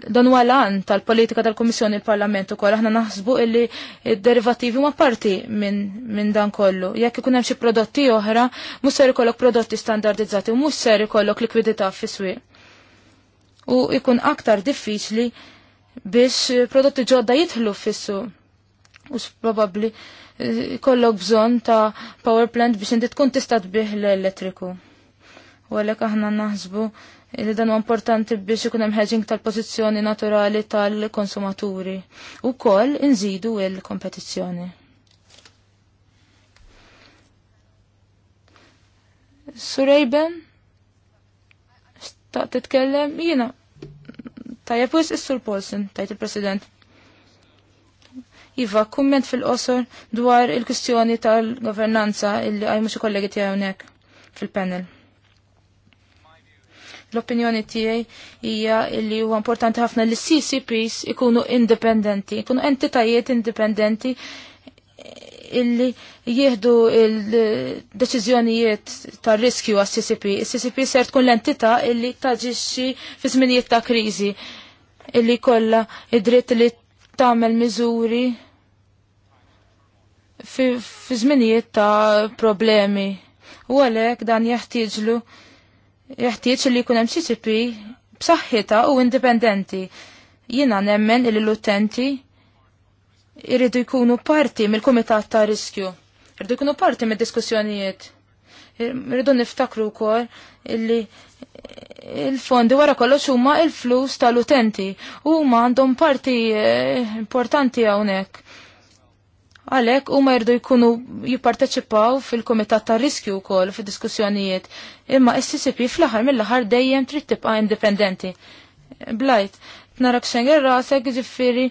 dan huwa tal-politika tal-Kummissjoni il-Parlament ukoll aħna naħsbu illi derivativi huma parti minn min dan kollu. Jekk ikun hemm xi prodotti oħra, mhux ser ikollok prodotti standardizzati u mhux ser ikollok likwidità fis-swieq. U ikun aktar diffiċli biex prodotti ġodda jidħlu fissu. U probabbli eh, kollok bżonn ta' power plant biex inti tkun tista' tbih l-elettriku. U għalhekk aħna naħsbu li dan huwa importanti biex ikun hemm hedging tal-pożizzjoni naturali tal-konsumaturi. Ukoll inżidu l-kompetizzjoni. Surejben, xtaq titkellem, jiena. tajja pus is-Sur Paulsen, tajt il-President. Iva, kumment fil-qosor dwar il-kustjoni tal-governanza illi għajmu xi kollegi tiegħu fil-panel. L-opinjoni tiegħi hija li huwa importanti ħafna li CCPs ikunu indipendenti, ikunu entitajiet indipendenti illi jieħdu il-deċiżjonijiet tar riskju għas CCP. Il-CCP ser tkun l-entità illi taġixxi fi żminijiet ta' kriżi illi kollha id-dritt li tagħmel miżuri fi żminijiet ta' problemi. U għalhekk dan jeħtieġlu jeħtieġ li jkun hemm CCP b'saħħitha u indipendenti. Jiena nemmen li l-utenti irridu jkunu parti mill-kumitat ta' riskju. Irridu jkunu parti mid-diskussjonijiet. Irridu niftakru wkoll illi il-fondi wara kollox huma il-flus tal-utenti huma għandhom parti eh, importanti hawnhekk Għalek u ma jirdu jkunu jipparteċipaw fil-komitat ta' riskju u kol fil-diskussjonijiet. Imma SCCP fl-ħar mill-ħar dejjem trid tibqa indipendenti. Blajt, narak xengir rasek ġifiri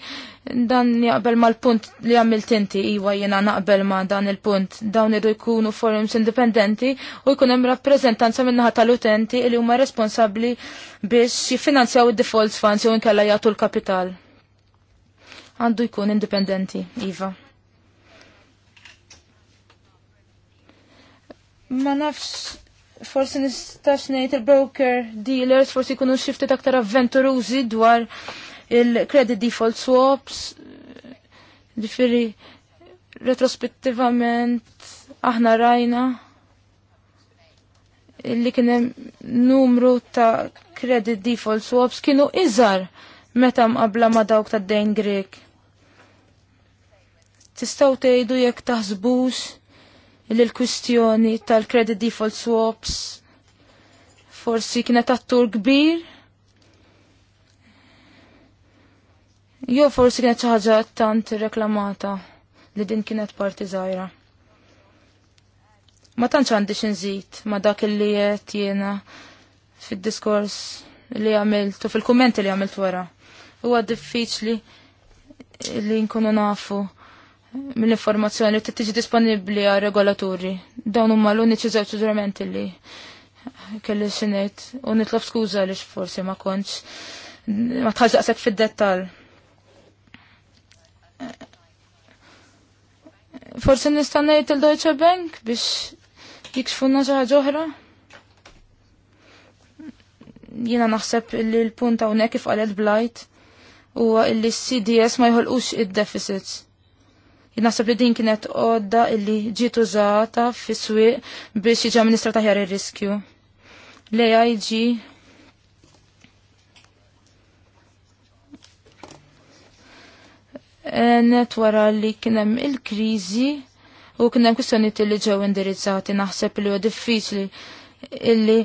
dan jaqbel ma l-punt li għamil inti iwa jena naqbel ma dan il-punt dawn idu jkunu forums indipendenti u jkun hemm rappreżentanza minnaħa tal-utenti li huma responsabbli biex jiffinanzjaw id-default funds jew nkella jagħtu l-kapital. Għandu jkun indipendenti, Iva. Ma nafx forsi nistax ngħid il-broker dealers forsi jkunu xifti aktar avventurużi dwar il-credit default swaps. Ġifieri retrospettivament aħna rajna li kienem numru ta' credit default swaps kienu iżar meta mqabla ma' dawk ta' dejn Grek. Tistaw tgħidu jekk taħsbux l-kustjoni tal-credit default swaps forsi kienet attur kbir. Jo forsi kienet xi ħaġa tant reklamata li din kienet parti żgħira. Ma tantx għandix xinżid ma dak li qed jiena fid-diskors li għamilt u fil-kummenti li għamilt wara. Huwa diffiċli li nkunu nafu mill-informazzjoni li tiġi disponibbli għal regolaturi. Dawn huma l-uniċi żewġ suġġerimenti li kelli xinet u nitlob skuża li forsi ma kontx ma tħallx daqshekk fid-dettall. Forsi nista' ngħid il-Deutsche Bank biex jikxfunna xi ħaġa oħra? Jiena naħseb li l-punt hawnhekk kif qalet blajt huwa illi s-CDS ma jħolqux id-deficits Jinnasab li din kienet odda illi ġiet użata fis-swieq biex jiġi amministra taħjar ir-riskju. L-AIG net wara li kienem il-krizi u kienem kwistjoniet li ġew indirizzati naħseb li huwa diffiċli illi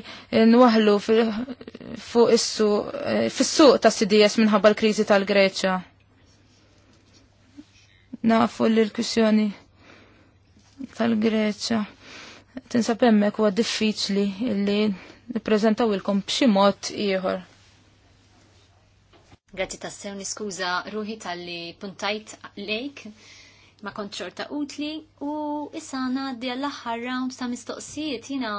nwaħlu fuq is-suq eh, fis-suq ta' CDS minħabba l-kriżi tal-Greċja nafu li l-kwissjoni tal greċa tinsab hemmhekk huwa diffiċli li nippreżentaw ilkom b'xi mod ieħor. Grazzi tassew niskuża ruħi tal-li puntajt lejk ma ta' utli u issa ngħaddi għall-aħħar round ta' mistoqsijiet jina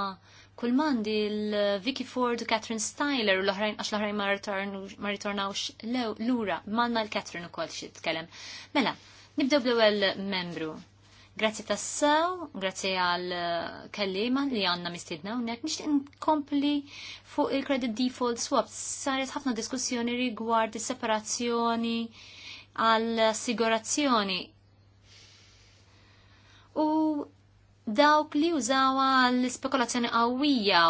kull mandi l-Vicky Ford u Catherine Styler u l-oħrajn għax l-oħrajn ma ritornawx l-ura, manna l-Catherine u kol xie tkellem. Mela, Nibdew bl-ewwel membru. Grazzi tassaw, grazzi għal eh, kellima li għanna mistidna unnek, nix nkompli fuq il-credit default swap. Saret ħafna diskussjoni rigward separazzjoni għal-assigurazzjoni. U dawk li użawa l-spekulazzjoni qawwija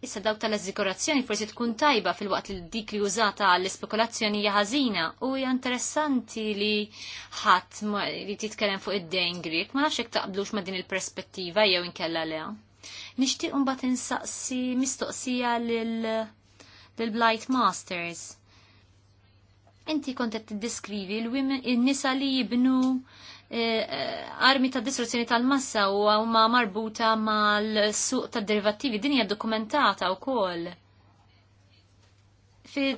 Issa daw tal-assikurazzjoni forsi tkun tajba fil-waqt li dik li użata għall spekulazzjoni jaħazina ħażina u hija interessanti li ħadd li titkellem fuq id-dejn Grik, ma nafx jekk taqblux ma' din il-perspettiva jew inkella leha. Nixtieq mbagħad insaqsi mistoqsija lil Blight Masters. Inti kont qed tiddeskrivi l-women in-nisa li jibnu Eh, eh, armi ta' distruzzjoni tal-massa u huma marbuta mal-suq tad derivattivi din hija u wkoll. Fi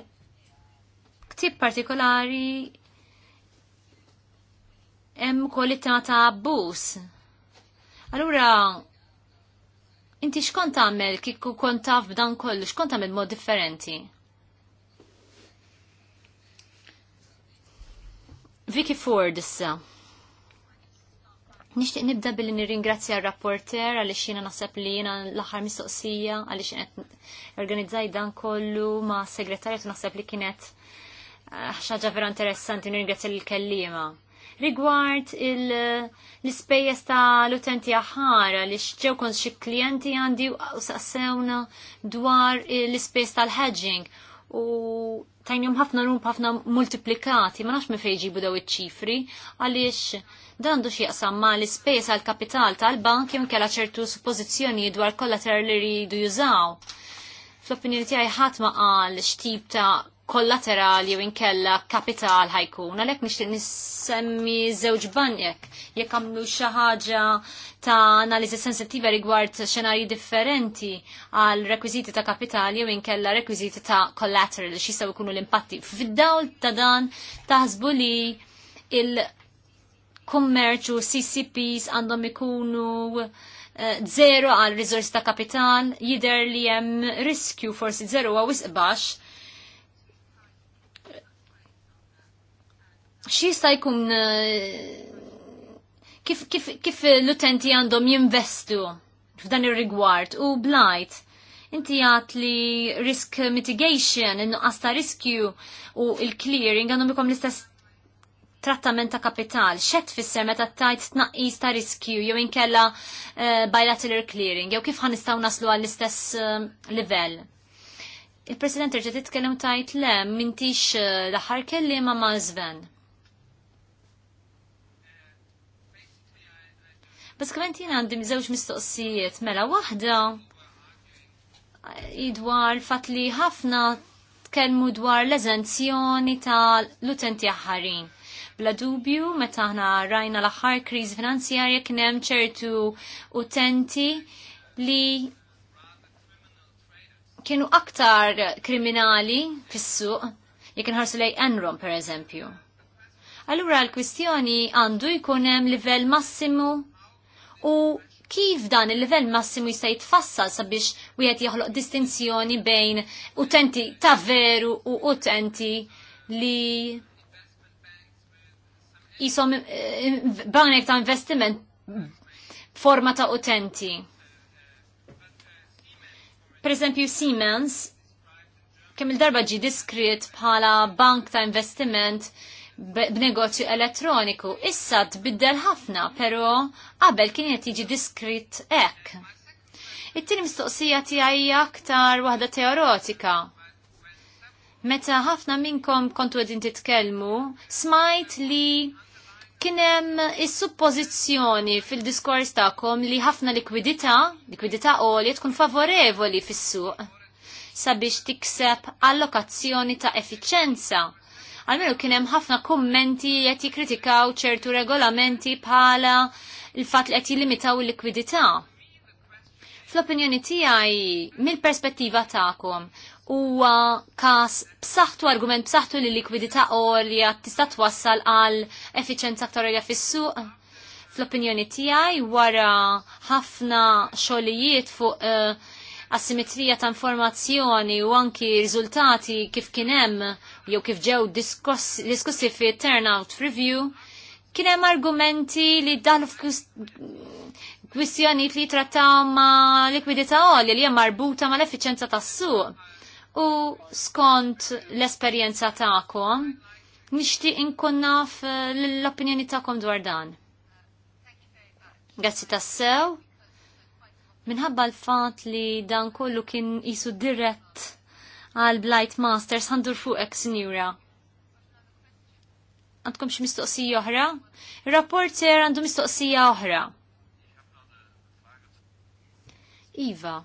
ktib partikolari hemm ukoll it-tema ta' abbuż. Allura inti xkont għamel kieku kont taf b'dan kollu, xkont għamel mod differenti? Vicky Ford issa. Nixtieq nibda billi nirringrazzja r-rapporter għaliex jiena naħseb li jiena l-aħħar mistoqsija għaliex qed organizzaj dan kollu ma' segretarju naħseb li kienet eh, ħaġa vera interessanti nirringrazzja l-kellima. Rigward l-ispejjeż ta' l-utenti aħħar għaliex ġew kont xi klijenti għandi u saqsewna dwar l-ispejjeż tal-hedging u tajnjom ħafna rum ħafna multiplikati, ma nafx me fejġibu daw iċ-ċifri, għaliex dandu xieqsam ma l-ispejs għal kapital tal-bank jew kella ċertu suppozizjoni dwar kollater li rridu jużaw. Fl-opinjoni tiegħi ħadd ma qal x'tip ta' kollaterali jew inkella kapital ħajkun, għalhekk nixtieq nissemmi żewġ banjek jekk għamlu xi ħaġa ta' analiżi sensittiva rigward xenarji differenti għal rekwiżiti ta' kapitali jew inkella rekwiżiti ta' collateral xi jistgħu jkunu l-impatti. Fid-dawl ta' dan taħsbu li il- kummerċu CCPs għandhom ikunu eh, zero għal rizors ta' kapitan, jider li jem riskju forsi zero għaw isqbax. Xista jkun eh, kif, kif, kif l-utenti għandhom jinvestu f'dan ir-rigward u blajt inti għat li risk mitigation, innu għasta riskju u il-clearing għandhom ikom l-istess trattament ta' kapital, xed fisser meta tajt tnaqqis ta' riskju jew inkella uh, bilateral clearing, jew kif nistaw naslu għall-istess uh, livell. Il-President rġet titkellem tajt le, mintix eh, l-aħħar kelli ma' ma' Bess kvent jina għandi żewġ mistoqsijiet, mela waħda idwar fatt li ħafna tkellmu dwar l-eżenzjoni tal-utenti aħħarin. Bla dubju, meta ħna rajna l-aħħar kriżi finanzjarja kien hemm ċertu utenti li kienu aktar kriminali fis-suq jekk inħarsu lej Enron per eżempju. Allura l-kwistjoni għandu jkun hemm livell massimu u kif dan il-livell massimu jista' jitfassal sabiex wieħed joħloq distinzjoni bejn utenti ta' veru u utenti li jisom eh, banek ta' investiment forma ta' utenti. Per esempio Siemens, kemm il-darba ġi diskrit bħala bank ta' investiment b'negozju elettroniku, issa tbiddel ħafna, pero qabel kien qed jiġi diskrit hekk. It-tieni mistoqsija tiegħi aktar waħda teoretika. Meta ħafna minnkom kontu qegħdin titkellmu, smajt li kienem is-suppożizzjoni fil-diskors tagħkom li ħafna likwidità, likwidità li tkun favorevoli fis-suq sabiex tikseb allokazzjoni ta' effiċenza. Almenu kienem ħafna kommenti qed jikkritikaw ċertu regolamenti bħala il-fatt li qed jilimitaw il-likwidità. Fl-opinjoni tiegħi mill-perspettiva tagħkom, huwa kas b'saħħtu argument b'saħħtu li likwidità għolja tista' twassal għal effiċenza aktar għolja fis-suq. Fl-opinjoni tiegħi wara ħafna xogħlijiet fuq eh, asimetrija ta' informazzjoni u anki riżultati kif kien hemm jew kif ġew diskussi fi turnout review, kien hemm argumenti li dan kwistjoni li trattaw ma' likwidità għolja li hija marbuta mal effiċjenza tas-suq u skont l-esperjenza tagħkom nixtieq inkun naf eh, l-opinjoni tagħkom dwar dan. Grazzi tassew. Minħabba l-fat li dan kollu kien jisu dirett għal Blight Masters għandur fuq ex Nira. Għandkom xi mistoqsija oħra? rapporter għandu mistoqsija oħra. Iva,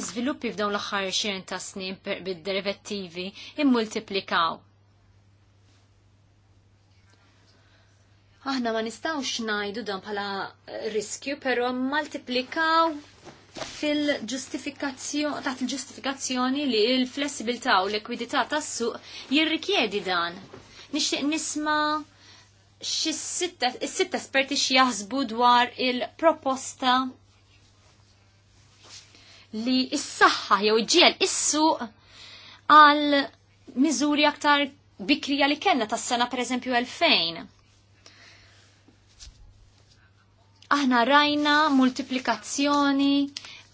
iżviluppi f'dawn l-aħħar 20 ta' snin bid-derivattivi immultiplikaw. Aħna ma nistawx najdu dan bħala riskju, pero maltiplikaw fil-ġustifikazzjoni, taħt il-ġustifikazzjoni li l-flessibilità u l-ekwidità tas-suq jirrikjedi dan. Nixtieq nisma' xis-sitta esperti x'jaħsbu dwar il-proposta li s-saħħa jew iġiel is-suq għal miżuri aktar bikrija li kellna tas-sena pereżempju 2000. Aħna rajna multiplikazzjoni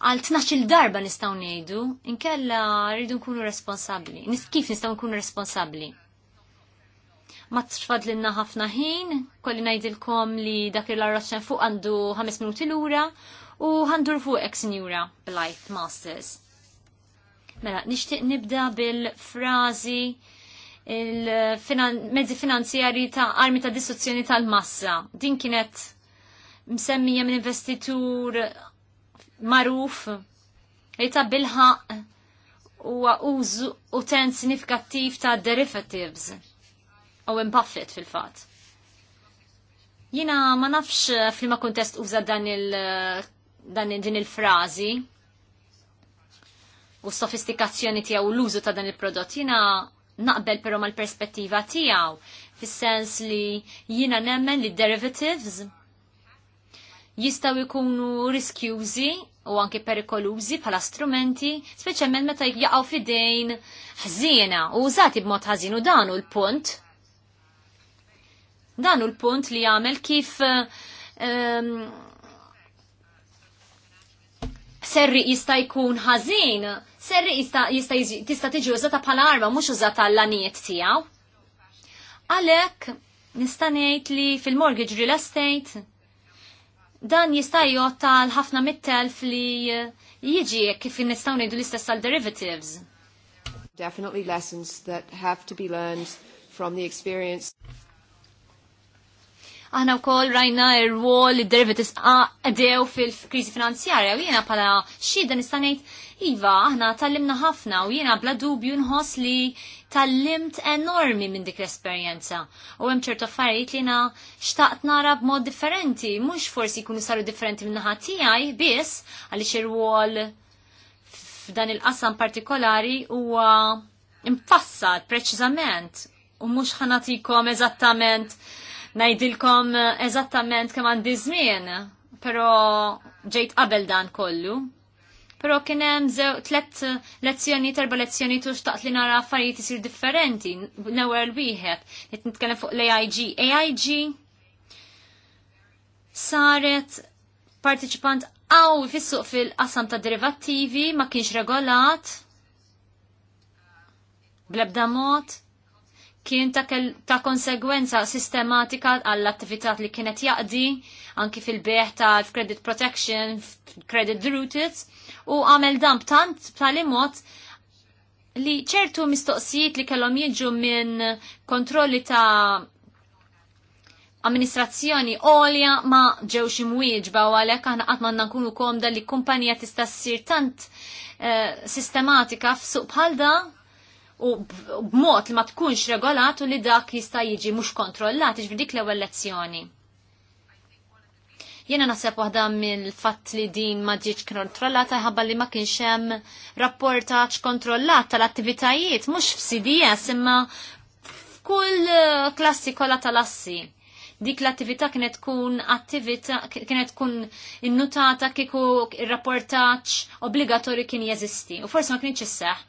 għal il darba nistaw nejdu, inkella rridu nkunu responsabli. Nis kif nistaw nkunu responsabli? Ma tfad l ħafna ħin, kolli najdilkom li dak il-arraċen fuq għandu 5 minuti l-ura, u ħandur fuq fuqek, Sinjura Life Masters. Mela, nixtieq nibda bil frazi il-mezzi finanzjari ta' armi ta' distruzzjoni tal-massa. Din kienet msemmija minn investitur maruf li ta' bil-ħaq u użu utent sinifikattiv ta' derivatives u Buffett fil-fat. Jina ma nafx fil-ma kontest uża dan il dan din il-frażi u s-sofistikazzjoni tiegħu l-użu ta' dan il-prodott jina naqbel però mal-perspettiva tiegħu fis-sens li jiena nemmen li derivatives jistaw ikunu riskjużi u anke perikolużi bħala strumenti, speċjalment meta jgħaw fidejn ħżiena u użati b'mod ħażin u dan hu l-punt. Dan hu l-punt li jagħmel kif um, serri jista' jkun ħażin, serri jista' tista' tiġi użata bħala arma mhux użata l-anijiet tiegħu. Għalhekk nista' ngħid li fil-mortgage real estate dan jista' jotta ħafna mit-telf li jiġi kif nistgħu ngħidu l-istess għal derivatives. Definitely lessons that have to be learned from the experience. Aħna wkoll rajna r-wol id-derivatives qadew fil-kriżi finanzjarja u jiena bħala xhieda nista' ngħid iva aħna tallimna ħafna u jiena bla dubju nħoss li tallimt enormi minn dik l-esperjenza. U hemm ċertu affarijiet li jiena xtaqt nara b'mod differenti, mhux forsi jkunu saru differenti minn naħa tiegħi biss għaliex ir-wol f'dan il-qasam partikolari huwa infassat preċiżament u mhux ħanatikom eżattament najdilkom eh, eżattament kemm għandi żmien, però ġejt qabel dan kollu. Però kien hemm tlet lezzjoni, terba lezzjoni tux taqt li nara affarijiet isir differenti, l-ewwel wieħed, qed nitkellem fuq l-AIG. AIG saret partiċipant għaw fissuq fil-qasam ta' derivattivi ma kienx regolat blebda mod kien ta', ta konsegwenza sistematika għall-attività li kienet jaqdi anki fil-beħ ta' credit protection, credit rooted u għamel dan b'tant b'tali mod li ċertu mistoqsijiet li kellhom jiġu minn kontrolli ta' amministrazzjoni olja ma ġewx imwieġba u għalhekk aħna qatt ma nkunu komda li kumpanija tista' ssir tant eh, sistematika f'suq bħal dan u b'mod li ma tkunx regolat u li dak jista' jiġi mhux kontrollat iġbi dik l-ewwel lezzjoni. Jiena naħseb waħda mill-fatt li din ma ġietx kontrollata ħabba li ma kienx hemm rapportaġġ kontrollat tal-attivitajiet mhux f'CDS imma f'kull eh, klassi kollha tal-assi. Dik l-attività kienet tkun attività kienet tkun innutata kieku ir rapportaċ obbligatorju kien jeżisti u forsi ma kienx isseħħ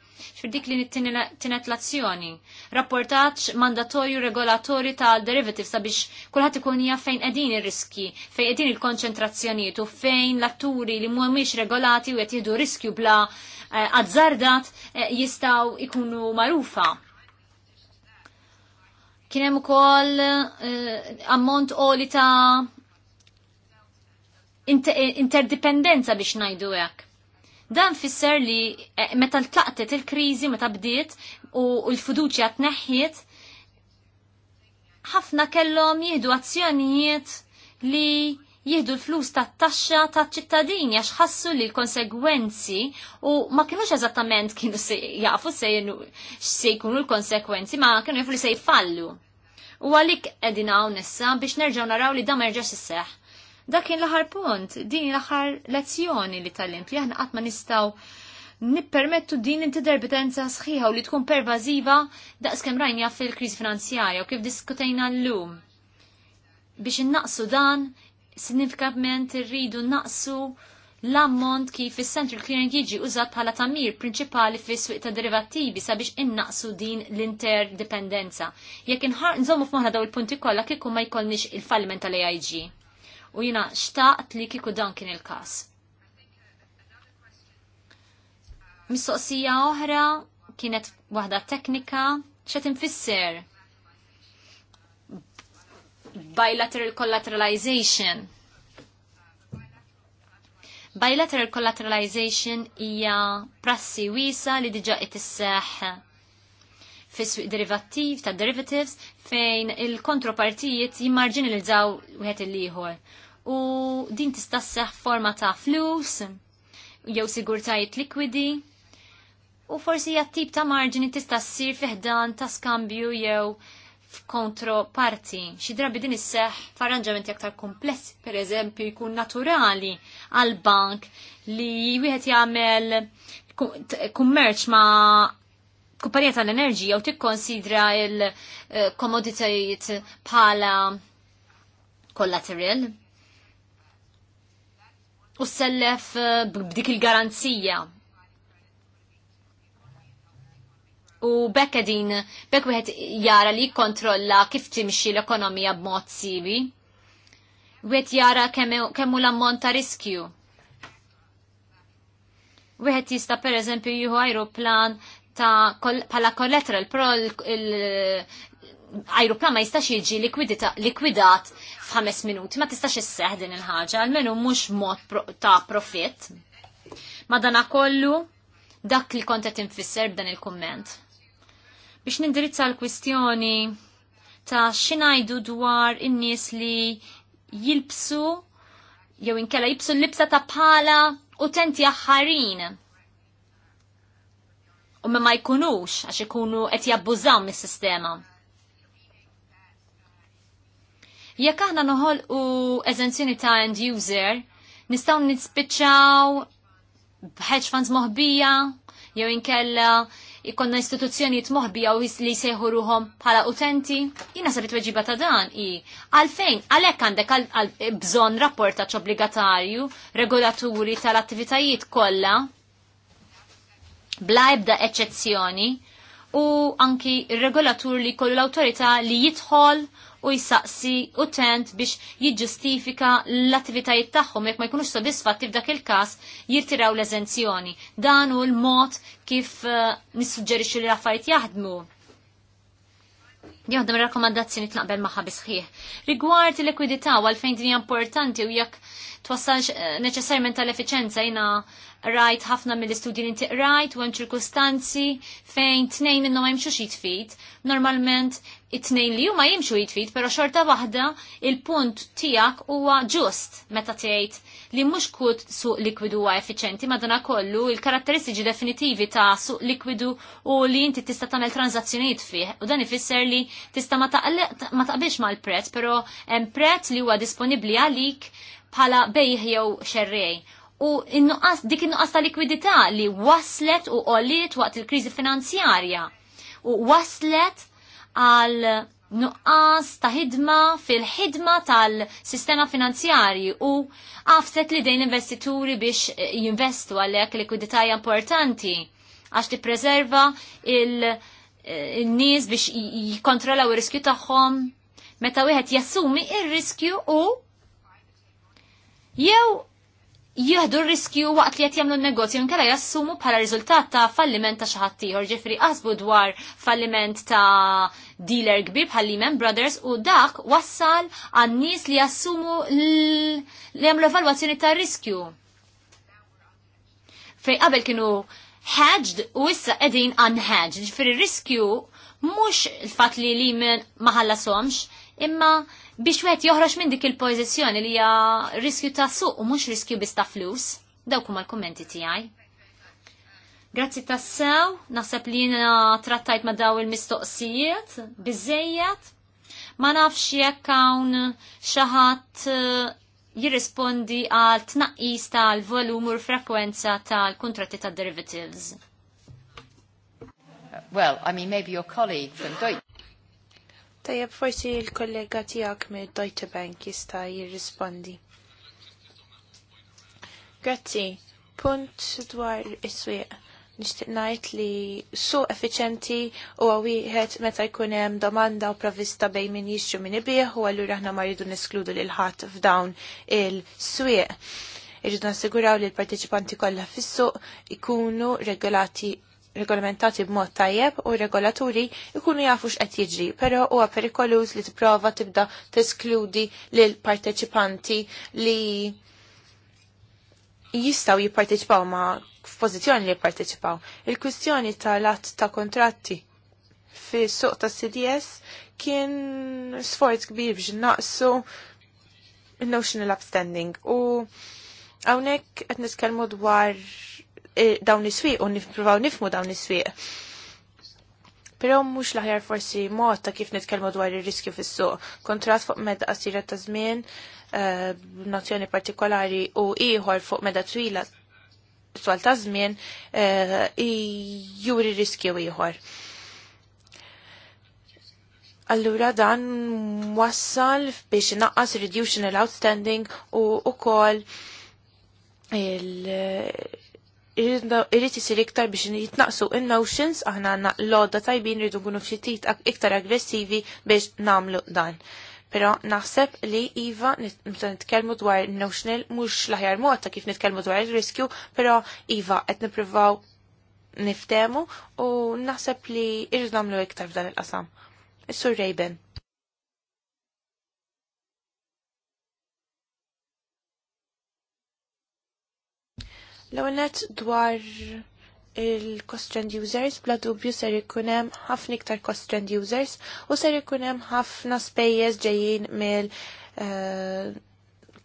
dik li nittinet l-azzjoni. Rapportaċ mandatorju regolatori ta' derivatives sabiex kulħadd ikun jaf fejn qegħdin ir-riski, fejn qegħdin il-konċentrazzjonijiet u fejn l-atturi li mhumiex regolati u qed jieħdu riskju bla eh, azzardat eh, jistgħu ikunu magħrufa kien hemm ukoll eh, ammont qoli ta' interdipendenza biex ngħidu hekk. Dan fisser li eh, meta tlaqtet il-kriżi meta bdiet u l-fiduċja tneħħiet ħafna kellhom jieħdu azzjonijiet li jieħdu l-flus tat taxxa ta' ċittadini għax ħassu li l-konsegwenzi u ma kienux eżattament kienu se jafu se jkunu l-konsekwenzi ma kienu jafu li se jfallu. U għalik edina hawn biex nerġgħu naraw li dam s-seħ. Dakin l ħar punt, din l ħar lezzjoni li tal-lim, li aħna għatma nistaw nippermettu din interdependenza sħiħa u li tkun pervaziva daqs kem rajnja fil-kriz finanzjarja u kif diskutejna l-lum. Biex innaqsu dan, signifikament irridu naqsu l-ammont kif is-central clearing jiġi użat bħala tamir prinċipali fis swieq ta' derivattivi sabiex innaqsu din l-interdependenza. Jekk inħar nżommu f'moħħna daw il-punti kollha kieku ma jkollniex il-falliment tal-AIG u jina xtaqt li kiku dan kien il-kas. Mistoqsija oħra kienet waħda teknika xet infisser bilateral collateralization. Bilateral collateralization hija prassi wisa li diġa qed isseħħ fis derivativ derivattiv ta' derivatives fejn il-kontropartijiet jimmarġinalizzaw wieħed il liħor u din tista' sseħħ forma ta' flus jew sigurtajiet likwidi u forsi jattib ta' marġini tista' ssir fiħdan ta' skambju jew f'kontroparti. Xi drabi din isseħ f'arranġamenti aktar komplessi, per eżempju, jkun naturali għal bank li wieħed jagħmel kummerċ ma' kumpanija tal-enerġija u tikkonsidra il-komoditajiet eh, bħala collateral u sellef eh, b'dik il-garanzija. U bekk din bekk wieħed jara li kontrolla kif timxi l-ekonomija b'mod sibi. Wieħed jara kemm hu l-ammont ta' riskju. Wieħed jista' pereżempju jieħu ajruplan ta' pala collateral pro ajruplan ma jistax jiġi likwidat f'ħames minuti, ma tistax isseħ din il-ħaġa, almenu mhux mod ta' profitt. dana kollu dak li kontet infisser b'dan il-komment. Biex nindirizza l-kwistjoni ta' xinajdu dwar in-nies li jilbsu jew inkella jibsu l-libsa ta' bħala utenti aħħarin. U ma jkunux għax ikunu qed jabbużaw mis-sistema. Jekk aħna noħol u eżenzjoni ta' end user, nistaw nispiċċaw hedge funds moħbija, jew inkella ikonna istituzzjoni tmoħbija u li jseħu ruhom bħala utenti, jina sabit weġiba ta' dan i. Għalfejn, għalek għandek bżonn bżon rapportaċ obbligatarju, regolaturi tal-attivitajiet kollha, bla ebda eċċezzjoni, u anki regolatur li kollu l awtorità li jidħol u jisaqsi tent biex jiġġustifika l-attivitajiet tagħhom jekk ma jkunux sodisfatti f'dak il-każ jirtiraw l-eżenzjoni. Dan hu l-mod kif eh, nissuġġerixxu li l-affarijiet jaħdmu Jaħdem rakkomandazzjoni tnaqbel maħħa bisħiħ. Rigward il-likwidità u għalfejn dinja importanti u jekk twassalx eh, neċessarjament tal-efficienza jina rajt ħafna mill-istudji li inti rajt u hemm ċirkustanzi fejn tnejn minnhom ma jimxux jitfid. Normalment it-tnejn li huma jimxu jitfid, però xorta waħda il-punt tiegħek huwa ġust meta tgħid li mhux kut suq likwidu huwa effiċenti madana kollu il-karatteristiċi definitivi ta' suq likwidu u li inti tista' tagħmel tranzazzjonijiet fih u dan ifisser li tista' ma taqbilx mal-prezz, però hemm prezz li huwa disponibbli għalik bħala bejħ jew xerrej. U innuqas, dik innuqas ta' likwidità li waslet u qolliet waqt il-kriżi finanzjarja u waslet għal nuqqas ta' ħidma fil-ħidma tal-sistema finanzjarji u għafset li dejn investituri biex jinvestu għalek likwidità importanti għax ti preserva il-nies eh, biex jikontrolla u riskju tagħhom meta wieħed jassumi il-riskju u jew jieħdu r-riskju waqt li qed jagħmlu n-negozju nkella jassumu bħala riżultat ta' falliment ta' xi ħadd ieħor, ġifri qasbu dwar falliment ta' dealer kbir bħal Lehman Brothers u dak wassal għan nies li jassumu li jagħmlu evalwazzjoni ta' riskju. Fej qabel kienu hedged u issa qegħdin unhedged, ġifri riskju mhux il-fatt li Lehman ma ħallasomx, imma biex wieħed joħroġ minn dik il-pożizzjoni li hija riskju ta' suq u mhux riskju biss ta' flus. Dawk huma l-kummenti tiegħi. Grazzi tassew, naħseb li jiena trattajt ma' daw il-mistoqsijiet, biżejjed. Ma nafx jekk hawn xi ħadd eh, jirrispondi għal tnaqqis tal-volum u frekwenza tal-kontratti tad derivatives. Well, I mean, maybe your colleague from Deutsche. Tajab, forsi il-kollega tijak me Deutsche Bank jista jirrispondi. Grazzi, punt dwar is-swieq. Nishtiq najt li su effiċenti u għawihet meta jkunem domanda u provista bej min jisġu min ibiħ u għallu aħna marridu neskludu l ħadd f'dawn il-swieq. Irridu nasiguraw li l-partiċipanti kollha fis-suq ikunu regolati regolamentati b'mod tajjeb u regolaturi ikunu jafu x'qed jiġri, però huwa perikolus li tipprova tibda teskludi lil parteċipanti li jistaw jipparteċipaw ma f'pożizzjoni li jipparteċipaw. Il-kwistjoni tal-att ta' kontratti fi suq ta' CDS kien sforz kbir biex naqsu il-notional upstanding u għawnek għet nitkelmu dwar dawn is-swieq u nippruvaw nifmu dawn is-swieq. Però mhux l-aħjar forsi mod ta' kif nitkellmu dwar ir-riskju fis-suq. Kontrat fuq medda qasira ta' żmien b'nozzjoni eh, partikolari u ieħor fuq medda twila twal ta' żmien eh, juri riskju ieħor. Allura dan wassal biex naqqas reduction l-outstanding u ukoll il- irrid isir iktar biex jitnaqsu in-notions aħna għanna l-odda tajbin rridu nkunu ftit iktar aggressivi biex namlu dan. Pero naħseb li Iva nitkellmu dwar notional mhux l-aħjar mod kif nitkellmu dwar il-riskju, però Iva qed nippruvaw niftemu u naħseb li irridu nagħmlu iktar f'dan il-qasam. Is-Sur Rejben. L-għonet dwar il-cost-trend users, bla dubju ser ikunem ħafna iktar cost-trend users u ser ikunem ħafna spejjeż ġejjin mill eh,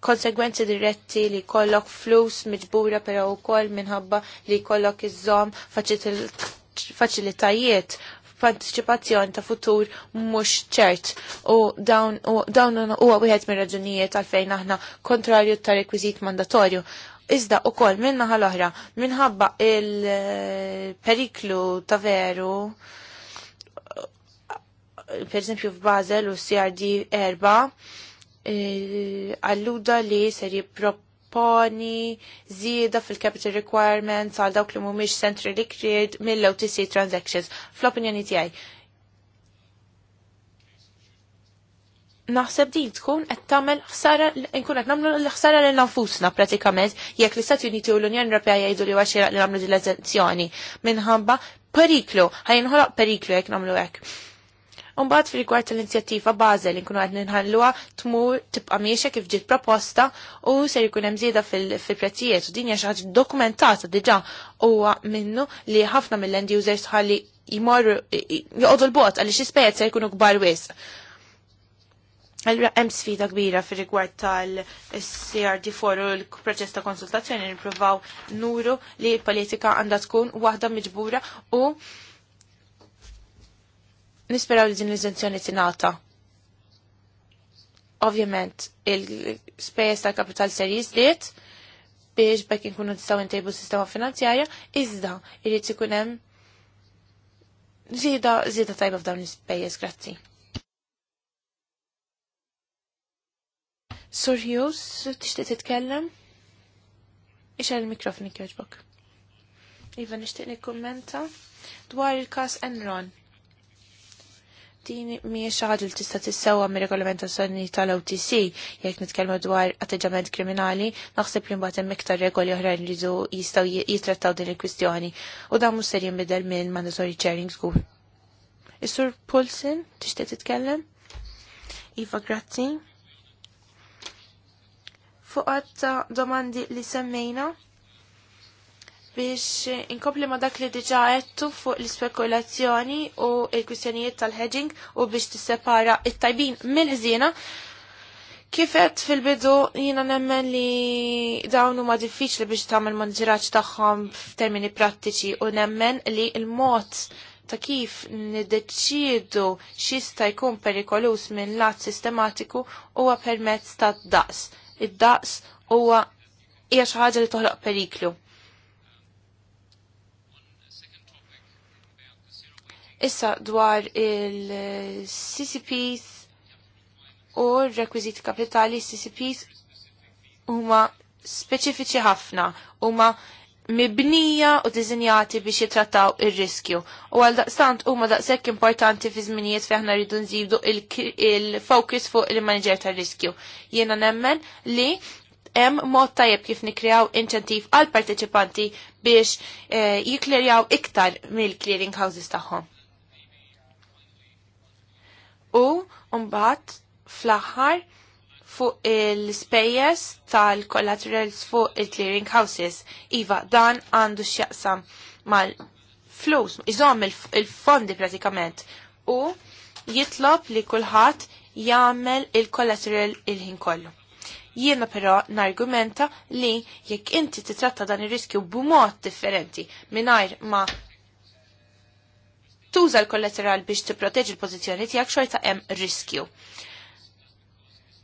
konsegwenzi diretti li kollok flus miġbura pero u koll minħabba li kollok iż-żom faċilitajiet partecipazzjoni ta' futur mhux ċert u dawn huwa wieħed mir-raġunijiet għalfejn aħna kontrarju ta' rekwiżit mandatorju Iżda u koll minna l-oħra, minħabba il-periklu ta' veru, per esempio f'Bazel u CRD erba, e, għalluda li ser jipproponi zieda fil-capital requirements għal dawk li mumiex centrally cleared mill-OTC transactions. Fl-opinjoni tijaj, naħseb din tkun qed tagħmel ħsara nkun qed nagħmlu l-ħsara lil nafusna pratikament jekk l-Istati Uniti u l-Unjoni Ewropea jgħidu li waxira li nagħmlu din l-eżenzjoni minħabba periklu, ħajinħoloq periklu jekk nagħmlu hekk. Umbagħad fil-rigward tal-inizjattiva Basel li nkunu qed ninħalluha tmur tibqa' miexek kif ġiet proposta u ser jkun hemm żieda fil-prezzijiet u din hija xi ħaġa dokumentata diġà huwa minnu li ħafna mill-end users ħalli jmorru joqogħdu l bogħod għaliex ispejjeż se jkunu kbar wisq Hemm sfida kbira fir rigward tal-CRD4 u l-proċess ta' konsultazzjoni nippruvaw nuru li l-politika għandha tkun waħda miġbura u nisperaw li din l-iżenzjoni tingħata. Ovvjament, il-spejjeż tal-kapital ser jiżdied biex bekk inkunu nistgħu ntejbu sistema finanzjarja, iżda irid ikun hemm żieda żieda tajba f'dawn l-ispejjeż, grazzi. Sur Hughes, tixtieq titkellem? Ixel il-mikrofon jogħġbok. Iva nixtieq nikkummenta dwar il-każ Enron din miex ħaġa li tista' tissewwa mir-regolamentazzjoni tal-OTC jekk nitkellmu dwar atteġġament kriminali, naħseb li mbagħad hemm iktar regoli oħrajn li jistgħu jitrattaw din il-kwistjoni u dan mhux ser jinbidel minn mandatori sharing żgur. Is-Sur Pulsin, tixtieq titkellem? Iva, grazzi fuq ta' domandi li semmejna biex inkompli ma dak li diġa għettu fuq l-spekulazzjoni u il-kwistjonijiet tal-hedging u biex tissepara it-tajbin mill-ħżina. Kifet fil-bidu jina nemmen li dawn huma diffiċli biex tagħmel taħħom tagħhom f'termini prattiċi u nemmen li l-mod ta' kif niddeċiedu xista jkun perikolus minn lat sistematiku huwa permezz ta' daqs id-daqs huwa hija xi ħaġa li toħloq periklu. Issa dwar il-CCPs u r-rekwiziti kapitali CCPs huma speċifiċi ħafna, huma mibnija u dizinjati biex jitrattaw ir-riskju. U għal daqstant huma daqshekk importanti fi żminijiet fi aħna rridu nżidu il-focus fuq il-manager tar-riskju. Jiena nemmen li hemm mod tajjeb kif nikreaw inċentiv għal parteċipanti biex e, eh, jiklerjaw iktar mill-clearing houses tagħhom. U mbagħad fl-aħħar fuq il-spejjes tal-collaterals fuq il-clearing houses. Iva, dan għandu x'jaqsam mal-flus, iżom il-fondi pratikament. U jitlob li kulħadd jagħmel il-collateral il-ħin kollu. Jiena però nargumenta li jekk inti titratta dan ir-riskju b'mod differenti mingħajr ma tuża l-kollateral biex tipproteġi l-pożizzjoni tiegħek xorta hemm riskju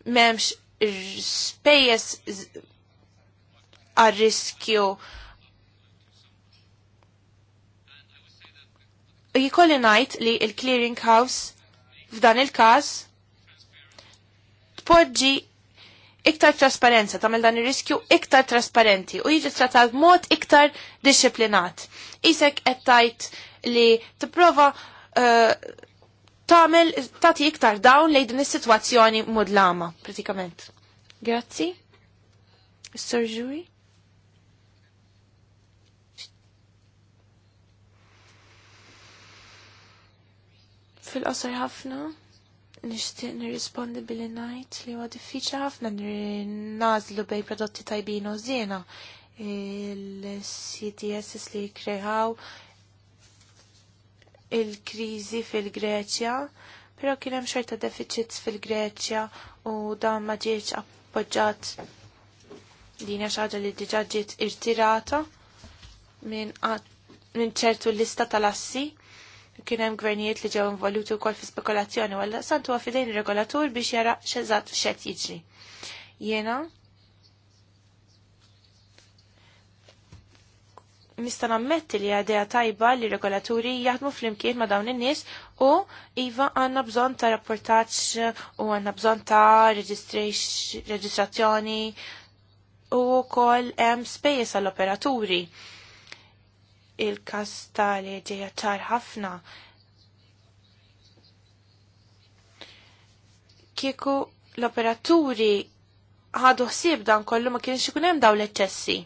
memx spejjes għal-riskju jikolli najt li il-clearing house f'dan il-kas tpoġġi iktar trasparenza, tamil dan il-riskju iktar trasparenti u jiġi trattat mod iktar disciplinat. Isek qed tajt li tipprova uh, tamil, tagħti iktar dawn lejn din is-sitwazzjoni mudlama pratikament. Grazzi. is Fil-qosor ħafna nishtiq nirrispondi billi najt li huwa diffiċli ħafna nażlu bej prodotti tajbin u żiena il-CTS li kreħaw il-kriżi fil-Greċja, però kien hemm xorta deficits fil-Greċja u dan ma ġietx appoġġat din xaġa li diġà ġiet irtirata minn min ċertu lista tal-assi kien hemm gvernijiet li ġew involuti wkoll fi spekulazzjoni għalla santu huwa fidejn regolatur biex jara x'eżatt xet jiġri. Jiena nista' nammetti li għadeja tajba li regolaturi jaħdmu fl-imkien ma' dawn in-nies u iva għandna bżonn ta' rapportaġġ u għandna bżonn ta' reġistrazzjoni u wkoll hemm spejjeż għall-operaturi. Il-każ ta' li ġejja ċar ħafna kieku l-operaturi ħadu ħsieb dan kollu ma kienx ikun hemm dawn l-eċċessi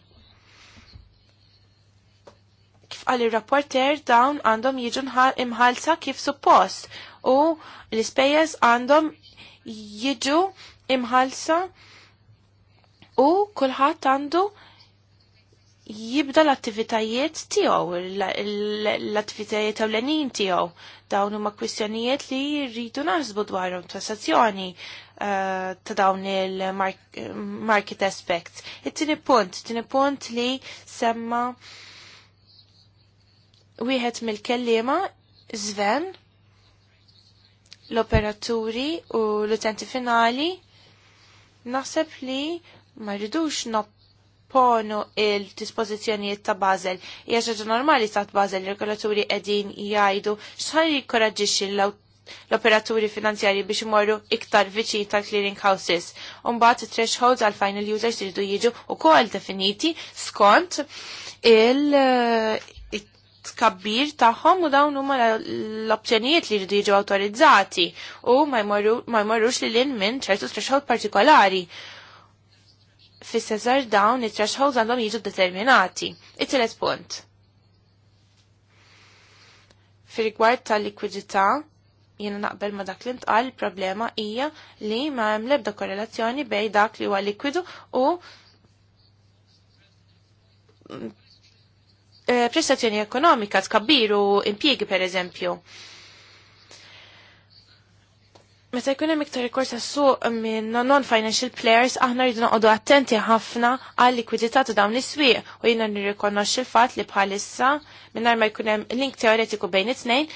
kif għal il-rapporter dawn għandhom jiġu imħalsa kif suppost u l-ispejjeż għandhom jiġu imħalsa u kulħadd għandu jibda l-attivitajiet tiegħu, l-attivitajiet ewlenin tiegħu. Dawn huma kwistjonijiet li rridu naħsbu dwarhom tassazzjoni eh, ta' dawn il-market aspects. It-tieni punt, tieni punt li semma wieħed mill-kellima żven l-operaturi u l-utenti finali, naħseb li ma rridux nopponu il-dispożizzjonijiet ta' Bażel. Hija ġaġa normali ta' Bażel regolaturi qegħdin jgħidu x'ħan jikkoraġġixxi l-operaturi finanzjari biex imorru iktar viċin tal-clearing houses. Umbat thresholds għal final users jridu jiġu u kol definiti skont il- kabbir tagħhom u dawn huma l-opzjonijiet li jridu jiġu awtorizzati u ma jmorrux li lin minn ċertu threshold partikolari. fis seżar dawn it-thresholds għandhom jiġu determinati. It-tielet punt. Fir-rigward tal-likwidità, jiena naqbel ma dak li ntqal il-problema hija li ma hemm l-ebda korrelazzjoni bej dak li huwa likwidu u Eh, prestazzjoni ekonomika, tkabbiru impjiegi per eżempju. Meta jkun hemm iktar rikors suq minn non-financial players, aħna rridu noqogħdu attenti ħafna għal likwidità ta' dawn is-swieq u jiena nirrikonoxxi l-fatt li bħalissa mingħajr ma jkun hemm link teoretiku bejn it-tnejn,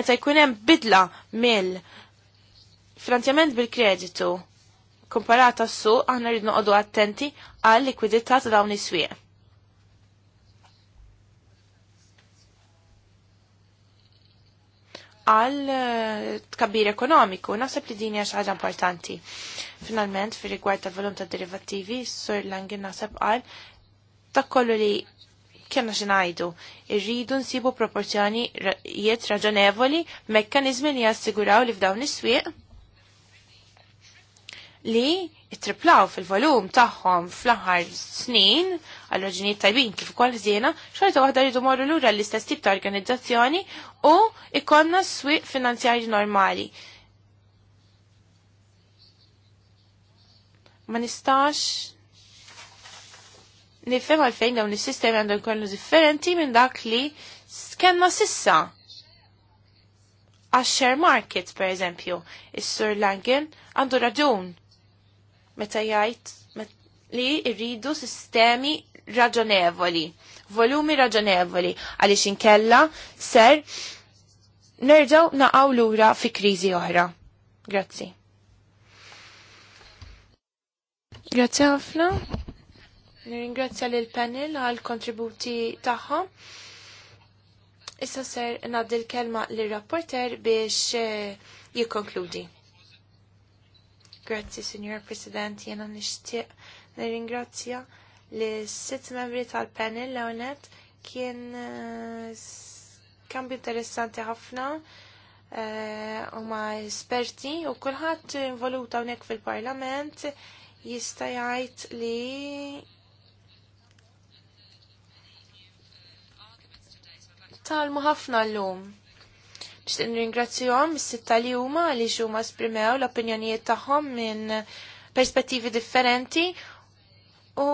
meta jkun hemm bidla mill finanzjament bil-kreditu komparata s-suq aħna rridu noqogħdu attenti għal likwidità ta' dawn is-swieq. għal eh, tkabbir ekonomiku. Naħseb li din hija xi ħaġa importanti. Finalment, fir rigward tal-volum ta' derivattivi, Sur Langin naħseb qal ta' kollu li kienna xi ngħidu. Irridu nsibu proporzjonijiet raġonevoli, mekkaniżmi li jassiguraw li f'dawn is-swieq li it-triplaw fil-volum tagħhom fl-aħħar snin għal raġunijiet tajbin kif ukoll ħsiena, xorta waħda rridu morru lura l-istess tip ta' organizzazzjoni u ikonna swieq finanzjarji normali. Ma nistax nifhem għalfejn dawn is-sistemi għandhom jkollu differenti minn dak li skenna sissa. Għax share market, per eżempju, is-Sur Langen għandu raġun meta jgħid li irridu sistemi raġonevoli, volumi raġonevoli, għaliex inkella ser nerġaw naqaw lura fi kriżi oħra. Grazzi. Grazzi ħafna. Nirringrazzja l panel għal kontributi tagħhom. Issa ser naddi l-kelma lir rapporter biex eh, jikkonkludi. Grazzi, Signor President, jena nishtiq nirringrazzja li sitt membri tal-panel l-għonet kien eh, kambi interessanti ħafna eh, u ma esperti u kullħat involuta unek fil-parlament jista' jgħid li talmu ħafna l-lum Xtin ringrazzjom s-sitta li huma li xuma sprimew l-opinjonijiet tagħhom minn perspettivi differenti u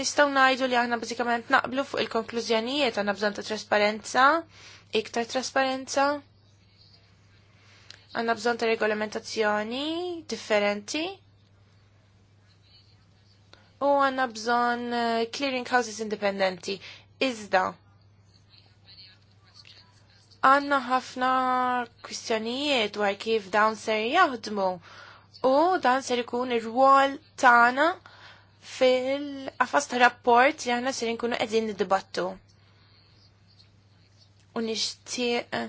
nistgħu ngħidu li aħna bażikament naqblu fuq il-konklużjonijiet għandna bżonn ta' trasparenza, iktar trasparenza. Għandna bżonn ta' regolamentazzjoni differenti. U għandna bżonn eh, clearing houses indipendenti. Iżda, għanna ħafna kwistjonijiet dwar kif dawn ser jaħdmu u dan ser ikun ir-rwol tagħna fil-qafas rapport li aħna ser nkunu qegħdin niddibattu. U nixtieq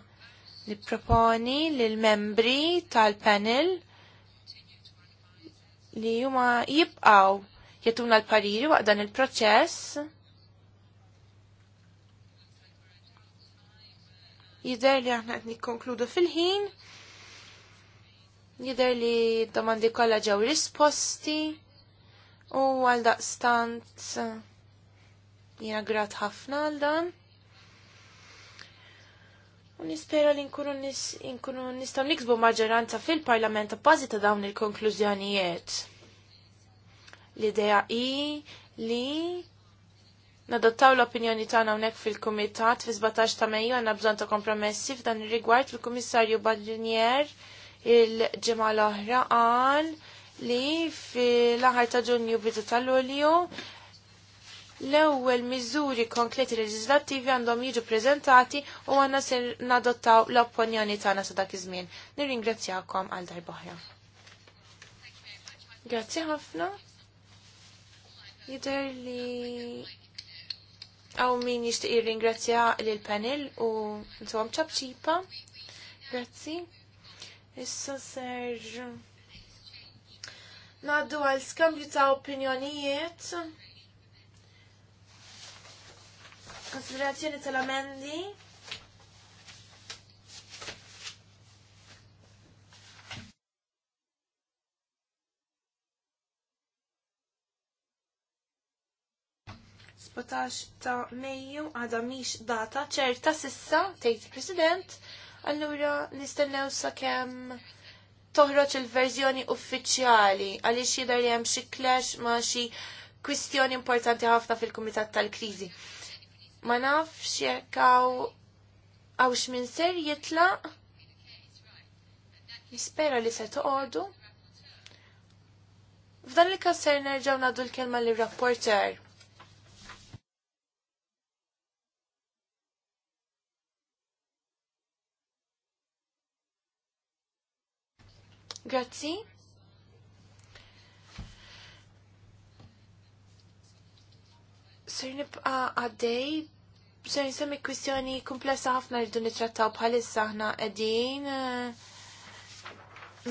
nipproponi lil membri tal-panel li huma jibqgħu jagħtuna l-pariri waqdan il-proċess Jider li aħna nikkonkludu fil-ħin. Jider li domandi kollha ġew risposti u għal daqstant jiena grat ħafna għal dan. U nispera li nkunu nkunu nistgħu niksbu maġġoranza fil-Parlament appażi ta' dawn il-konklużjonijiet. L-idea hi li Nadottaw l-opinjoni tagħna hawnhekk fil-Kumitat fi 17 ta' Mejju għandna bżonn ta' kompromessi f'dan ir-rigward fil kummissarju Barnier il-ġimgħa l-oħra qal li fil-aħħar ta' Ġunju bidu tal-Lulju l-ewwel miżuri konkreti leġislattivi għandhom jiġu preżentati u għandna se nadottaw l-opinjoni tagħna sa dak iż-żmien. Nirringrazzjakom għal darb'oħra. Grazzi ħafna. Jidher li Għaw min jishtiq jirringrazzja l-panel u ntuħam ċabċipa. Grazzi. Issa serġ. Naddu għal skambju ta' opinjonijiet. Konsiderazzjoni tal-amendi. 17 ta' Mejju għadha mhix data ċerta sissa tgħid il-President, allura nistennew sakemm toħroġ il-verżjoni uffiċjali għaliex jidher li hemm xi clash ma' xi kwistjoni importanti ħafna fil-Kumitat tal-Kriżi. Ma nafx jekk għawx minn ser jitlaq Nispera li se toqogħdu. F'dan il-każ ser nerġgħu nagħdu l-kelma lir-rapporter. Grazzi. Ser nibqa għaddej, ser nsemmi kwistjoni komplessa ħafna li rridu nitrattaw bħalissa ħna qegħdin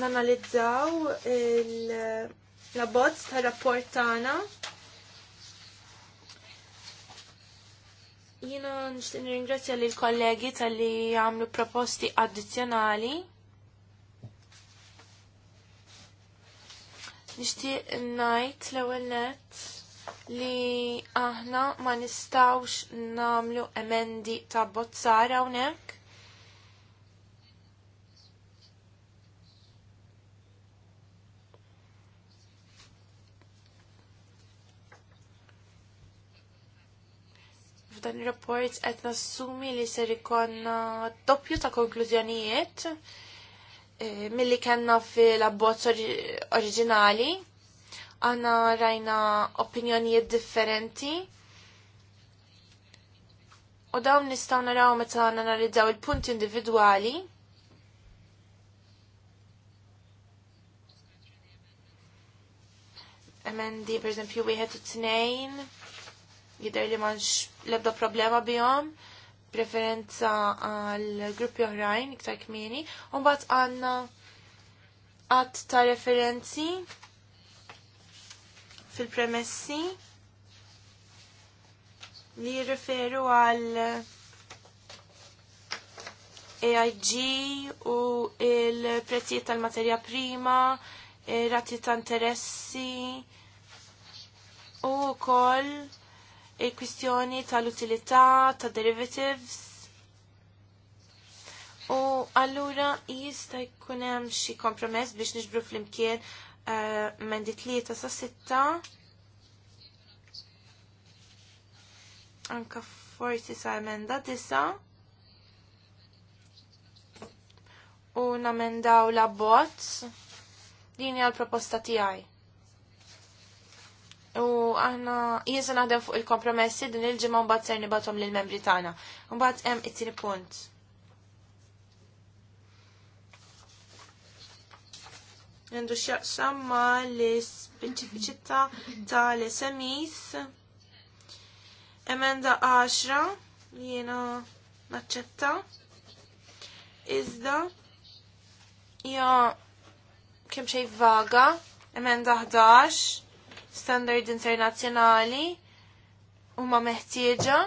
nanalizzaw l labozz ta' rapport tagħna. Jina nishtin ringrazzja li l-kollegi tal-li għamlu proposti addizjonali. Nixtieq ngħid l-ewwel nett li aħna ma nistawx namlu emendi ta' bozzar hawnhekk. F'dan ir-rapport qed nassumi li ser ikonna doppju ta' konklużjonijiet Eh, milli kellna fil-abbozz oriġinali. għanna rajna opinjonijiet differenti. U dawn nistgħu naraw meta nanalizzaw il-punti individwali. emendi per esempio wieħed u tnejn jidher li manx l-ebda problema bihom preferenza għal gruppi oħrajn iktar kmieni, u mbagħad għandna għadd ta' referenzi fil-premessi li jirriferu għal AIG u il-prezzijiet tal-materja prima, eh, rati ta' interessi u koll il-kwistjoni tal-utilità ta' derivatives u allura jista' jkun hemm xi kompromess biex niġbru flimkien uh, eh, di tlieta sa' sitta anka forsi sa' emenda disa' u namendaw la bot Dini hija l-proposta tiegħi. U aħna jinsa naħdem fuq il-kompromessi din il-ġimgħa mbagħad ser nibatom lil membri tagħna. Mbagħad hemm it-tieni punt. Għandu x'jaqsam ma l-speċifiċità tal-SMIs. Emenda 10 li jiena naċċetta. Iżda hija kemm vaga, emenda 11 standard internazzjonali huma meħtieġa.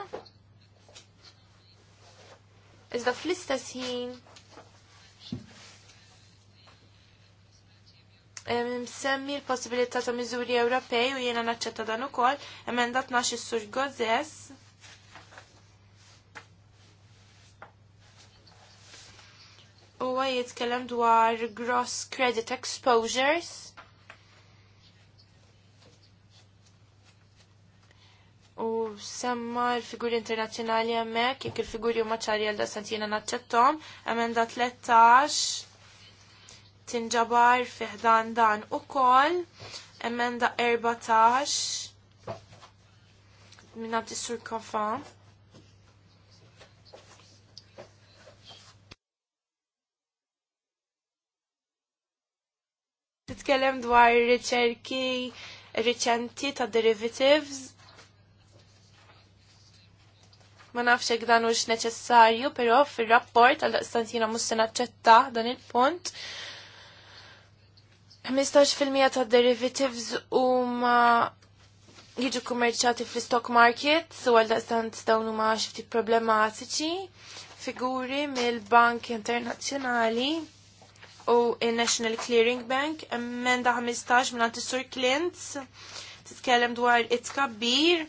Iżda fl-istess ħin semmi l-possibilità ta' miżuri Ewropej u jiena naċċetta dan ukoll emendat nax is-sur Gozes. Huwa jitkellem dwar gross credit exposures. u semma l-figuri internazzjonali hemmhekk jek il-figuri u maċari għal dasant jiena naċċettom, emenda 13 tinġabar dan u dan ukoll, emenda 14 minna għabdi sur Titkellem dwar riċerki riċenti ta' derivatives ma nafx jekk dan hux neċessarju, però fir-rapport għal daqstantina mhux se naċċetta dan il-punt. 15% ta' derivatives huma jiġu kummerċati fl-stock market, u għal daqstant dawn huma xifti problematiċi, figuri mill-Bank Internazzjonali u il-National Clearing Bank, emmen da' 15 minn Sur Klintz, titkellem dwar it-kabbir,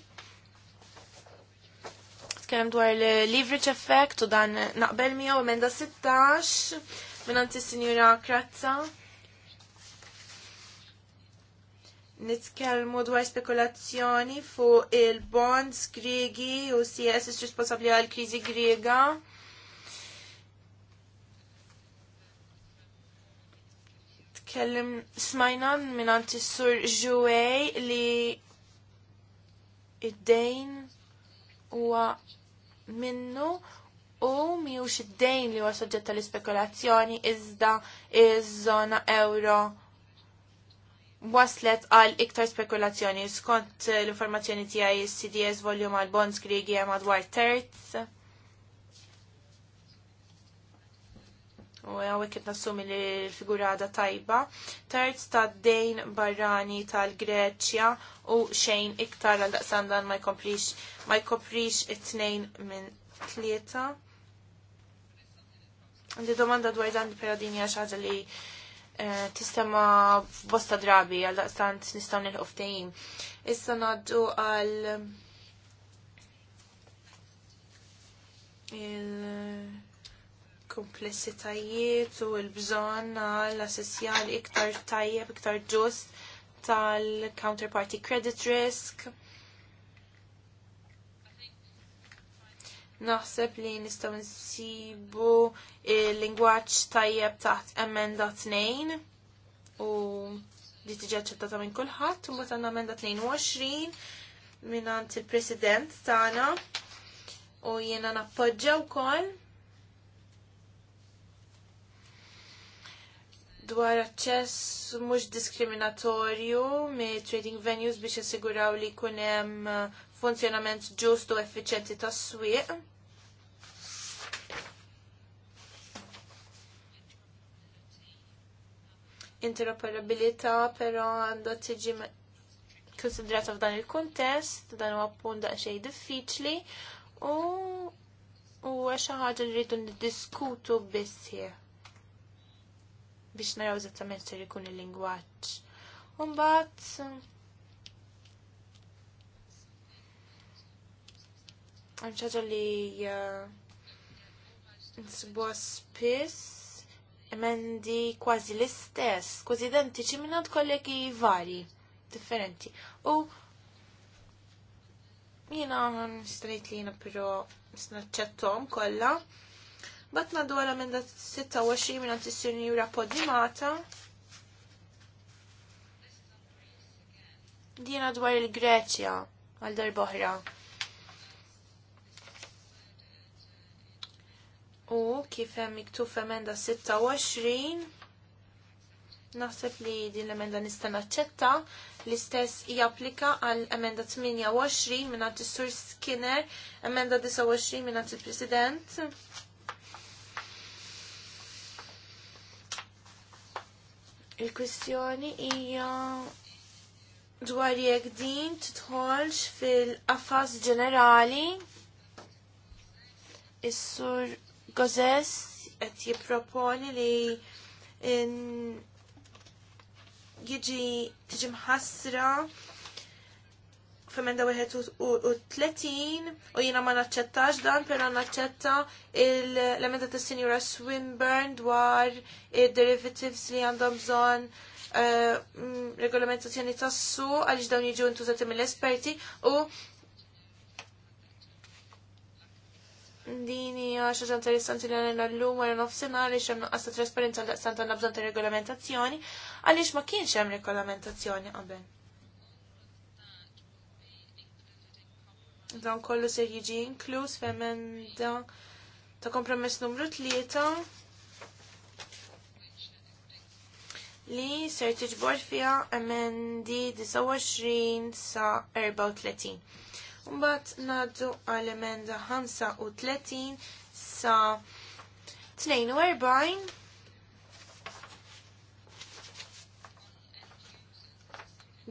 tkellem dwar l-leverage effect u dan naqbel mija u emenda 16 għanti s-sinjura Kratza. Nitkellmu dwar spekulazzjoni fuq il-bonds Griegi u CS is responsabbli għal kriżi Griega. kellim smajna minanti sur ġuwej li id-dejn huwa minnu u miħux id-dejn li huwa soġġett tal-ispekulazzjoni iżda iż-żona euro waslet għal iktar spekulazzjoni skont l-informazzjoni tiegħi CDS volume għal bonds Griegi madwar terz. u għawek nassumi li l-figurada tajba, terz ta' dejn barrani tal-Greċja u xejn iktar għal daqsandan ma' jkoprix ma' jkoprix it-tnejn minn tlieta. Għandi domanda dwar dan pera din hija xaġa li eh, tistema bosta drabi għal t nistgħu il ftehim. Issa ngħaddu għal il Kumplessitajiet komplessitajiet u l-bżon għal assessjal iktar tajjeb, iktar ġust tal-counterparty credit risk. Naħseb li nistaw nsibu il-lingwaċ tajjeb taħt emenda 2 u li tiġi ċettata minn kulħadd u mbagħad għandna emenda 22 minn il-President tagħna u jiena nappoġġaw wkoll dwar aċċess mhux diskriminatorju me trading venues biex jassiguraw li jkun hemm uh, funzjonament ġust u effiċjenti tas-swieq. Interoperabilità però għandha tiġi konsidrata f'dan il-kuntest, dan huwa punt daqsxejn diffiċli u huwa xi ħaġa li rridu niddiskutu biss biex naraw eżattament ser ikun il-lingwaġġ. Umbagħad hemm ċaġa li uh, nsibuha spiss emendi kważi l-istess, kważi identiċi minnant kollegi vari, differenti. U jina straight li jina pero snaċċettom kolla Bat naddu minn emenda 26 minn antissjoni jura Podimata. Dina dwar il-Greċja għal darboħra. U kif hemm miktub emenda 26 naħseb li din l-emenda nista' naċċetta l-istess japplika għal emenda 28 minn għand is-sur Skinner, emenda 29 minn għand il-President. Il-kwistjoni hija dwar jekk din tidħolx fil-qafas ġenerali is-sur Gozes qed jipproponi li jiġi tiġi mħassra f'emenda 31 u jiena ma naċċettax dan, pero naċċetta l-emenda ta' Sinjura Swinburne dwar id-derivatives li għandhom bżonn eh, mm, regolamentazzjoni tassu għaliex dawn jiġu intużati mill-esperti u dini għax ħaġa interessanti li għanna l-lum għanna nofsin għalix għanna għasta trasparenza għanna bżon ta' regolamentazzjoni għalix ma kienx hemm regolamentazzjoni qabel. Dan kollu ser jiġi inkluż f'emenda ta' kompromess numru 3 li ser tiġbor fiha emendi 29 sa 34. Mbagħad ngħaddu għal emenda 35 sa 42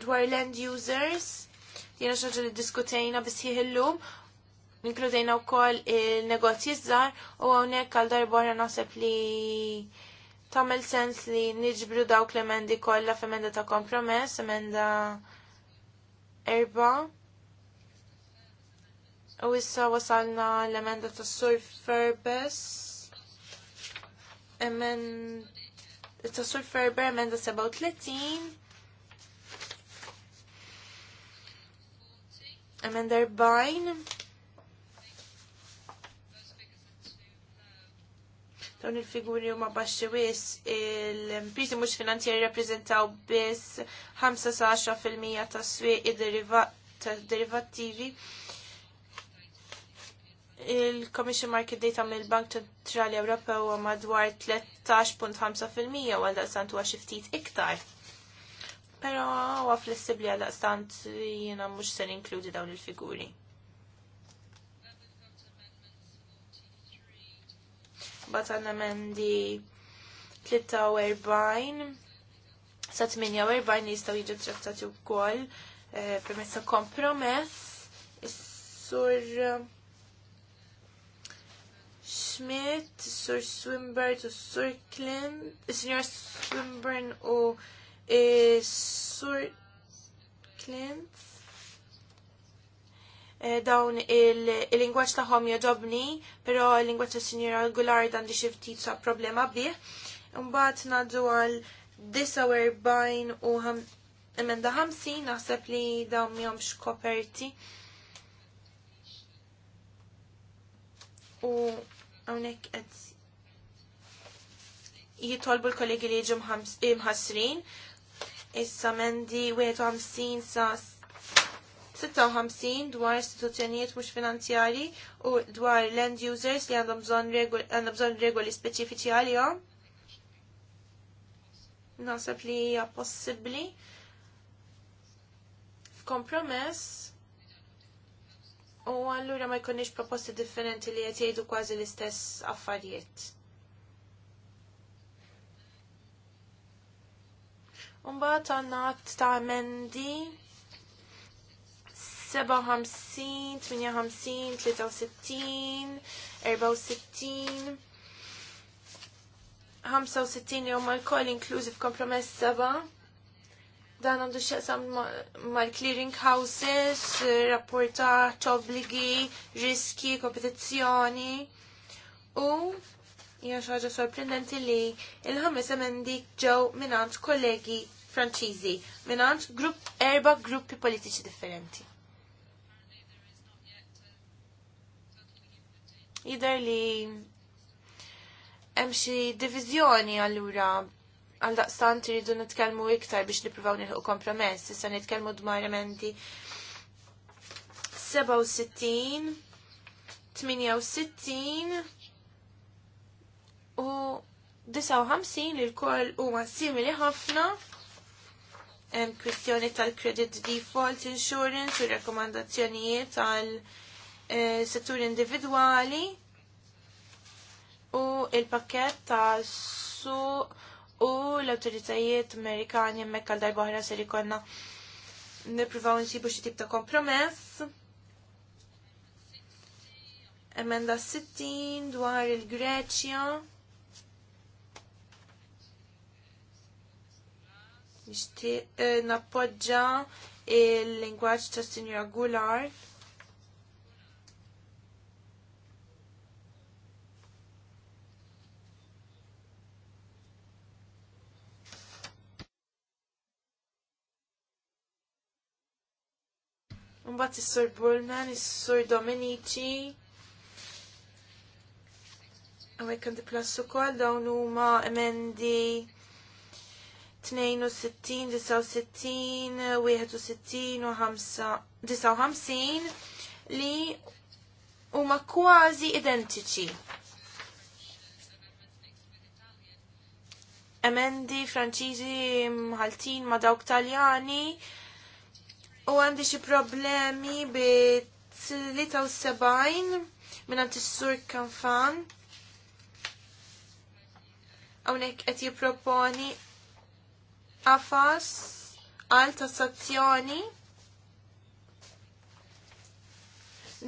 dwar land users Jena xaġa li diskutejna bis jihillum, inkludejna u koll il-negozji zzar u hawnhekk għal darbora naħseb li tamel sens li nġbru dawk l-emendi kolla f'emenda ta' kompromess, emenda erba. U issa wasalna l-emenda ta' Sur Ferbes. Emen... Ta' Sur Ferber emenda 37. Emenda 40. Dawn il-figuri huma baxxi wis il-impriżi mhux finanzjari rappreżentaw biss 5 sa 10% tas-swieq derivattivi il-Commission Market Data mill-Bank Ċentrali Ewropew madwar 13.5% u għal daqsant huwa xi ftit iktar. Pero huwa flessibli għal stant jiena mhux se inkludi dawn il-figuri. Bat għandna mendi 43 sa 48 jistgħu jiġu trattati wkoll eh, permezz kompromess is-sur eh, Schmidt, Sur Swinburne, Sir Clint, Sr. Swinburne u Eh, Sur Clint eh, dawn il-lingwaċ taħom jodobni, pero il-lingwaċ ta' sinjora Gullard għandi xi ftit sa' problema bih. Mbagħad ngħaddu għal 49 u emenda 50 naħseb li dawn m'hemmx koperti. U hawnhekk qed jitolbu l-kollegi li jiġu mħassrin Issa mendi 51 sa 56 dwar istituzzjonijiet mhux finanzjari u dwar land users li għandhom bżonn regoli, regoli speċifiċi għalihom. Naħseb li hija possibbli. F'kompromess u allura ma jkunniex proposti differenti li qed jgħidu kważi l-istess affarijiet. Umbat għanna ta' emendi 57, 58, 63, 64, 65 li huma l-koll inclusive seba. Dan għandu xieqsam mal-clearing houses, rapportaċ, obligi, riski, kompetizzjoni. U hija xi ħaġa sorprendenti li il-ħames emendi ġew mingħand kollegi Franċiżi mingħand grupp erba' gruppi politiċi differenti. Jidher li hemm xi diviżjoni allura għal daqstant rridu nitkellmu iktar biex nippruvaw nilħu kompromess. Issa nitkellmu dwar emendi 67, 68, u 59 li l-koll huwa simili ħafna hemm kwistjoni tal-credit default insurance u rekomandazzjonijiet tal eh, settur individwali u il-pakket ta' su u l-autoritajiet Amerikani hemmhekk għal darba oħra ser ikonna nippruvaw nsibu xi tip ta' kompromess. Emenda 60 dwar il-Greċja. Nixtieq eh, nappoġġa il-lingwaġġ ta' Sinjora Goulart. Mbagħad is-Sur Bullman, is-Sur Dominici. Għawek għandi plassu kol dawn huma emendi 62, 69, 61 u 59 li huma kważi identiċi. Emendi Franċiżi mħaltin ma dawk Taljani u għandi xi problemi bi 73 minn is-sur Kanfan. Hawnhekk qed jipproponi qafas għal tassazzjoni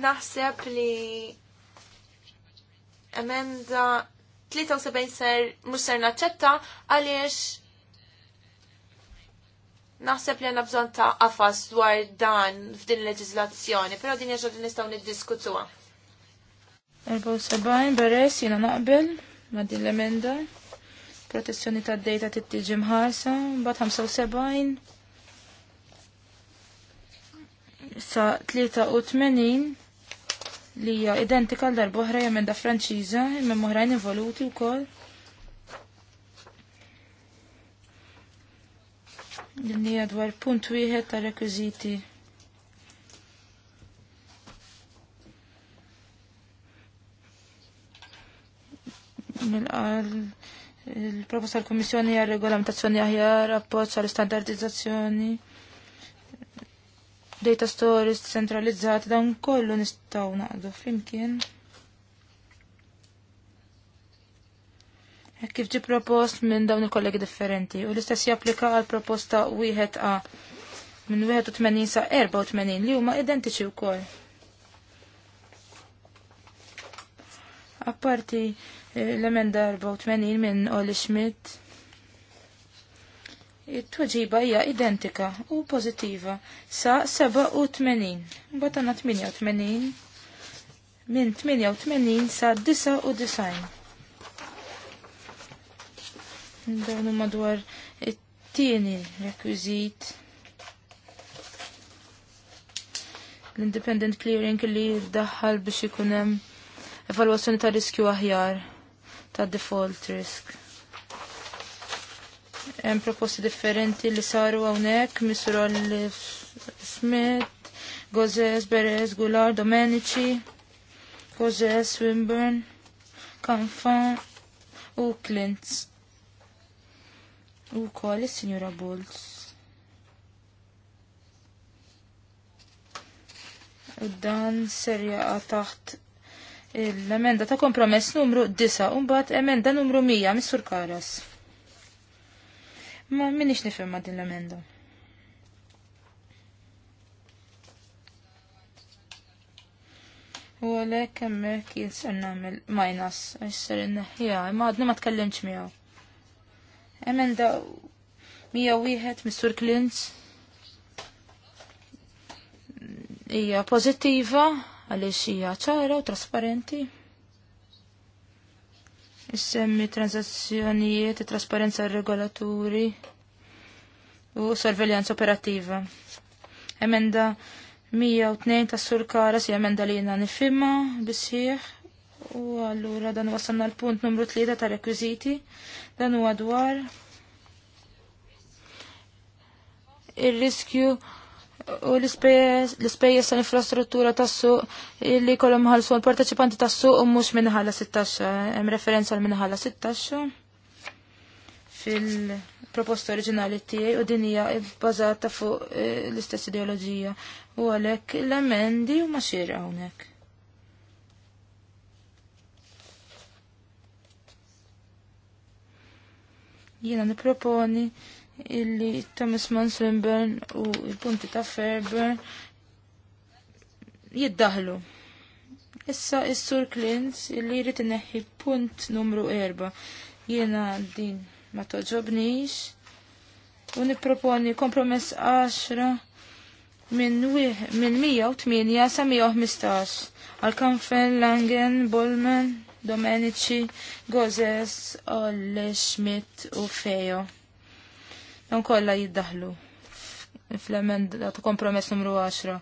naħseb li emenda 73 ser mux ser naċċetta għaliex naħseb li għanna bżon ta' għafas dwar dan f'din leġizlazzjoni, pero din jaxa din nistaw niddiskutuwa. 74 beres jina naqbel ma' din l-emenda protezzjoni ta' data tittiġi mħarsa, bat 75 sa 83 li hija identika l darboħra jemm da Franċiża, imma moħrajn involuti wkoll. Din hija dwar punt wieħed ta' rekwiżiti mill-qal Il-proposta tal-Kummissjoni għal regolamentazzjoni aħjar, appoġġ għal standardizzazzjoni, data stories centralizzati dawn kollu nistgħu naqdu flimkien. Kif ġi propost minn dawn il-kollegi differenti u l-istess japplika għal proposta wieħed a minn 81 sa 84 li huma identiċi wkoll. Apparti eh, l-emenda 84 minn Oli Schmidt. It-tweġiba hija identika u pożittiva sa 87. Mbagħad 88 minn 88 sa 99. Dawn huma dwar it-tieni rekwiżit l-Independent Clearing li jiddaħħal biex ikun hemm evalwazzjoni ta' riskju aħjar ta' default risk. Hemm proposti differenti li saru hawnhekk misura li Smith, Gozes, Beres, Gular, Domenici, Gozes, Swinburne, Kanfan u Clintz. U kol is-Sinjura Bulls. U dan serja taħt L-emenda ta' kompromess numru 9 umbat emenda numru 100 Mr. Karas. Ma minix nifemma din l-emenda. U għalek kien ser namel minus, jinser inneħja, ma għadni ma tkellimx miegħu. Emenda 101 Mr. Klintz. Ija pozittiva, għaliex hija ċara u trasparenti. Issemmi transazzjonijiet, trasparenza regolaturi u sorveljanza operativa. Emenda 102 ta' sur si emenda li jena nifimma bisħiħ u allura dan wasanna l-punt numru 3 ta' rekwiżiti dan huwa dwar ir-riskju u l-ispejjeż tal-infrastruttura tas-suq li kolom ħalsu l-parteċipanti tas-suq u mhux minħalla 16 hemm referenza l minħalla 16 fil-proposta oriġinali tiegħi u din hija bbażata fuq eh, l-istess ideologija u għalhekk l-emendi u xierqa hawnhekk. Jiena nipproponi proponi illi Thomas Monswinburn u il-punti ta' Fairburn jiddaħlu. Issa is-Sur Clint illi jrid ineħħi punt numru 4. Jiena din ma toġobnix u nipproponi kompromess 10 minn min 108 sa 115 għal Kanfen, Langen, Bolman, Domenici, Gozes, Olle, Schmidt u Fejo dawn kollha jiddaħlu fl-emenda ta' kompromess numru 10.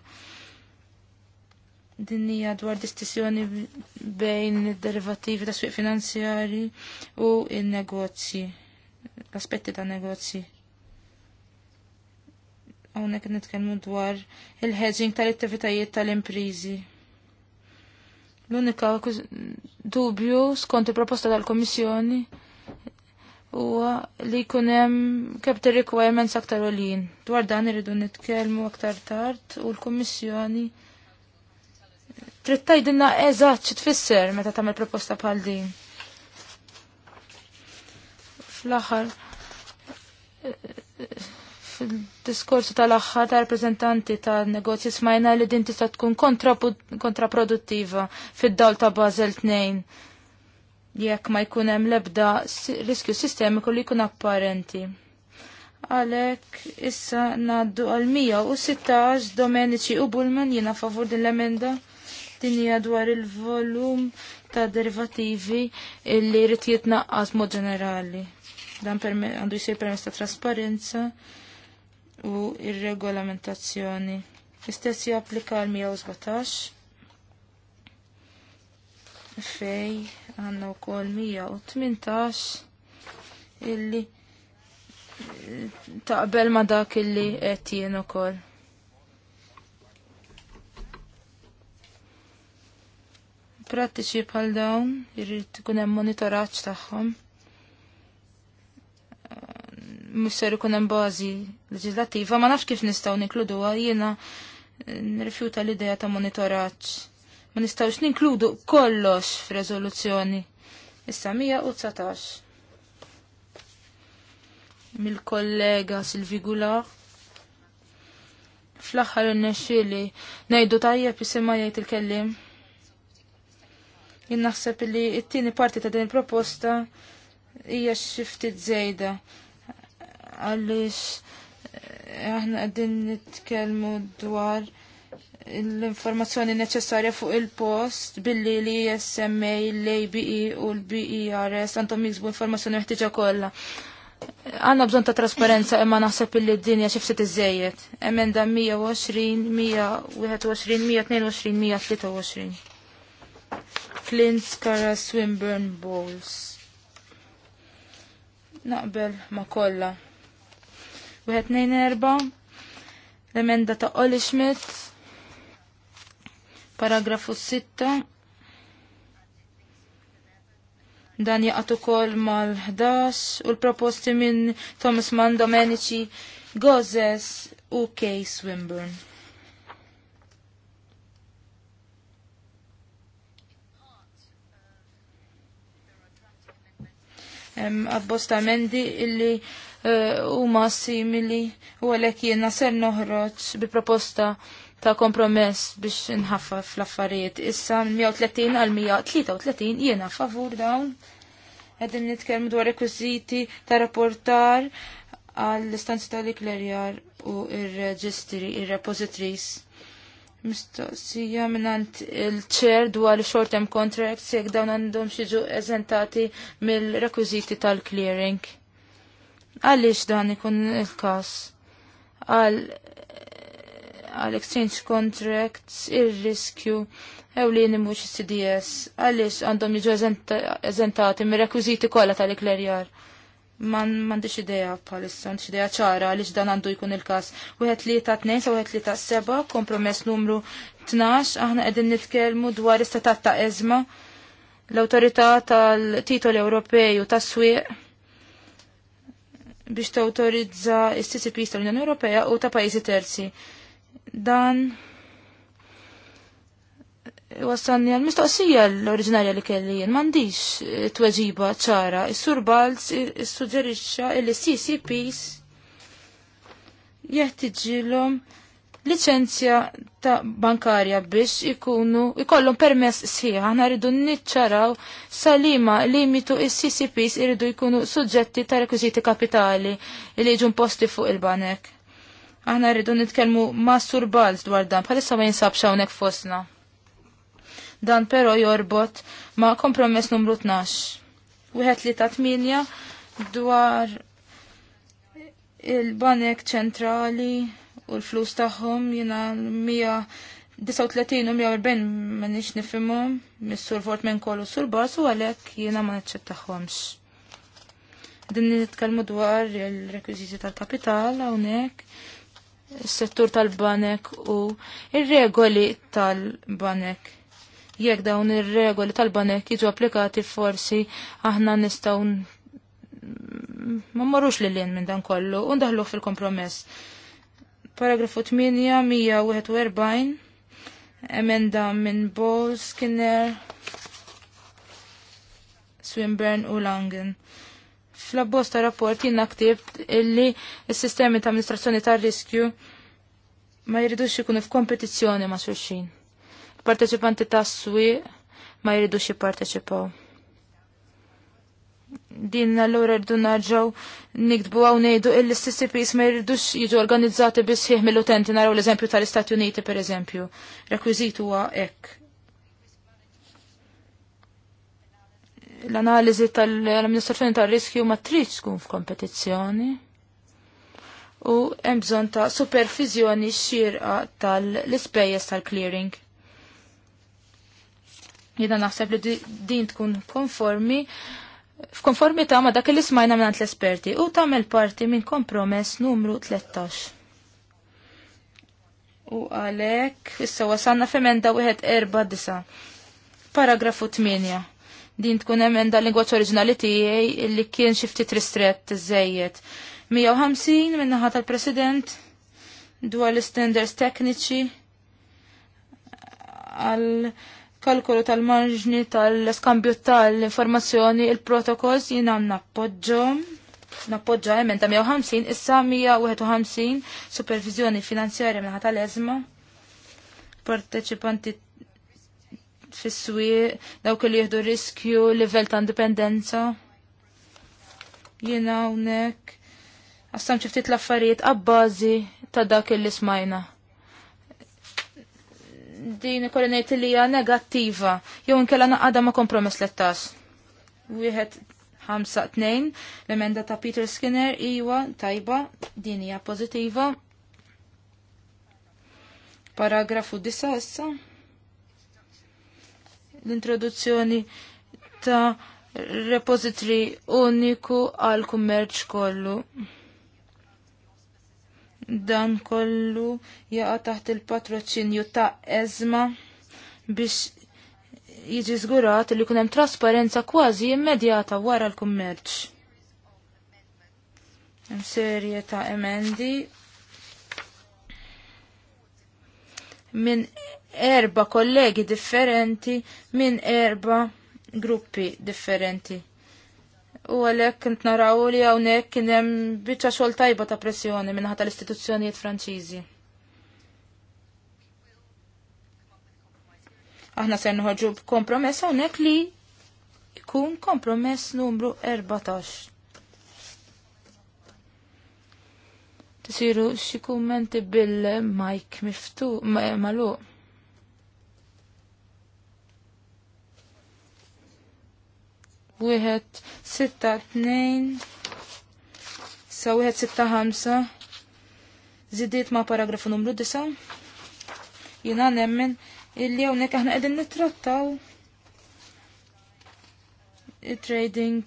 Din hija dwar distinzjoni bejn id-derivativi ta' swieq finanzjari u il negozji l-aspetti ta' negozji għonek nitkellmu dwar il-hedging tal-attivitajiet tal-imprizi. L-unika dubju skont il-proposta tal-Komissjoni huwa li jkun hemm requirements aktar għolin. Dwar dan irridu nitkellmu aktar tard u l-Kummissjoni trid tgħidilna eżatt xi tfisser meta tagħmel proposta bħal din. Fl-aħħar fil-diskorsu tal axar ta' rappresentanti ta' negozji smajna li din tista' tkun kontraproduttiva fid-dawl ta' Basel 2 jekk ma jkun hemm l-ebda riskju sistemiku li jkun apparenti. Għalhekk issa ngħaddu għal 116 Domenici u bulman jiena favur din l-emenda din hija dwar il-volum ta' derivativi li jrid jitnaqqas mod ġenerali. Dan għandu jsir permess ta' trasparenza u ir-regolamentazzjoni. Istess japplika għal 117 fej għanna u kol 118 illi eh, taqbel ma dak illi għetjen u kol. Prattiċi bħal dawn, irrid ikun hemm monitoraġġ tagħhom. Eh, Misser ikun hemm bażi leġislattiva, ma nafx kif nistgħu nikluduha jiena eh, nirrifjuta l-idea ta' monitoraġġ ma nistawx ninkludu kollox f'reżoluzzjoni. Issa 119. Mill-kollega Silvi Gular. Fl-aħħar innexxieli ngħidu tajjeb isimma jgħid il-kellim. Jien naħseb li t-tieni parti ta' din il-proposta hija xi ftit żejda għaliex eh, aħna qegħdin nitkellmu dwar l-informazzjoni neċessarja fuq il-post billi li SMA, l-ABE u l-BERS għandhom jiksbu informazzjoni meħtieġa kollha. Għanna bżon ta' trasparenza imma naħseb illi d-dinja xifset iż-żejjed. Emenda 120, 121, 122, 123. Flint, Kara, Swinburne, Bowles. Naqbel ma' kollha. Wieħed erba' l-emenda ta' Oli Schmidt, Paragrafu 6. Dan jaqat ukoll mal-11 u l-proposti minn Thomas Mann Domenici Gozes u Kay Swinburne. Abbosta mendi illi eh, huma uh, simili u għalhekk jiena ser noħroġ bi proposta ta' kompromess biex nħaffa fl-affarijiet. Issa 130 għal 133 jiena favur dawn. Għedin nitkellmu dwar rekwiziti ta' rapportar għall istanzi tal-iklerjar u ir-reġistri, ir-repositories. Mistoqsija minnant il-ċer dwar short-term contracts jekk dawn għandhom xieġu eżentati mill-rekwiziti tal-clearing. Għaliex dan ikun il-kas? Għal għal exchange contracts ir-riskju li mhux CDS għaliex għandhom jiġu eżentati mir-rekwiżiti kollha tal-iklerjar. Man m'għandix idea bħalissa, m'għandix idea ċara għaliex dan għandu jkun il-każ. Wieħed li ta' tnejn u wieħed li ta' seba' kompromess numru 12 aħna qegħdin nitkellmu dwar istatat ta' ezma, l-awtorità tal-titoli Ewropej u tas-swieq biex tawtorizza s-CCP tal-Unjoni Ewropea u ta' pajjiżi terzi. Dan wassanni għal mistoqsija l-oriġinarja li kelli jien m'għandix eh, tweġiba ċara. Is-Sur Balz issuġġerixxa li CCPs jeħtiġilhom liċenzja ta' bankarja biex ikunu ikollhom permess sħiħ. ħana rridu niċċaraw salima limitu is-CCPs irridu jkunu suġġetti ta' rekwiżiti kapitali li jiġu posti fuq il-banek. Aħna rridu nitkellmu ma' surbalz dwar dan, bħalissa ma jinsabx hawnhekk fosna. Dan però jorbot ma' kompromess numru 12. Wieħed li ta' tminja dwar il-banek ċentrali u l-flus tagħhom jiena 139 u 140 m'għandix nifhimhom mis-sur Fort minn kollu sur bars u għalhekk jiena ma naċċettahomx. Din nitkellmu dwar il-rekwiżiti tal-kapital hawnhekk settur tal-banek u ir-regoli tal-banek. Jekk dawn ir-regoli tal-banek jiġu applikati forsi aħna nistgħu ma marrux lil lin minn dan kollu u daħluħ fil-kompromess. Paragrafu 8 141 emenda minn Bowles, Skinner, Swinburne u Langen Fl-abbosta rapport jina ktibt illi s-sistemi ta' amministrazzjoni ta' riskju ma jridux f f'kompetizzjoni ma' xulxin. Parteċipanti ta' s-swi ma jridux jipparteċipaw. Din allura rridu narġaw nikdbu għaw nejdu illi s-CCPs ma jridux jiġu organizzati bisħiħ mill-utenti naraw l-eżempju tal-Istati Uniti per eżempju. Rekwizitu huwa ek l-analiżi tal-amministrazzjoni tar-riskju ma tridx tkun f'kompetizzjoni u hemm bżonn ta' supervizjoni xirqa tal-ispejjeż tal-clearing. Jiena naħseb li din tkun konformi f'konformità ma' dak li smajna minn l-esperti u tagħmel parti minn kompromess numru 13. U għalhekk issa wasanna f'emenda wieħed erba' disa. Paragrafu 8 din tkun emenda l-lingwaġġ oriġinali tiegħi li kien xi ftit ristrett iżejjed. 150 min-naħa tal-President dwar l-standards tekniċi għal kalkolu tal-marġni tal-skambju tal-informazzjoni il-protokolls jina nappoġġom nappoġġa emenda 150 issa 151 supervizjoni finanzjarja minħata tal-ezma parteċipanti fis-swieq, dawk li jieħdu riskju, livell ta' indipendenza. Jiena hawnhekk. Assam ftit l-affarijiet abbażi ta' dak il smajna. Din ikolli ngħid li hija negattiva jew inkella naqada ma' kompromess l tas Wieħed ħamsa tnejn l-emenda ta' Peter Skinner iwa tajba din hija pożittiva. Paragrafu disa' issa l-introduzzjoni ta' repository uniku għal kummerċ kollu. Dan kollu jaqa taħt il-patroċinju ta' ezma biex jiġi żgurat li kunem trasparenza kważi immedjata wara l-kummerċ. serje ta' emendi minn erba kollegi differenti minn erba gruppi differenti. U għalek kint naraw li għawnek kienem bieċa xol tajba ta' pressjoni minn ħata l-istituzzjonijiet franċiżi. Aħna ser nħoġu b'kompromess hawnhekk li jkun kompromess numru 14. Tisiru xi kummenti bil-mike miftu maluq. wieħed sitta tnejn sa wieħed sitta ħamsa zidiet ma' paragrafu numru disa jina nemmen illi hawnhekk aħna qegħdin nittrattaw trading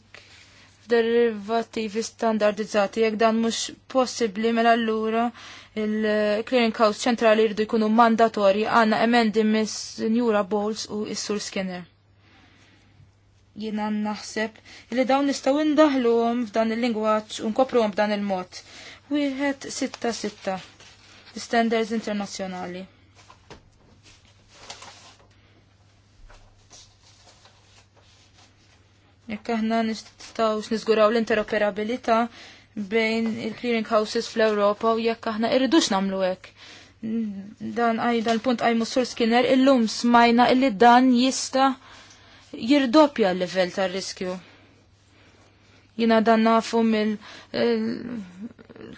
derivativi standardizzati jekk dan mhux possibbli mela allura il-clearing house ċentrali jridu jkunu mandatorji għandna emendi miss Njura Bowles u is sur Skinner jina naħseb li dawn nistaw indaħluhom f'dan il-lingwaġġ u nkopruhom b'dan il-mod. Wieħed sitta sitta. Standards internazzjonali. Jekk aħna nistgħu niżguraw l-interoperabilità bejn il-clearing houses fl-Ewropa u jekk aħna irridux nagħmlu hekk. Dan għaj dan punt għaj Mussur Skinner illum smajna illi dan jista' jirdoppja l-level tar riskju. Jina dan nafu mill eh,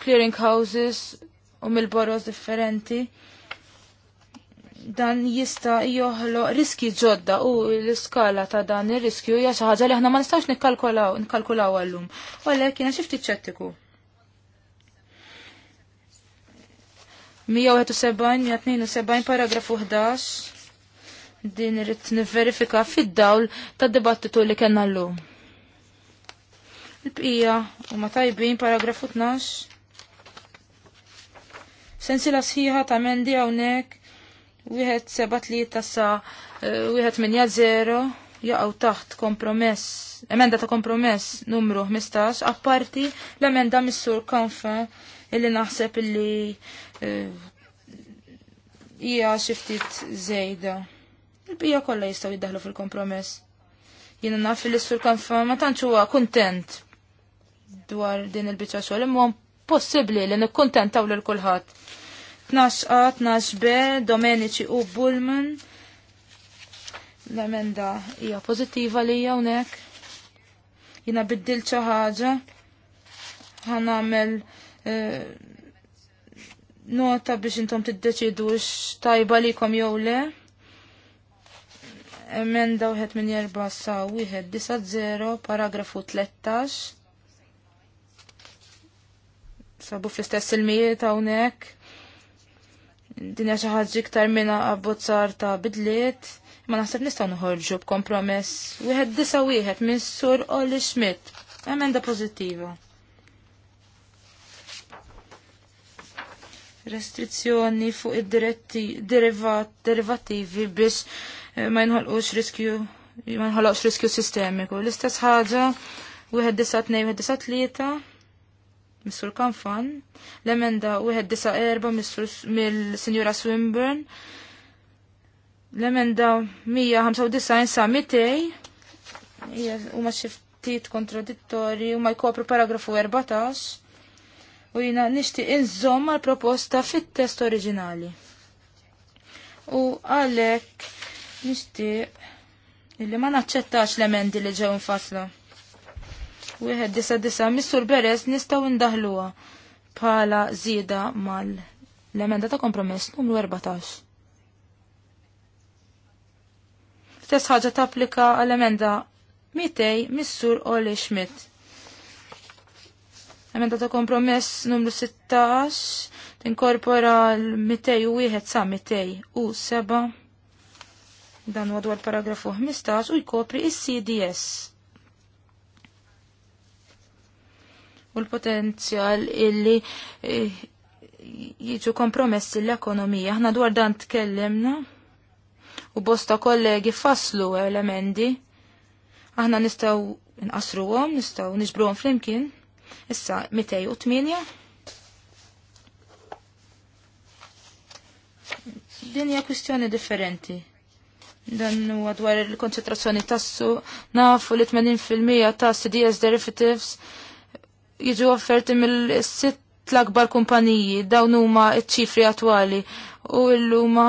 clearing houses u mill-boros differenti. Dan jista joħlo riski ġodda u l-skala ta' dan ir-riskju hija xi ħaġa li aħna ma nistawx nikkalkulaw għallum. Għalhekk jiena xi xifti ċettiku. 171, 172, paragrafu 11 din irrit niverifika fid-dawl ta' dibattitu li kellna llum. Il-bqija huma tajbin paragrafu 12. la sħiħa ta' mendi hawnhekk wieħed seba' tlieta sa eh, wieħed minja zero jaqgħu taħt kompromess emenda ta' kompromess numru 15 apparti l-emenda missur sur kanfa illi naħseb illi eh, hija xi ftit żejda. Il-bija kollha jistgħu jiddaħlu fil-kompromess. Jiena naf li sur kanfa ma tantx huwa kuntent dwar din il-biċċa xogħol imma possibbli li nikkuntentaw lil kulħadd. 12 A, 12 B, Domenici u Bullman. L-emenda hija pożittiva li hija hawnhekk. Jiena biddil xi ħaġa. Ħanamel eh, nota biex intom tiddeċidu x tajba likom jew le emenda wieħed minn erba sa wieħed disat zero paragrafu 13. Sabu fl-istess il-mijiet hawnhekk. Dinja xi ħaġa iktar minn abbozzar ta' bidliet, ma naħseb nistgħu noħorġu b'kompromess. Wieħed disa wieħed minn Sur Olli Schmidt. Emenda pożittiva. restrizzjoni fuq id-derivativi diretti biex ma jinħolqux riskju ma nħolqx riskju sistemiku. L-istess ħaġa wieħed disa u wieħed disa tlieta Missur Kanfan, l-emenda wieħed disa erba mill-Sinjura Swinburne, l-emenda 195 sa Mitej huma xi ftit kontradittorji u ma jkopru paragrafu 14 u jina nixtieq inżomm l proposta fit-test oriġinali. U għalek, Nixtieq illi ma naċċettax l-emendi li ġew infasla. Wieħed disa disa Mistur Beres nistgħu ndaħluha bħala żieda mal l-emenda ta' kompromess numru 14. Stess ħaġa tapplika għall-emenda mitej Mistur Oli Schmidt. Emenda ta' kompromess numru 16 tinkorpora l wieħed sa' Mitej u seba'. Dan huwa dwar paragrafu 15 u jkopri is-CDS. U l-potenzjal illi eh, jiġu kompromessi l-ekonomija. Aħna dwar dan tkellimna u bosta kollegi faslu l-emendi. Aħna nistaw għom, nistaw niġbruhom flimkien. Issa 208. Din Dinja kwistjoni differenti. Dan huwa dwar il-konċentrazzjoni tassu, nafu li 80% ta' CDS derivatives jiġu offerti mill-sitt l-akbar kumpaniji, dawn huma ċ-ċifri attwali u l-luma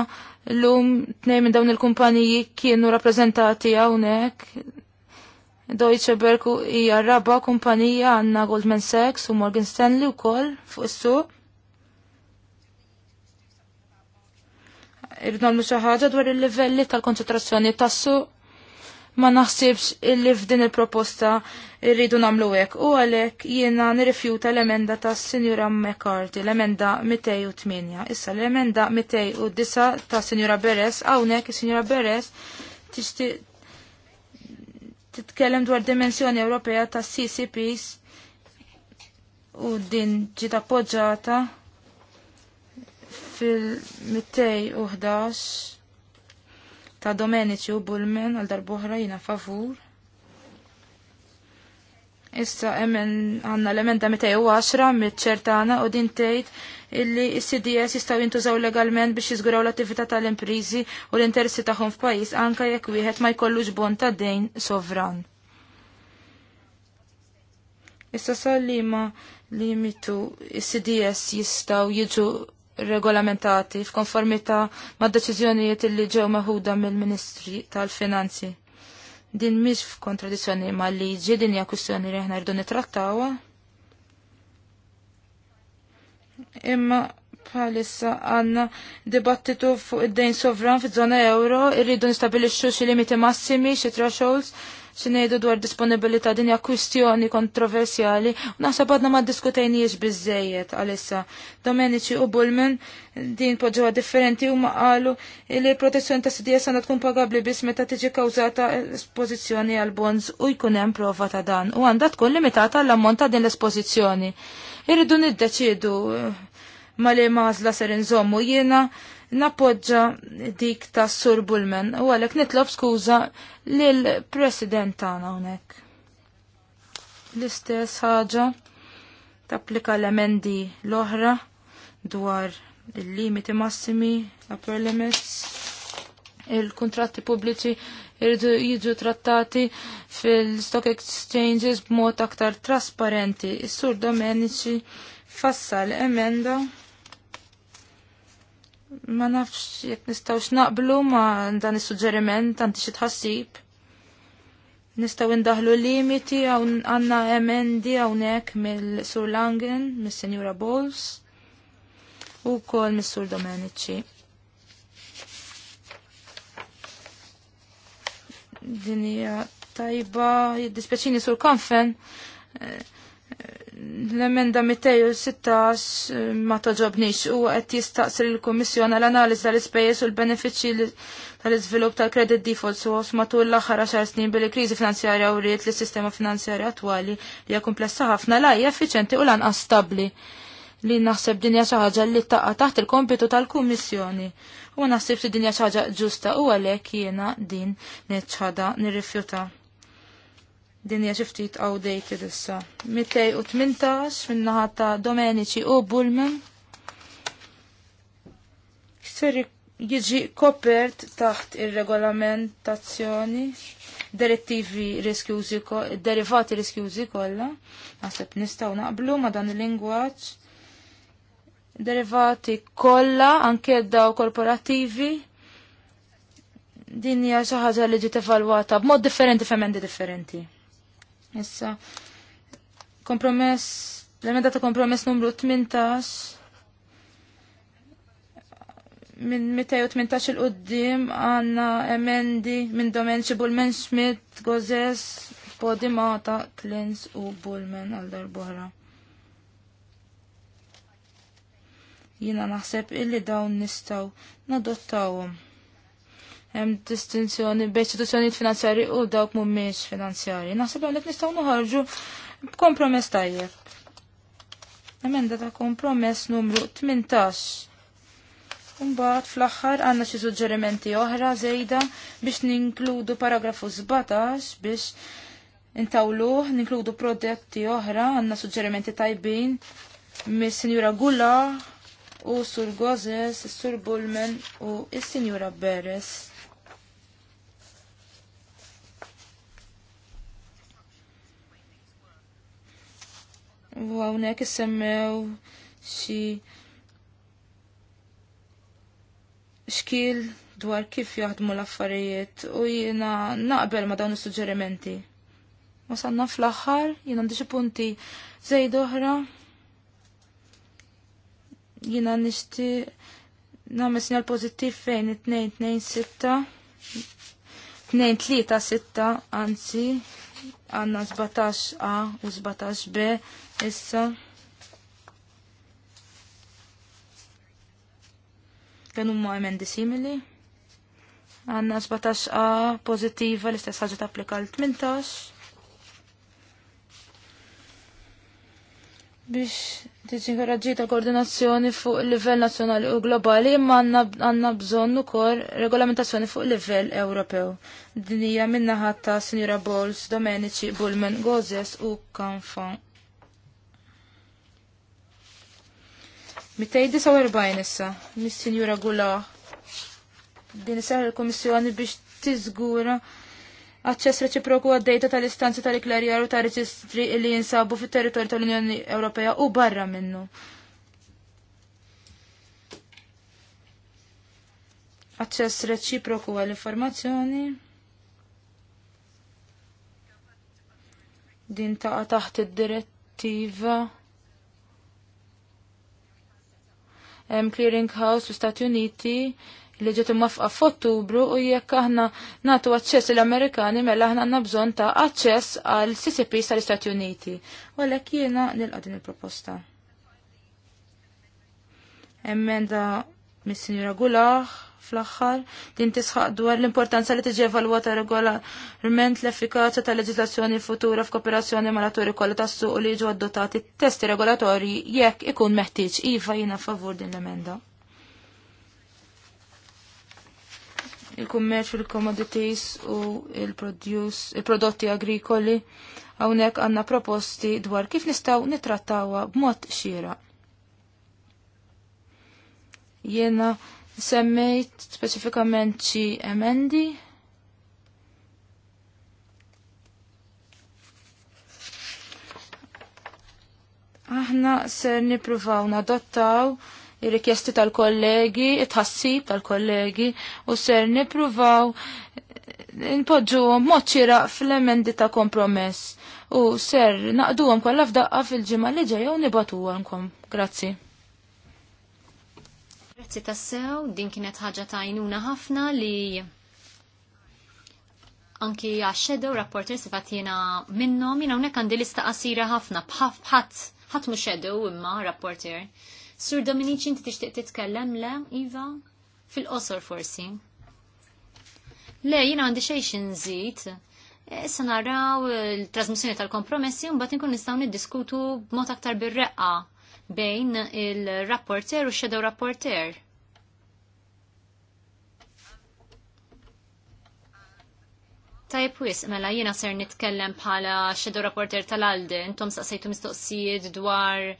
l-lum tnej minn dawn il-kumpaniji kienu rappresentati hawnhekk. Deutsche Berku hija raba kumpanija għandna Goldman Sachs u Morgan Stanley wkoll fuq is-suq. irrid nagħmlu xi ħaġa dwar il-livelli tal-konċentrazzjoni tassu. ma naħsibx illi f'din il-proposta irridu nagħmlu hekk u għalhekk jiena nirrifjuta l-emenda tas-Sinjura McCarthy, l-emenda 208. Issa l-emenda 209 tas-Sinjura Beres, hawnhekk is-Sinjura Beres tixtieq titkellem dwar dimensjoni Ewropea tas-CCPs u din ġiet appoġġjata fil-211 ta' Domenici u Bullman għal darbohra jina favur. Issa emmen għanna l-emenda 210 mit-ċertana u din tgħid illi s-CDS jistgħu jintużaw legalment biex jiżguraw l-attività tal-imprizi u l-interessi tagħhom f'pajjiż anke jekk wieħed ma jkollux bon ta' dejn sovran. Issa sal lima limitu s-CDS jistgħu jiġu regolamentati f'konformità mad deċiżjonijiet li ġew meħuda mill-Ministri tal-Finanzi. Din mhix f'kontradizzjoni mal-liġi, din hija kwistjoni li aħna rridu nittrattawha. Imma bħalissa għanna dibattitu fuq id-dejn sovran fi zona euro, irridu nistabilixxu xi limiti massimi, xi thresholds xinejdu dwar disponibilità dinja kwistjoni kontroversjali u naħseb għadna ma diskutejniex bizzejiet għalissa. Domenici u Bullman din poġġewa differenti u ma qalu li protezzjoni ta' Sidija għandha tkun pagabbli biss meta tiġi l espożizzjoni għal bonds u jkun hemm prova ta' dan u għandha tkun limitata l-ammont ta' din l-espożizzjoni. Irridu niddeċidu eh, ma li mażla ser inżommu jiena nappoġġa dik ta' Sur Bullman u għalhekk nitlob skuża lil President tagħna hawnhekk. L-istess ħaġa tapplika l-emendi l-oħra dwar il-limiti massimi, upper limits, il-kontratti pubbliċi jridu jiġu trattati fil-stock exchanges b'mod aktar trasparenti. Is-sur Domenici fassal emenda Ma nafx jekk nistgħux naqblu ma dan is-suġġeriment għanti xi tħassib. Nistgħu indaħlu limiti għaw għandna emendi hawnhekk mill-Sur Langen, mis-Senjura Bowles u wkoll mis-Sur Domenici. Din hija tajba, jiddispjaċini sur konfen eh, l-emenda 206 eh, ma taġobnix u għet jistaqsir il-Komissjon għal-analiz tal-ispejjeż u l-benefiċċji tal-iżvilupp tal-credit default swaps matul l-aħħar 10 snin bil-kriżi finanzjarja u rrit li sistema finanzjarja attwali li hija komplessa ħafna la effiċenti u lanqas stabbli li naħseb dinja xi ħaġa li taqa' taħt il-kompitu tal-Kummissjoni u naħseb li dinja xi ħaġa ġusta u għalhekk jiena din neċħada nirrifjuta din hija xi ftit outdated issa. 218 min-naħa ta' Domenici u bulmen. Ser jiġi kopert taħt ir-regolamentazzjoni direttivi riskjużi, derivati riskjużi kollha, naħseb nistgħu naqblu ma' dan il-lingwaġġ. Derivati kollha anke daw korporattivi din hija xi ħaġa li ġiet evalwata b'mod differenti f'emendi differenti. Issa, kompromess, l-emenda ta' kompromess numru 18 minn 218 il-qoddim għanna emendi minn domen Bullman Schmidt, Gozes, Podimata, Klins u Bullman għal darbora. Jina naħseb illi dawn nistaw nadottawhom hemm distinzjoni bejn istituzzjonijiet finanzjarji u dawk mhumiex finanzjarji. Naħseb hawnhekk nistgħu noħorġu b'kompromess tajjeb. Emenda ta' kompromess numru 18. Imbagħad fl-aħħar għandna xi suġġerimenti oħra żejda biex ninkludu paragrafu 17 biex intawluh, ninkludu prodetti oħra, għandna suġġerimenti tajbin mis-Sinjura Gulla u Sur Gozes, Sur Bullman u is-Sinjura Beres. u għawnek semmew xi xkil dwar kif jaħdmu l-affarijiet u jiena naqbel ma dawn is-suġġerimenti. Wasanna fl-aħħar jiena għandi xi punti żejd oħra. Jiena nixtieq nagħmel sinjal pożittiv fejn it-tnejn tnejn sitta. Tnejn tlieta sitta anzi għandna 17 A u 17 B Issa. kienu ma emendi simili. Għanna 17 A pozittiva l-istess ħaġa tapplika l-18. biex tiġi ta' koordinazzjoni fuq livell nazzjonali u globali imma għanna bżonn ukoll regolamentazzjoni fuq livell Ewropew. Din hija minnaħat ta' Sinjura Bowles, Domenici, Bullman, Gozes u Kanfan. 249 issa, mis-Sinjura Gula. Din isar il-Komissjoni biex tiżgura aċċess reċiproku għad-dejta tal-istanzi tal-iklarjar u tal-reġistri li jinsabu fit territorju tal-Unjoni Ewropea u barra minnu. Aċċess reċiproku għall-informazzjoni. Din taqa taħt id-direttiva hemm clearing house fl-Stati Uniti li ġiet imwafqa f'Ottubru u jekk aħna nagħtu aċċess l-Amerikani mela aħna għandna bżonn ta' aċċess għal CCP tal-Istati Uniti. U għalhekk jiena nilqa' din il-proposta. Emenda mis-Sinjura Gulaħ fl-axħar din tisħaq dwar l-importanza li tiġi evalwata regolarment l-effikaċja ta' leġislazzjoni futura f'kooperazzjoni mal atturi kollha tas-suq li jiġu adottati testi regolatorji jekk ikun meħtieġ iva jiena favur din l-emenda. Il-kummerċ l commodities u il il-prodotti agrikoli hawnhekk għandna proposti dwar kif nistgħu nittrattawha b'mod xieraq. Jena semmejt specifikament xi emendi Aħna ser nipruvaw nadottaw ir-rikjesti tal-kollegi, it-ħassib tal-kollegi, u ser nipruvaw npoġġu mod xieraq fl-emendi ta' kompromess. U ser naqduhom kollha f'daqqa fil-ġimgħa li ġejja u nibatuhomkom. Grazzi. Grazzi tassew, din kienet ħaġa ta' jnuna ħafna li anki għaxxedew rapporter sifat jena minnom, jena unek għandi lista qasira ħafna bħaf bħat, ħat imma rapporter. Sur Dominici, inti tixtieq titkellem le, Iva? Fil-qosor forsi. Le, jena għandi xejx nżid. Issa naraw il-trasmissjoni tal-kompromessi, un bat nkun nistaw niddiskutu b'mod aktar bir-reqqa bejn il-rapporter u shadow rapporter. Tajb wis, mela jiena ser nitkellem bħala shadow rapporter tal-alde, intom saqsejtu mistoqsijiet dwar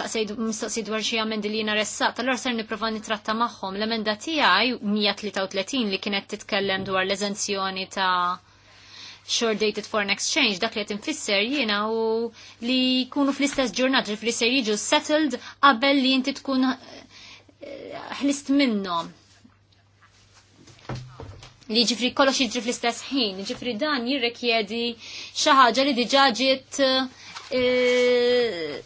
saqsejt mistoqsijiet dwar xi amendi li jiena ressaq, tal ser nipprova nitratta magħhom. L-emenda tiegħi 133 li kienet titkellem dwar l-eżenzjoni ta' short-dated foreign exchange, dak li qed infisser jiena u li jkunu fl-istess ġurnat, ġifri ser jiġu settled qabel li inti tkun eh, ħlist minnhom. Li ġifri kollox jiġri fl-istess ħin, ġifri dan jirrekjedi xi ħaġa li diġà ġiet eh,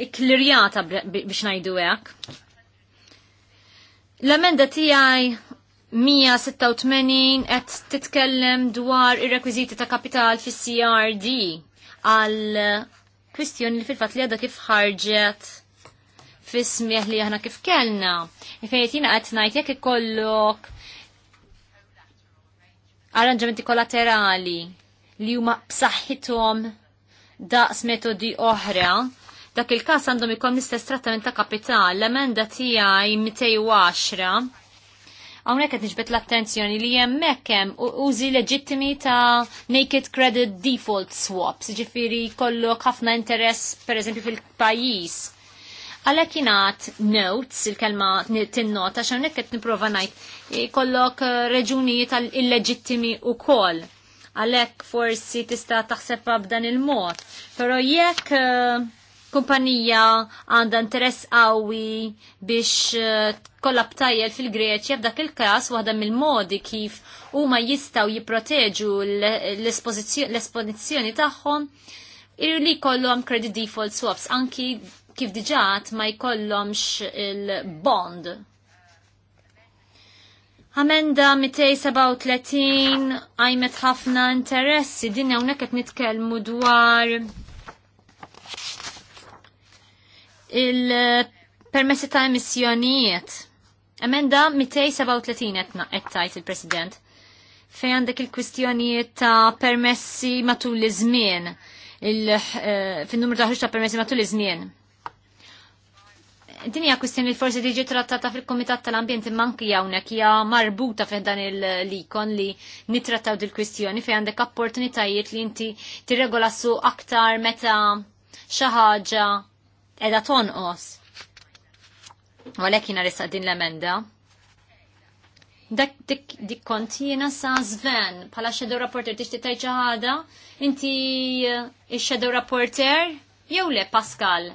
ikklirjata biex ngħidu hekk. L-emenda tiegħi 186 qed titkellem dwar ir-rekwiżiti ta' kapital fis crd għal kwistjoni li fil-fatt li għadha kif ħarġet fis-smieħ li aħna kif kellna. Fejn jiena qed ngħid jekk ikollok arranġamenti kollaterali li huma b'saħħithom daqs metodi oħra, dak il-każ għandhom ikom l-istess trattament ta' kapital, l-emenda tiegħi 210 Hawnhekk qed nġbet l-attenzjoni li hemmhekk hemm użi leġittimi ta' naked credit default swaps, ġifiri jkollok ħafna interess pereżempju fil-pajjiż. Għalhekk jingħad notes il-kelma tinnota x'hawnhekk qed nipprova ngħid jkollok eh, reġunijiet illeġittimi wkoll għalek forsi tista taħsebha b'dan il-mod. Pero jekk uh, kumpanija għandha interess qawwi biex eh, kollha btajjel fil-Greċja f'dak il-każ waħda mill-modi kif huma jistgħu jipproteġu l-esposizzjoni tagħhom irli jkollhom credit default swaps anki kif diġat ma jkollhomx il-bond. Amenda 237 għajmet ħafna interessi din hawnhekk qed nitkellmu dwar il-permessi ta' emissjonijiet. Emenda 237 qed il-President. Fejn għandek il-kwistjonijiet ta' permessi matul iż-żmien, eh, fin-numru ta' ħruġ ta' permessi matul iż-żmien. Din hija kwistjoni li forsi tiġi trattata fil-Kumitat tal-Ambjent imma anki hawnhekk hija marbuta fejn dan il-likon li nitrattaw dil-kwistjoni fejn għandek opportunitajiet li inti tirregola su aktar meta xi ħaġa edha tonqos. Għalek jina rissa din l-emenda. Dak dik dik kontina sa Zven, pala shadow rapporter tixti tajġa ħada, inti eh, shadow rapporter, jew le Pascal.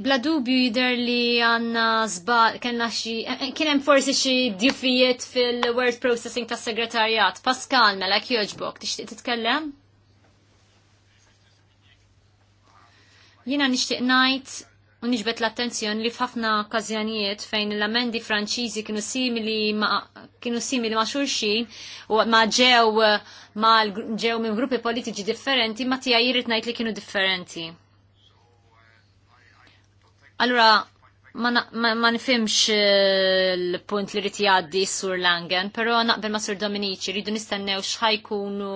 Bla dubju jider li għanna zba, kena xi, kienem forsi xi diffijiet fil-word processing tas segretarjat. Pascal, mela kjoġbok, tixtiq titkellem? Jina nixtieq ngħid u nixbet l-attenzjoni li f'ħafna okkażjonijiet fejn l-amendi franċiżi kienu simili ma kienu simili ma xulxin u ma ġew ma ġew minn gruppi politiċi differenti ma tiegħi jrid ngħid li kienu differenti Allura, ma nifimx eh, l-punt li rrit jgħaddi sur Langen, pero naqbel ma sur Dominici, rridu nistennew xħajkunu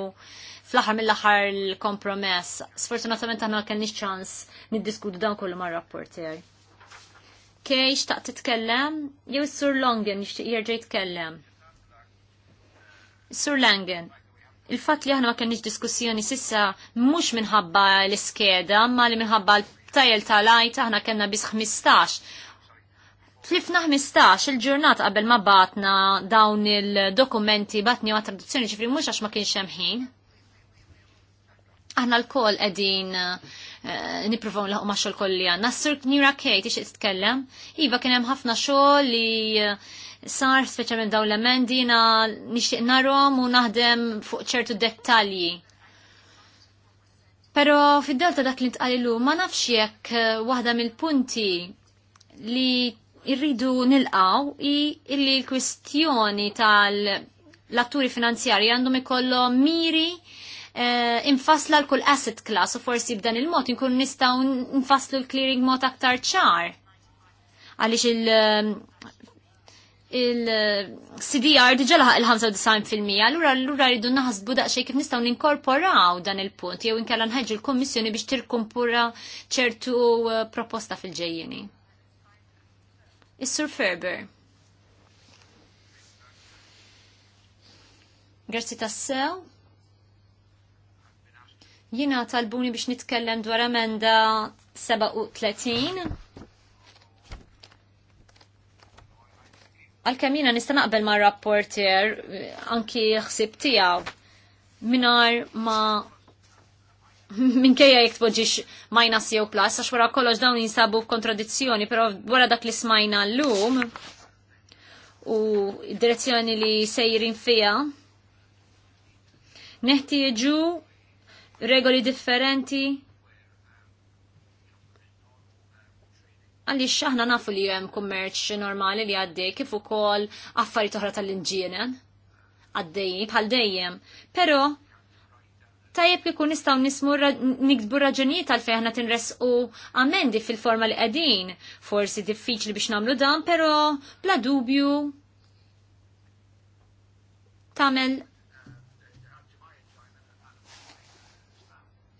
fl-aħħar mill-aħħar l-kompromess. Sfortunatament aħna kellniex ċans niddiskutu dan kollu mar-rapporter. Kej, xtaq titkellem? Jew sur Longen nixtieq jerġa' jitkellem. Sur Langen, il-fatt li aħna ma kenniex diskussjoni sissa mhux minħabba l-iskeda, ma li minħabba l tajjel tal-ajt aħna kellna bis 15. Tlifna 15 il-ġurnata qabel ma batna dawn il-dokumenti batni għat traduzzjoni ġifri mux għax ma kienx hemm ħin. Aħna l-kol qegħdin eh, niprofaw laħu ma xol kolli għanna. Sir Nira Kate, ix it-tkellem, iva kienem ħafna xol li eh, sar minn daw l emendina nixtieq narhom u naħdem fuq ċertu dettalji Pero fid-delta dak li tqalilu, ma nafx jekk eh, waħda mill-punti li irridu nilqaw i illi l-kwistjoni tal-atturi finanzjari għandhom ikollhom miri eh, infasla l-kull asset class u forsi b'dan il-mod inkun nistgħu nfasslu l-clearing mod aktar ċar. Għalix il- eh, il-CDR diġa laħaq il-95% allura allura rridu naħsbu daqsxejn kif nistgħu ninkorporaw dan il-punt jew inkella nħeġġu l kommissjoni biex tirkumpura ċertu uh, proposta fil ġejjeni Is-Sur Ferber. Grazzi tassew. Jina talbuni biex nitkellem dwar emenda 37 għal-kamina nista' naqbel ma' rapporter eh, anki xsib tiegħu minar ma' minkejja jek tpoġġix minus jew plus, għax wara kollox dawn jinsabu kontradizzjoni, però wara dak li smajna llum u direzzjoni li sejrin fija, neħtieġu regoli differenti għaliex aħna nafu li hemm kummerċ normali li għaddej kif ukoll affarijiet oħra tal-inġienen għaddej bħal dejjem. Però tajjeb li kun nistgħu nismu nikdbu raġunijiet għal fejn aħna tinresqu amendi fil-forma li qegħdin. Forsi diffiċli biex nagħmlu dan, però bla dubju Tamel.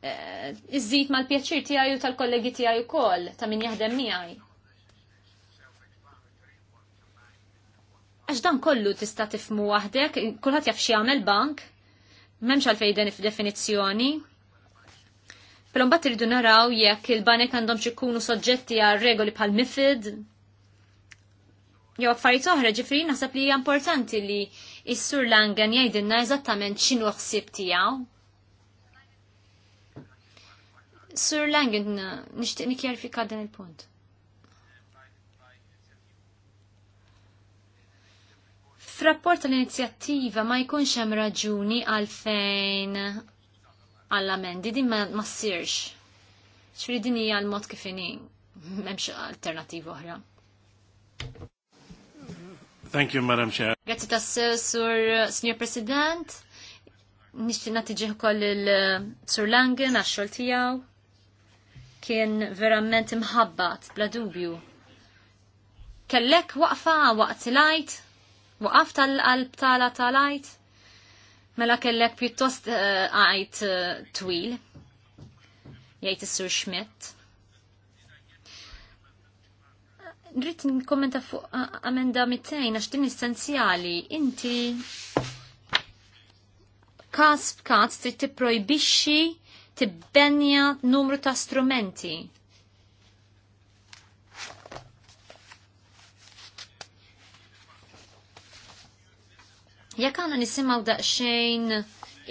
Eh, iżżid mal-pjaċir tiegħi u tal-kollegi tiegħi wkoll ta' min jaħdem miegħi. Għax dan kollu tista' tifmu waħdek, kulħadd jaf x'jagħmel bank, m'hemmx għalfejn f'definizzjoni. Però mbagħad irridu naraw jekk il-banek għandhom xi jkunu soġġetti għal regoli bħal mifid. Jew affarijiet oħra ġifri naħseb li hija importanti li s-sur Langen jgħidilna eżattament x'inhu ħsieb tiegħu Sir Langen, nishtiq nikjarifika dan il-punt. Frapport tal-inizjattiva ma jkunx hemm raġuni għalfejn għall-amendi din ma, ssirx. Xfri din hija l-mod kif inhi m'hemmx alternattiva oħra. Thank you, Madam Chair. Grazzi ta' Sur Signor President. Nixtieq nagħti ġieħ ukoll il-Sur Langen għax-xogħol tiegħu kien verament imħabbat, bla dubju. Kellek waqfa waqt lajt, waqaf tal-qalb tala tal-lajt, mela kellek pjuttost eh, għajt eh, twil, jgħid is-sur Schmidt. n-kommenta fuq eh, amenda mittejn għax din essenzjali, inti kas b'kas trid tipprojbixxi tibbenja numru ta' strumenti. Jekk għandna nisimgħu daqsxejn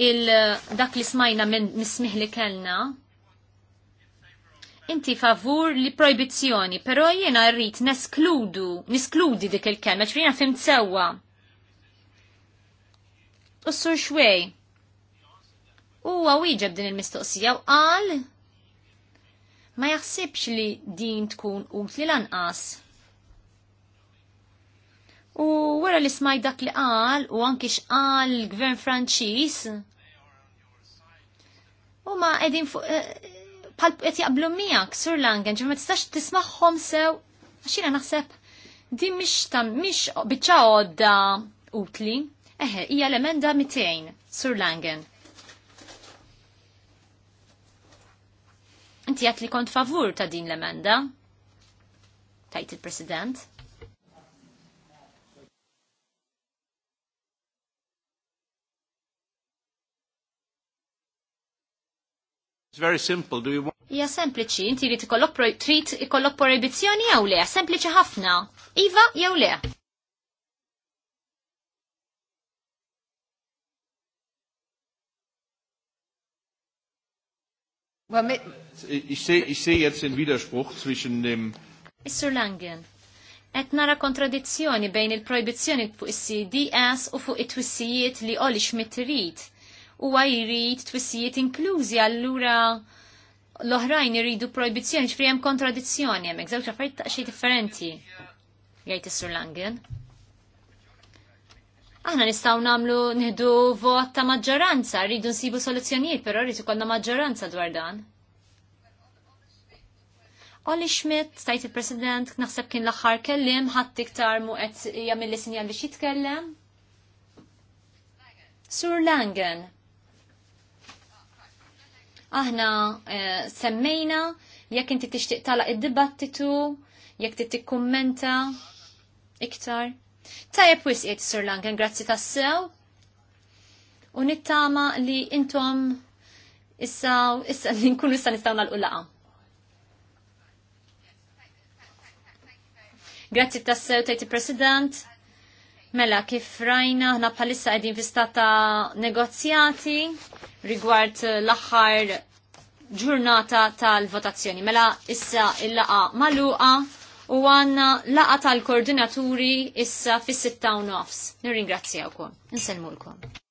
il-dak li smajna minn mismih li kellna, inti favur li projbizzjoni, pero jiena rrit neskludu, niskludi dik il-kelma, ċfrina fim sewa. Ussur xwej huwa wieġeb din il-mistoqsija u qal ma jaħsibx li din tkun utli lanqas. U wara li smaj dak li qal u għankix x'qal l-Gvern Franċiż huma qegħdin fuq pal eh, qed jaqblu miegħek Sur Langen ġi ma tistax tismagħhom sew għax jiena naħseb din mhix tam mhix biċċa għodda utli. Eħe, hija l-emenda 200 Sur Langen. Inti għat li kont favur ta' din l-emenda? Tajt il-President. It's very simple. Do you want... Ija sempliċi, inti li trit ikollok proibizjoni jew le, sempliċi ħafna. Iva jew le. Well, ich sehe ich sehe jetzt den Widerspruch zwischen dem... Issur Langen, et nara kontradizzjoni bejn il-proibizzjoni fuq is-CDS u fuq it-twissijiet li Oli Schmidt irid. Huwa jrid twissijiet inklużi allura l-oħrajn iridu proibizzjoni ġifri hemm kontradizzjoni hemmhekk żewġ affarijiet ta' xejn differenti. Jgħid is-Sur Langen. Aħna nistgħu nagħmlu nieħdu vot ta' maġġoranza, rridu nsibu soluzzjonijiet, però rrid ikollna maġġoranza dwar dan. Olli Schmidt, stajt il-President, naħseb kien l-axħar kellim, ħadd iktar mu qed jagħmel li sinjal biex jitkellem. Sur Langen. Aħna eh, semmejna jekk inti tixtieq talaq id-dibattitu, jekk trid tikkummenta iktar. Tajjeb wisqiet Sur Langen, grazzi tassew. U nittama li intom issa issa li nkunu issa nistgħu nagħlqu laqa. Grazzi tassew tajti president. Mela, kif rajna, ħna bħalissa għedin fistata negozjati rigward l-axħar ġurnata tal-votazzjoni. Mela, issa il-laqa maluqa u għanna laqa tal-koordinaturi issa fis-sitta u nofs. Nirringrazzjawkom. Nselmulkom.